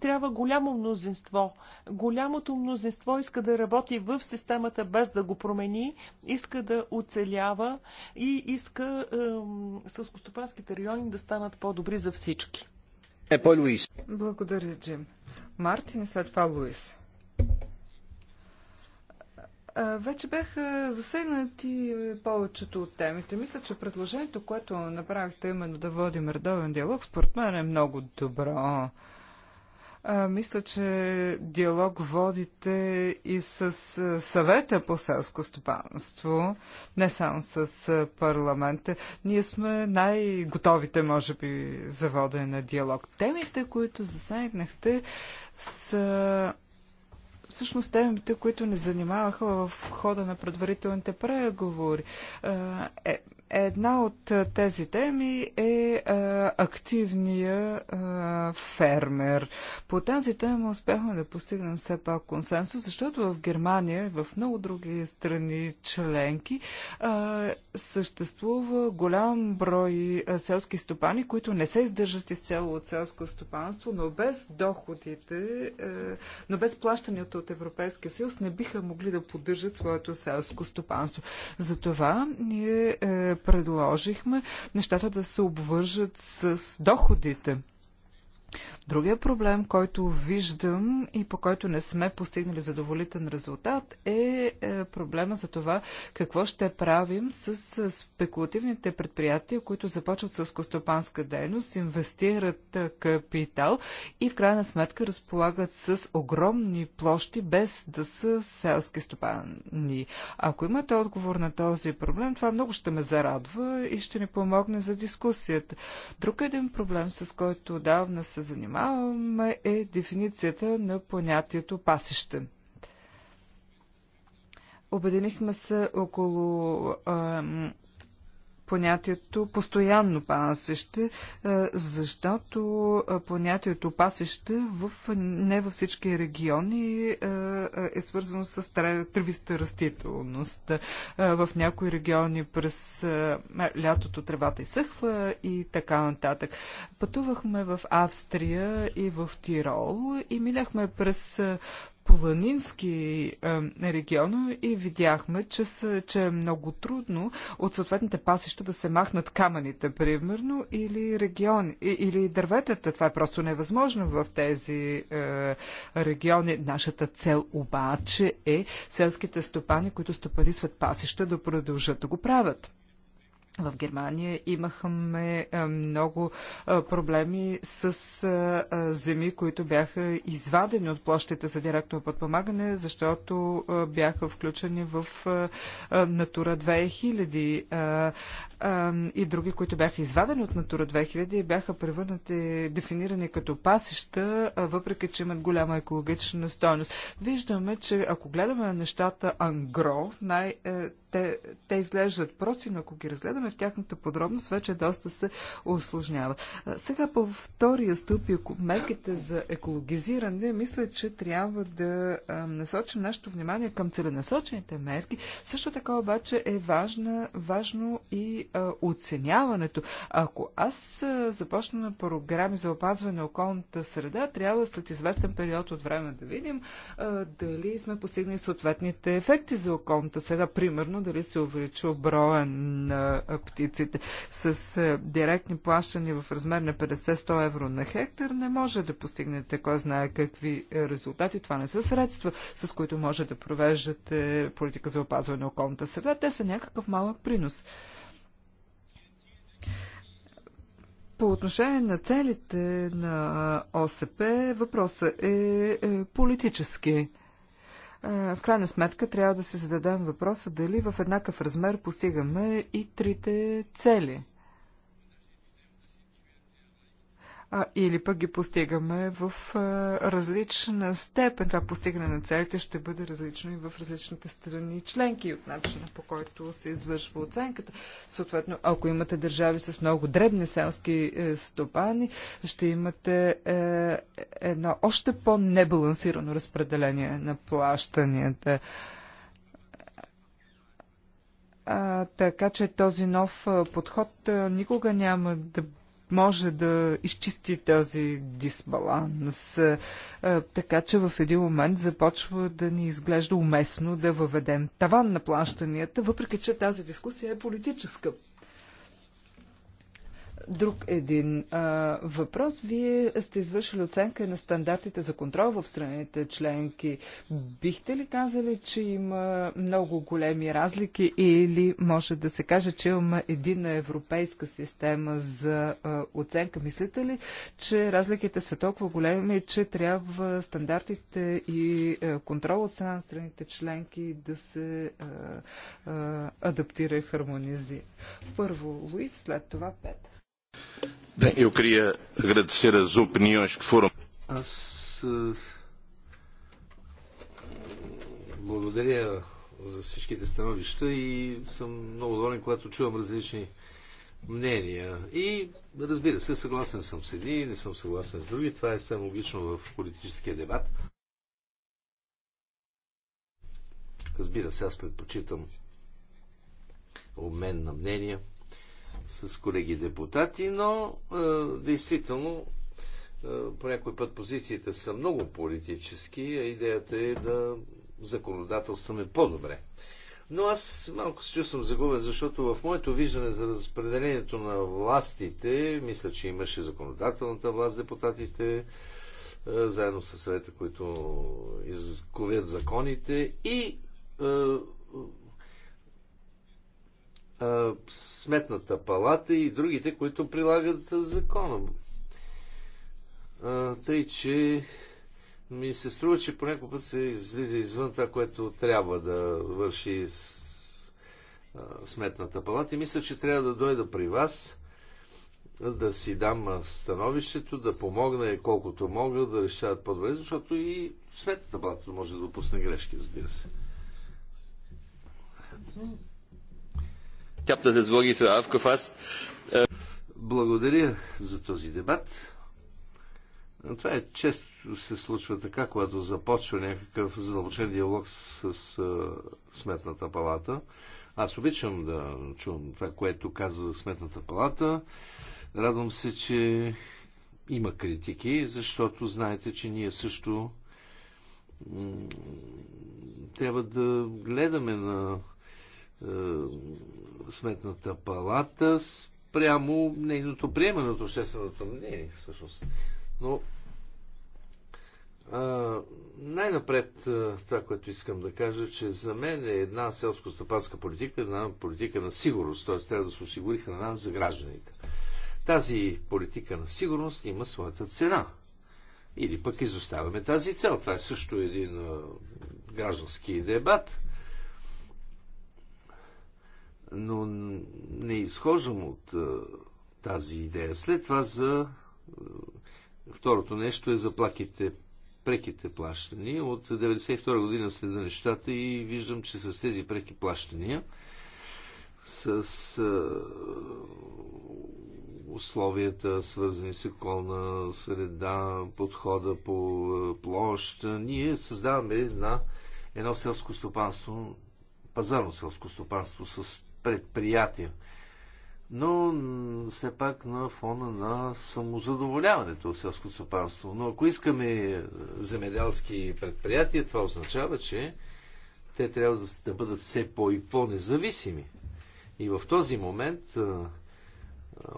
трябва голямо мнозинство. Голямото мнозинство иска да работи в системата без да го промени, иска да оцелява и иска сълскостопанските райони да станат по-добри за всички. Е, по-луис. Благодаря, Джим. Мартин, след това Луис. Вече бяха засегнати повечето от темите. Мисля, че предложението, което направихте, именно да водим редовен диалог, според мен е много добро. А, мисля, че диалог водите и с съвета по селско стопанство, не само с парламента. Ние сме най-готовите, може би, за водене на диалог. Темите, които засегнахте, са всъщност темите, които не занимаваха в хода на предварителните преговори. Е, Една от тези теми е активния фермер. По тази тема успяхме да постигнем все пак консенсус, защото в Германия и в много други страни членки съществува голям брой селски стопани, които не се издържат изцяло от селско стопанство, но без доходите, но без плащанията от Европейския съюз не биха могли да поддържат своето селско стопанство. Затова ние предложихме нещата да се обвържат с доходите. Другия проблем, който виждам и по който не сме постигнали задоволителен резултат, е, е проблема за това какво ще правим с спекулативните предприятия, които започват сълскостопанска дейност, инвестират капитал и в крайна сметка разполагат с огромни площи без да са селски стопани. Ако имате отговор на този проблем, това много ще ме зарадва и ще ни помогне за дискусията. Друг един проблем, с който давна се занимавам, занимаваме, е дефиницията на понятието пасище. Обединихме се около понятието постоянно пасеще, е, защото е, понятието пасеще в, не във всички региони е, е свързано с тревиста растителност. В някои региони през лятото тревата изсъхва и така нататък. Пътувахме в Австрия и в Тирол и минахме през планински е, региона и видяхме, че, са, че е много трудно от съответните пасища да се махнат камъните, примерно, или регион, или дърветата. Това е просто невъзможно в тези е, региони. Нашата цел обаче е селските стопани, които стопанисват пасища, да продължат да го правят. В Германия имахме много проблеми с земи, които бяха извадени от площите за директно подпомагане, защото бяха включени в Натура 2000 и други, които бяха извадени от Натура 2000 бяха превърнати, дефинирани като пасища, въпреки че имат голяма екологична стойност. Виждаме, че ако гледаме нещата ангро, най- е, те, те изглеждат прости, но ако ги разгледаме в тяхната подробност, вече доста се осложнява. Сега по втория стълб и мерките за екологизиране, мисля, че трябва да насочим нашето внимание към целенасочените мерки. Също така обаче е важна, важно и а, оценяването. Ако аз започна на програми за опазване на околната среда, трябва след известен период от време да видим а, дали сме постигнали съответните ефекти за околната среда, примерно дали се увеличил броя на птиците. С е, директни плащания в размер на 50-100 евро на хектар не може да постигнете кой знае какви е, резултати. Това не са средства, с които може да провеждате политика за опазване на околната среда. Те са някакъв малък принос. По отношение на целите на ОСП, въпросът е, е политически. В крайна сметка трябва да си зададем въпроса дали в еднакъв размер постигаме и трите цели. а, или пък ги постигаме в а, различна степен. Това постигане на целите ще бъде различно и в различните страни членки от начина по който се извършва оценката. Съответно, ако имате държави с много дребни селски е, стопани, ще имате е, едно още по-небалансирано разпределение на плащанията. А, така че този нов подход никога няма да може да изчисти този дисбаланс. Е, е, така че в един момент започва да ни изглежда уместно да въведем таван на плащанията, въпреки че тази дискусия е политическа Друг един а, въпрос. Вие сте извършили оценка на стандартите за контрол в страните членки. Бихте ли казали, че има много големи разлики или може да се каже, че има едина европейска система за а, оценка? Мислите ли, че разликите са толкова големи, че трябва стандартите и а, контрол от страна на страните членки да се а, а, адаптира и хармонизира? Първо Луис, след това Петър. Bem, eu queria agradecer as opiniões que foram. Аз е, благодаря за всичките становища и съм много доволен, когато чувам различни мнения. И разбира се, съгласен съм с едни, не съм съгласен с други. Това е съвсем логично в политическия дебат. Разбира се, аз предпочитам обмен на мнения – с колеги депутати, но е, действително е, по някой път позициите са много политически, а идеята е да законодателстваме по-добре. Но аз малко се чувствам загубен, защото в моето виждане за разпределението на властите, мисля, че имаше законодателната власт, депутатите, е, заедно с съвета, които изковят законите и е, Сметната палата и другите, които прилагат закона. Тъй, че ми се струва, че понякога път се излиза извън това, което трябва да върши Сметната палата. И мисля, че трябва да дойда при вас, да си дам становището, да помогна колкото мога да решават по-добре, защото и Сметната палата може да допусне грешки, разбира се. Благодаря за този дебат. Това е често се случва така, когато започва някакъв задълбочен диалог с, с Сметната палата. Аз обичам да чувам това, което казва Сметната палата. Радвам се, че има критики, защото знаете, че ние също трябва да гледаме на сметната палата прямо нейното приемане от общественото мнение, всъщност. Но най-напред това, което искам да кажа, че за мен е една селско-стопанска политика, една политика на сигурност, т.е. трябва да се осигури храна за гражданите. Тази политика на сигурност има своята цена. Или пък изоставяме тази цел. Това е също един граждански дебат но не изхождам от тази идея. След това за второто нещо е заплаките преките плащания. От 1992 година следа нещата и виждам, че с тези преки плащания, с а, условията, свързани с околна среда, подхода по площ, ние създаваме една, едно селско стопанство, пазарно селско стопанство с предприятия. Но все пак на фона на самозадоволяването в селското стопанство. Но ако искаме е, земеделски предприятия, това означава, че те трябва да, бъдат все по- и по-независими. И в този момент е,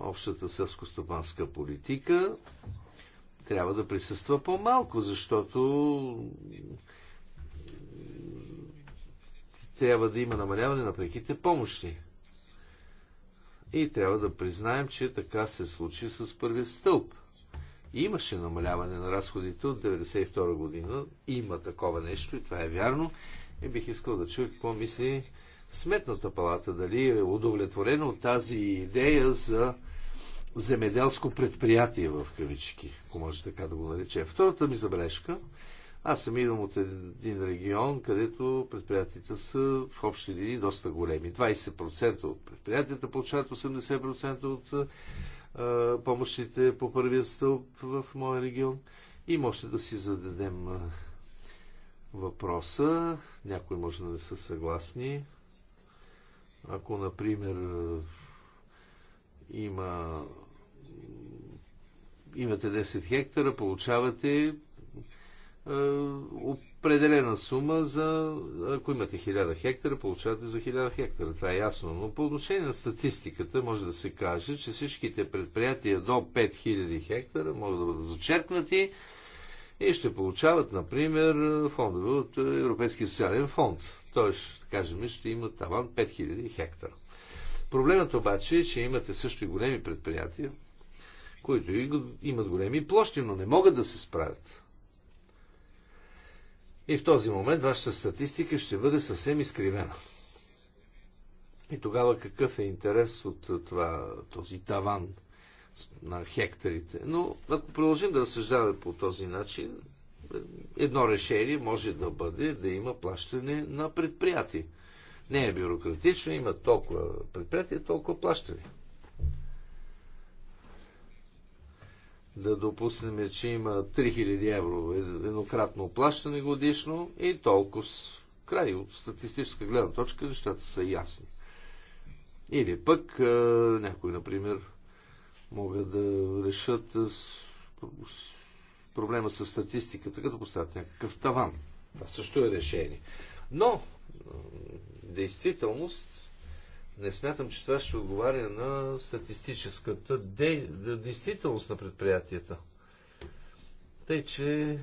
общата селско-стопанска политика трябва да присъства по-малко, защото трябва да има намаляване на преките помощи. И трябва да признаем, че така се случи с първия стълб. Имаше намаляване на разходите от 1992 година. Има такова нещо и това е вярно. И бих искал да чуя какво мисли Сметната палата. Дали е удовлетворена от тази идея за земеделско предприятие в кавички, ако може така да го наречем. Втората ми забележка аз съм идвам от един регион, където предприятията са в общи линии доста големи. 20% от предприятията получават 80% от а, помощите по първия стълб в моя регион. И може да си зададем а, въпроса. Някои може да не са съгласни. Ако, например, има имате 10 хектара, получавате е, определена сума за... Ако имате 1000 хектара, получавате за 1000 хектара. Това е ясно. Но по отношение на статистиката може да се каже, че всичките предприятия до 5000 хектара могат да бъдат зачеркнати и ще получават, например, фондове от Европейския социален фонд. Тоест, кажем, ще има таван 5000 хектара. Проблемът обаче е, че имате също и големи предприятия, които имат големи площи, но не могат да се справят. И в този момент вашата статистика ще бъде съвсем изкривена. И тогава какъв е интерес от това, този таван на хектарите? Но ако продължим да разсъждаваме по този начин, едно решение може да бъде да има плащане на предприятие. Не е бюрократично, има толкова предприятия, толкова плащане. да допуснем, че има 3000 евро еднократно оплащане годишно и толкова. Край от статистическа гледна точка нещата са ясни. Или пък някой, например, могат да решат проблема с статистиката, като поставят някакъв таван. Това също е решение. Но, действителност, не смятам, че това ще отговаря на статистическата де... действителност на предприятията. Тъй, че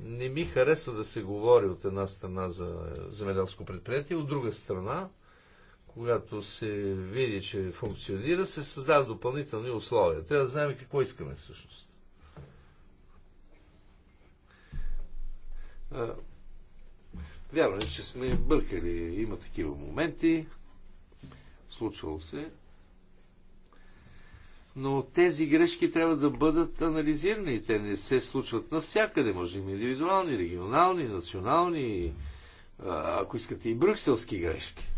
не ми харесва да се говори от една страна за земеделско предприятие, от друга страна, когато се види, че функционира, се създават допълнителни условия. Трябва да знаем какво искаме всъщност. Вярно е, че сме бъркали. Има такива моменти случвало се. Но тези грешки трябва да бъдат анализирани. Те не се случват навсякъде. Може има индивидуални, регионални, национални, ако искате и брюкселски грешки.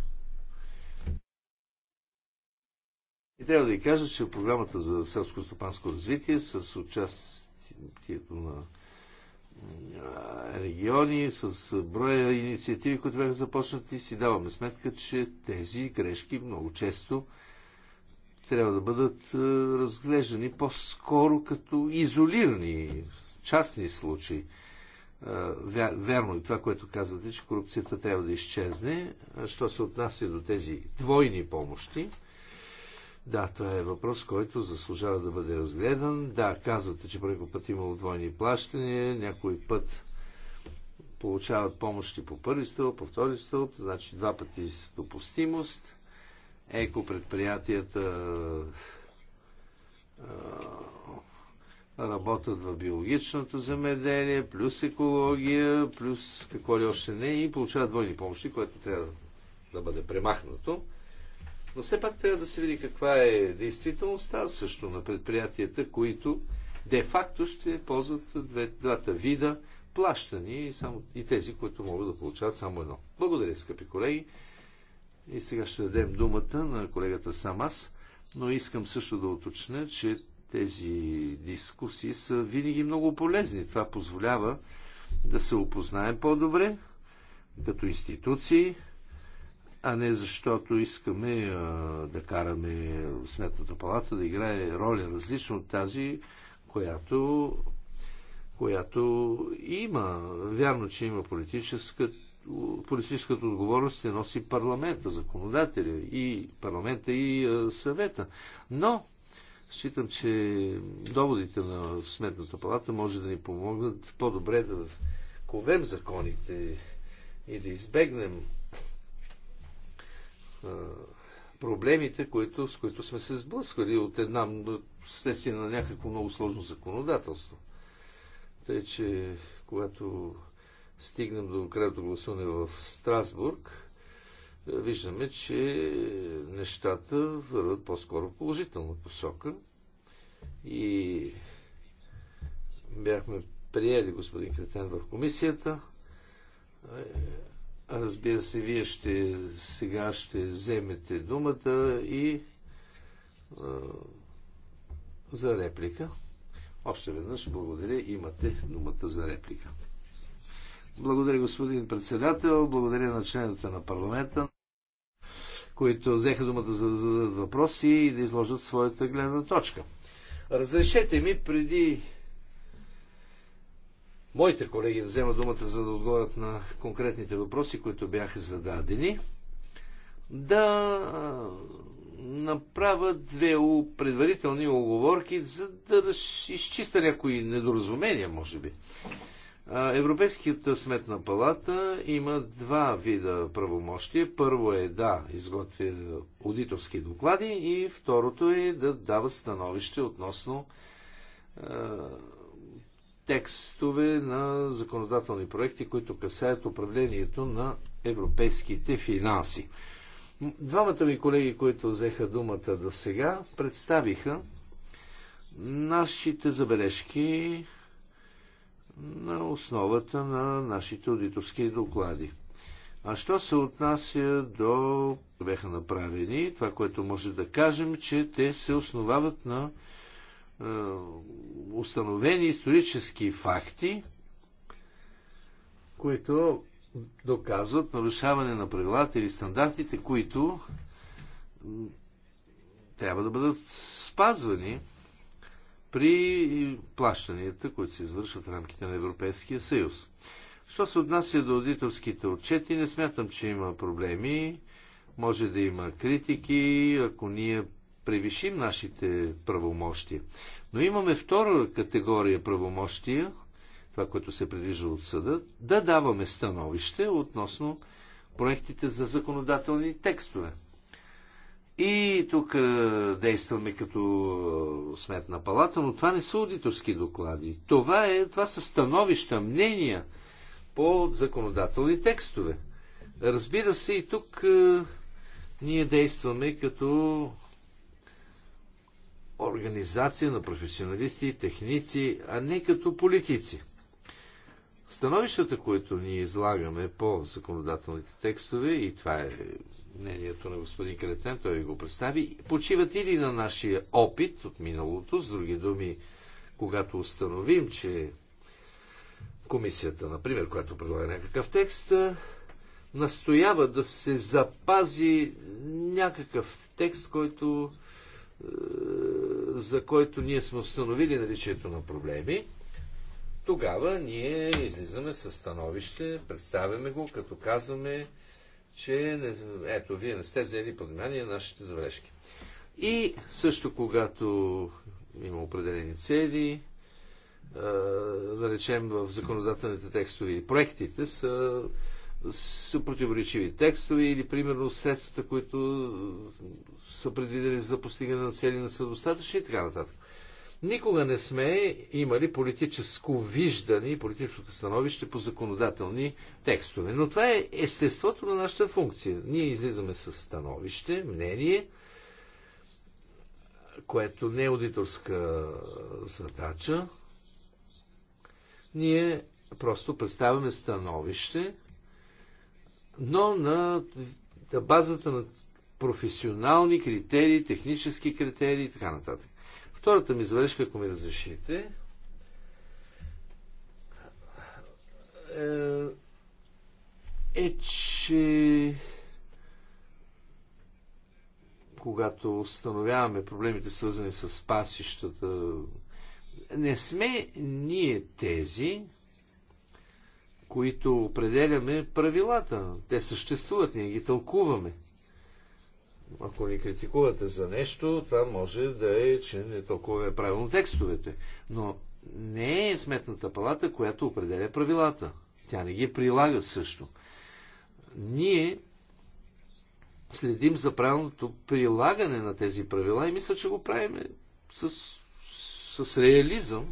И трябва да ви кажа, че програмата за селско-стопанско развитие с участието на региони, с броя инициативи, които бяха започнати, си даваме сметка, че тези грешки много често трябва да бъдат е, разглеждани по-скоро като изолирани, частни случаи. Е, вярно и е това, което казвате, че корупцията трябва да изчезне. Що се отнася до тези двойни помощи, да, това е въпрос, който заслужава да бъде разгледан. Да, казвате, че преко път имало двойни плащания, някой път получават помощи по първи стълб, по втори стълб, значи два пъти с допустимост. Еко предприятията работят в биологичното земеделие, плюс екология, плюс какво ли още не и получават двойни помощи, което трябва да бъде премахнато. Но все пак трябва да се види каква е действителността също на предприятията, които де-факто ще ползват двата вида плащани и, само, и тези, които могат да получават само едно. Благодаря, скъпи колеги. И сега ще дадем думата на колегата Самас, но искам също да уточня, че тези дискусии са винаги много полезни. Това позволява да се опознаем по-добре като институции, а не защото искаме а, да караме Сметната палата да играе роля различна от тази, която, която има. Вярно, че има политическа политическата отговорност се носи парламента, законодателя и парламента и а, съвета. Но считам, че доводите на Сметната палата може да ни помогнат по-добре да ковем законите и да избегнем проблемите, които, с които сме се сблъскали от една следствие на някакво много сложно законодателство. Тъй, че когато стигнем до крайното гласуване в Страсбург, виждаме, че нещата върват по-скоро в положителна посока. И бяхме приели господин Кретен в комисията. Разбира се, вие ще, сега ще вземете думата и а, за реплика. Още веднъж благодаря. Имате думата за реплика. Благодаря, господин председател. Благодаря на членовете на парламента, които взеха думата за да зададат въпроси и да изложат своята гледна точка. Разрешете ми преди моите колеги да вземат думата, за да отговорят на конкретните въпроси, които бяха зададени, да направя две предварителни оговорки, за да изчиста някои недоразумения, може би. Европейската сметна палата има два вида правомощия. Първо е да изготвя аудиторски доклади и второто е да дава становище относно текстове на законодателни проекти, които касаят управлението на европейските финанси. Двамата ми колеги, които взеха думата до сега, представиха нашите забележки на основата на нашите аудиторски доклади. А що се отнася до беха направени, това, което може да кажем, че те се основават на е, установени исторически факти, които доказват нарушаване на правилата или стандартите, които трябва да бъдат спазвани при плащанията, които се извършват в рамките на Европейския съюз. Що се отнася до аудиторските отчети, не смятам, че има проблеми. Може да има критики, ако ние превишим нашите правомощия. Но имаме втора категория правомощия, това, което се предвижда от съда, да даваме становище относно проектите за законодателни текстове. И тук е, действаме като е, сметна палата, но това не са аудиторски доклади. Това, е, това са становища, мнения по законодателни текстове. Разбира се, и тук е, ние действаме като организация на професионалисти и техници, а не като политици. Становищата, които ние излагаме по законодателните текстове, и това е мнението на господин Кретен, той го представи, почиват или на нашия опит от миналото, с други думи, когато установим, че комисията, например, която предлага някакъв текст, настоява да се запази някакъв текст, който е, за който ние сме установили наличието на проблеми, тогава ние излизаме с становище, представяме го, като казваме, че не, ето, вие не сте взели под внимание нашите заврешки. И също, когато има определени цели, е, да речем в законодателните текстове и проектите са са противоречиви текстове или, примерно, средствата, които са предвидени за постигане на цели на достатъчни и така нататък. Никога не сме имали политическо виждане и политическо становище по законодателни текстове. Но това е естеството на нашата функция. Ние излизаме с становище, мнение, което не е аудиторска задача. Ние просто представяме становище, но на, на базата на професионални критерии, технически критерии и така нататък. Втората ми завършка, ако ми разрешите, е, е, че когато установяваме проблемите, свързани с пасищата, не сме ние тези, които определяме правилата. Те съществуват, ние ги тълкуваме. Ако ни критикувате за нещо, това може да е, че не тълкуваме правилно текстовете. Но не е сметната палата, която определя правилата. Тя не ги прилага също. Ние следим за правилното прилагане на тези правила и мисля, че го правим с, с реализъм.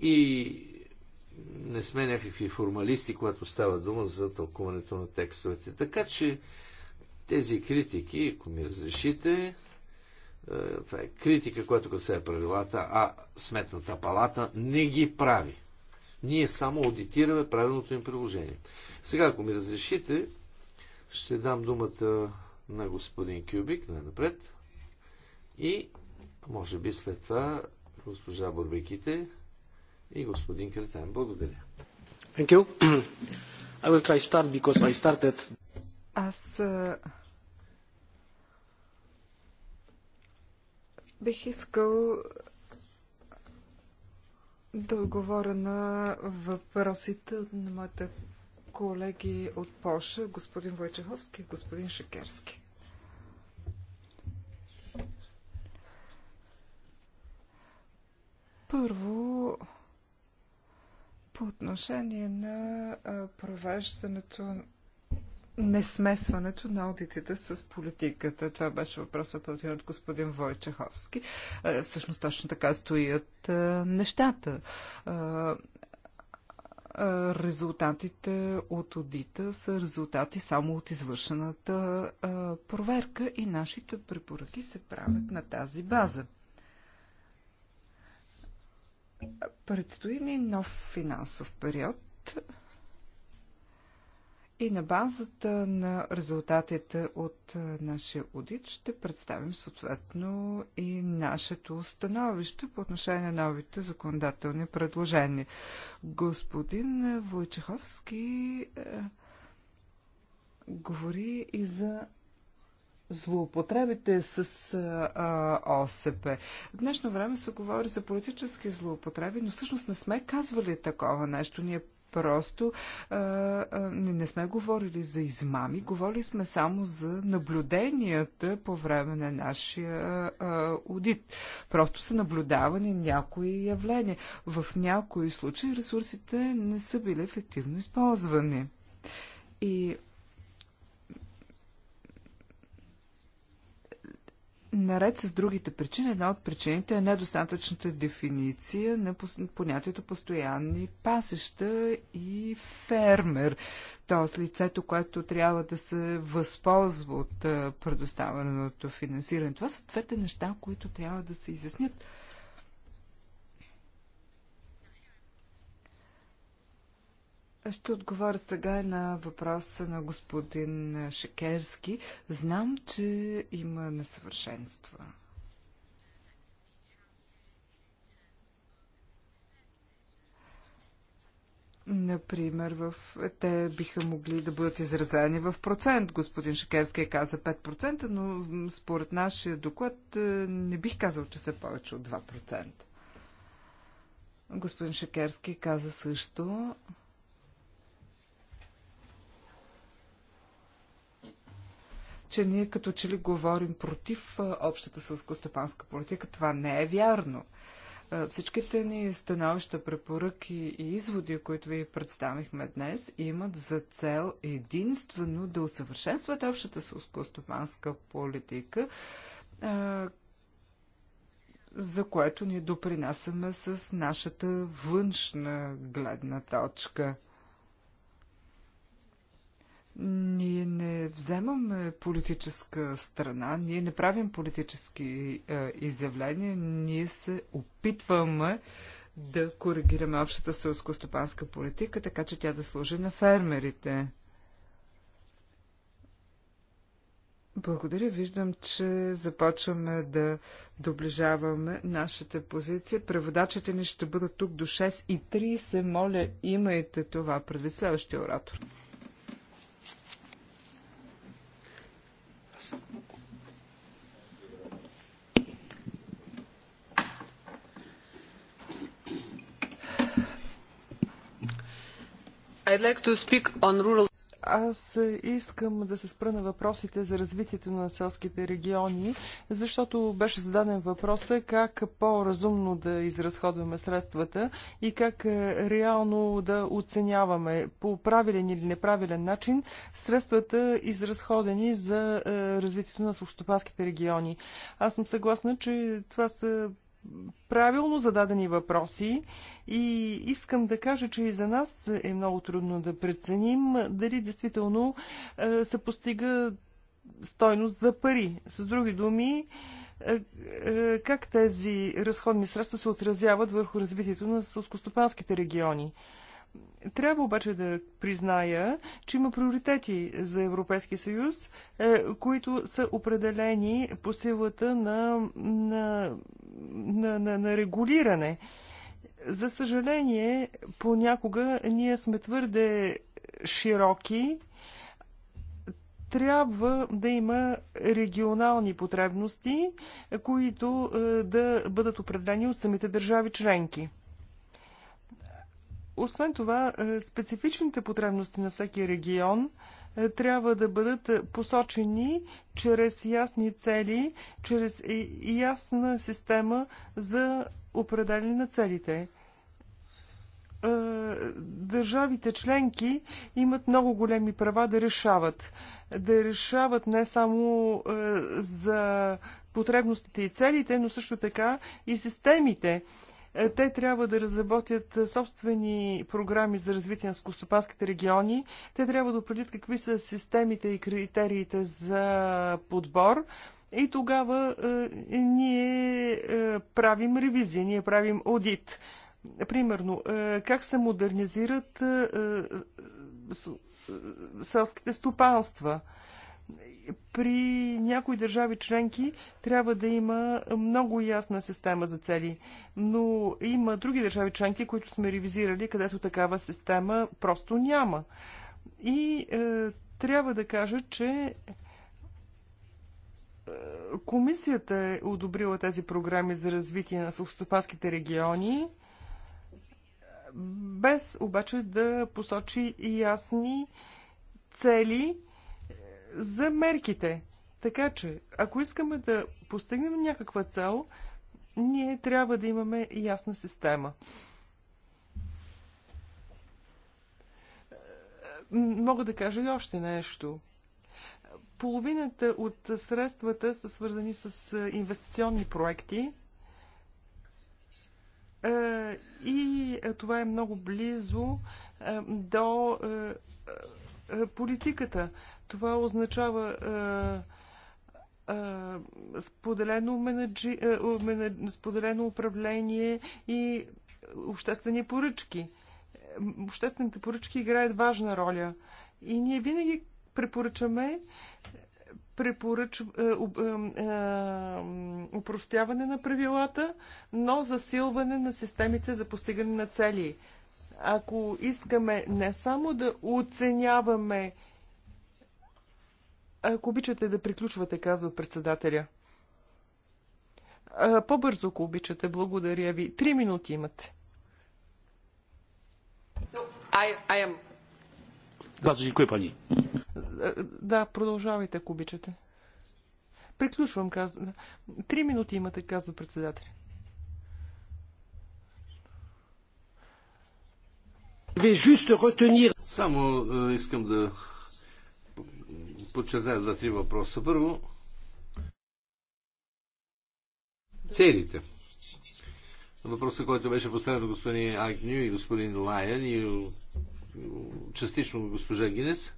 И не сме някакви формалисти, когато става дума за тълкуването на текстовете. Така че тези критики, ако ми разрешите, е, това е критика, която касае правилата, а сметната палата не ги прави. Ние само аудитираме правилното им приложение. Сега, ако ми разрешите, ще дам думата на господин Кюбик най-напред и може би след това госпожа Борбеките и господин Кретен. Благодаря. Thank you. I will try start because I started. Аз бих искал да отговоря на въпросите на моите колеги от Польша, господин Войчеховски и господин Шекерски. Първо, по отношение на провеждането не смесването на аудитите с политиката. Това беше въпросът платен от господин Войчеховски. Всъщност точно така стоят нещата. Резултатите от аудита са резултати само от извършената проверка и нашите препоръки се правят на тази база. Предстои ни нов финансов период и на базата на резултатите от нашия аудит ще представим съответно и нашето становище по отношение на новите законодателни предложения. Господин Войчеховски говори и за злоупотребите с а, ОСП. В днешно време се говори за политически злоупотреби, но всъщност не сме казвали такова нещо. Ние просто а, а, не сме говорили за измами, говорили сме само за наблюденията по време на нашия а, аудит. Просто са наблюдавани някои явления. В някои случаи ресурсите не са били ефективно използвани. И наред с другите причини, една от причините е недостатъчната дефиниция на понятието постоянни пасеща и фермер, т.е. лицето, което трябва да се възползва от предоставеното финансиране. Това са двете неща, които трябва да се изяснят Ще отговоря сега на въпроса на господин Шекерски. Знам, че има несъвършенства. Например, в... те биха могли да бъдат изразени в процент. Господин Шекерски каза 5%, но според нашия доклад е, не бих казал, че са повече от 2%. Господин Шекерски каза също, че ние като че ли говорим против общата селско-стопанска политика. Това не е вярно. Всичките ни становища, препоръки и изводи, които ви представихме днес, имат за цел единствено да усъвършенстват общата селскостопанска политика, за което ни допринасяме с нашата външна гледна точка. Ние не вземаме политическа страна, ние не правим политически е, изявления, ние се опитваме да коригираме общата селско-стопанска политика, така че тя да служи на фермерите. Благодаря. Виждам, че започваме да доближаваме нашите позиции. Преводачите ни ще бъдат тук до 6.30. Моля, имайте това предвид следващия оратор. Аз искам да се спра на въпросите за развитието на селските региони, защото беше зададен въпроса как по-разумно да изразходваме средствата и как реално да оценяваме по правилен или неправилен начин средствата изразходени за е, развитието на селскостопанските региони. Аз съм съгласна, че това са правилно зададени въпроси и искам да кажа, че и за нас е много трудно да преценим дали действително е, се постига стойност за пари. С други думи, е, е, как тези разходни средства се отразяват върху развитието на сълскостопанските региони. Трябва обаче да призная, че има приоритети за Европейския съюз, е, които са определени по силата на, на, на, на, на регулиране. За съжаление, понякога ние сме твърде широки. Трябва да има регионални потребности, които е, да бъдат определени от самите държави членки. Освен това, е, специфичните потребности на всеки регион е, трябва да бъдат посочени чрез ясни цели, чрез ясна система за определене на целите. Е, държавите членки имат много големи права да решават. Да решават не само за потребностите и целите, но също така и системите. Е, те трябва да разработят е, собствени програми за развитие на скостопанските региони. Те трябва да определят какви са системите и критериите за подбор. И тогава е, ние е, правим ревизия, ние правим аудит. Примерно, е, как се модернизират е, е, е селските стопанства. Е, при някои държави членки трябва да има много ясна система за цели, но има други държави членки, които сме ревизирали, където такава система просто няма. И е, трябва да кажа, че е, комисията е одобрила тези програми за развитие на селстопанските региони, без обаче да посочи ясни цели, за мерките. Така че, ако искаме да постигнем някаква цел, ние трябва да имаме ясна система. Мога да кажа и още нещо. Половината от средствата са свързани с инвестиционни проекти. И това е много близо до политиката. Това означава споделено, менеджи, споделено управление и обществени поръчки. Обществените поръчки играят важна роля. И ние винаги препоръчаме препоръч, упростяване на правилата, но засилване на системите за постигане на цели. Ако искаме не само да оценяваме ако обичате да приключвате, казва председателя. По-бързо, ако обичате, благодаря ви. Три минути имате. I, I am... Да, продължавайте, ако обичате. Приключвам, казва. Три минути имате, казва председателя. Само искам да подчертая два-три въпроса. Първо, целите. Въпросът, който беше поставен от господин Агню и господин Лайен и частично госпожа Гинес,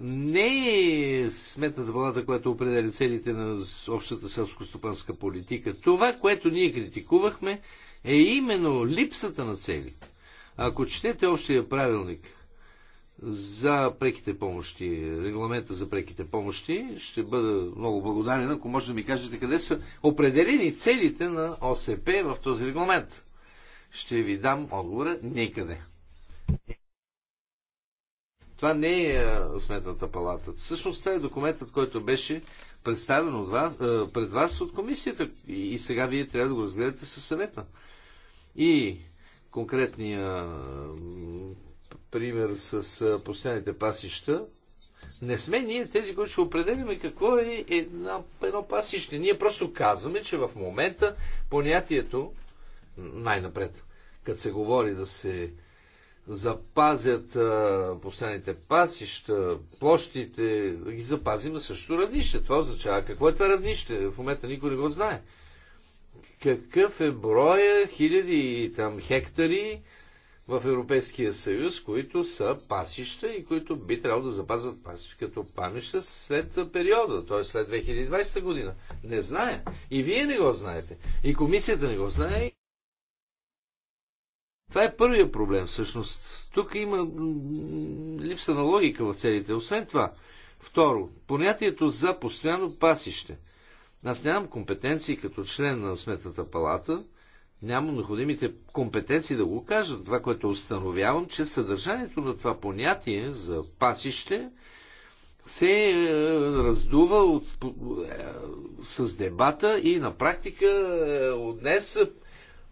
не е сметната палата, която определя целите на общата селско-стопанска политика. Това, което ние критикувахме, е именно липсата на цели. Ако четете общия правилник – за преките помощи, регламента за преките помощи. Ще бъда много благодарен, ако може да ми кажете къде са определени целите на ОСП в този регламент. Ще ви дам отговора никъде. Това не е сметната палата. Всъщност това е документът, който беше представен от вас, пред вас от комисията и сега вие трябва да го разгледате със съвета. И конкретния пример с постоянните пасища, не сме ние тези, които ще определяме какво е една, едно пасище. Ние просто казваме, че в момента понятието, най-напред, като се говори да се запазят а, постоянните пасища, площите, да ги запазим на също равнище. Това означава какво е това равнище. В момента никой не го знае. Какъв е броя хиляди там хектари, в Европейския съюз, които са пасища и които би трябвало да запазват пасища като памеща след периода, т.е. след 2020 година. Не знае. И вие не го знаете. И комисията не го знае. Това е първия проблем, всъщност. Тук има липса на логика в целите. Освен това, второ, понятието за постоянно пасище. Аз нямам компетенции като член на Сметната палата – нямам необходимите компетенции да го кажа. Това, което установявам, че съдържанието на това понятие за пасище се е, раздува от, е, с дебата и на практика е, от днес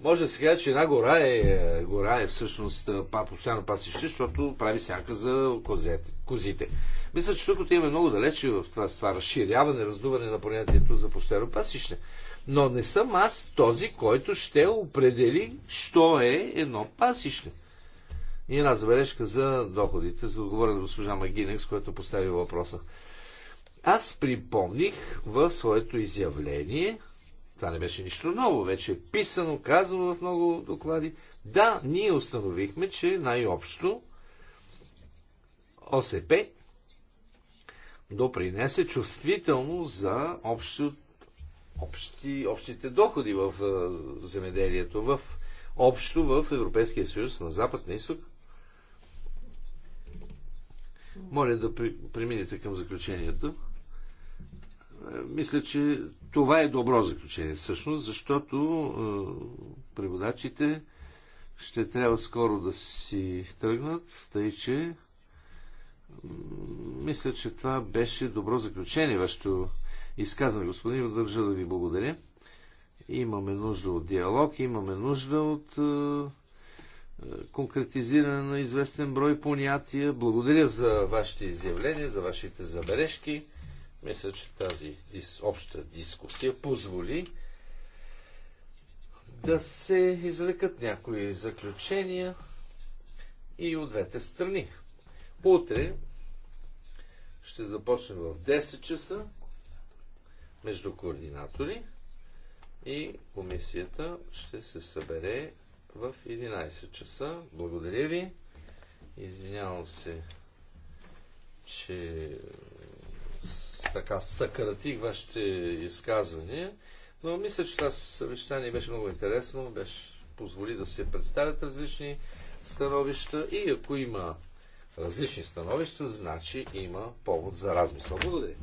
може да се каже, че една гора е, гора е всъщност па, постоянно пасище, защото прави сянка за козете, козите. Мисля, че тук имаме много далече в това, това разширяване, раздуване на понятието за постоянно пасище. Но не съм аз този, който ще определи, що е едно пасище. И една забележка за доходите, за отговора отговоря на госпожа Магинекс, която постави въпроса. Аз припомних в своето изявление, това не беше нищо ново, вече е писано, казано в много доклади. Да, ние установихме, че най-общо ОСП допринесе чувствително за общото общи, общите доходи в е, земеделието, в общо в Европейския съюз, на запад, на Исток. Моля да при, преминете към заключението. Мисля, че това е добро заключение всъщност, защото е, преводачите ще трябва скоро да си тръгнат, тъй че мисля, че това беше добро заключение, вашето изказване, господин, държа да ви благодаря. Имаме нужда от диалог, имаме нужда от е, е, конкретизиране на известен брой понятия. Благодаря за вашите изявления, за вашите забележки. Мисля, че тази дис, обща дискусия позволи да се извлекат някои заключения и от двете страни. Утре ще започнем в 10 часа между координатори и комисията ще се събере в 11 часа. Благодаря ви. Извинявам се, че така съкратих вашите изказвания, но мисля, че това съвещание беше много интересно, беше позволи да се представят различни становища и ако има различни становища, значи има повод за размисъл. Благодаря.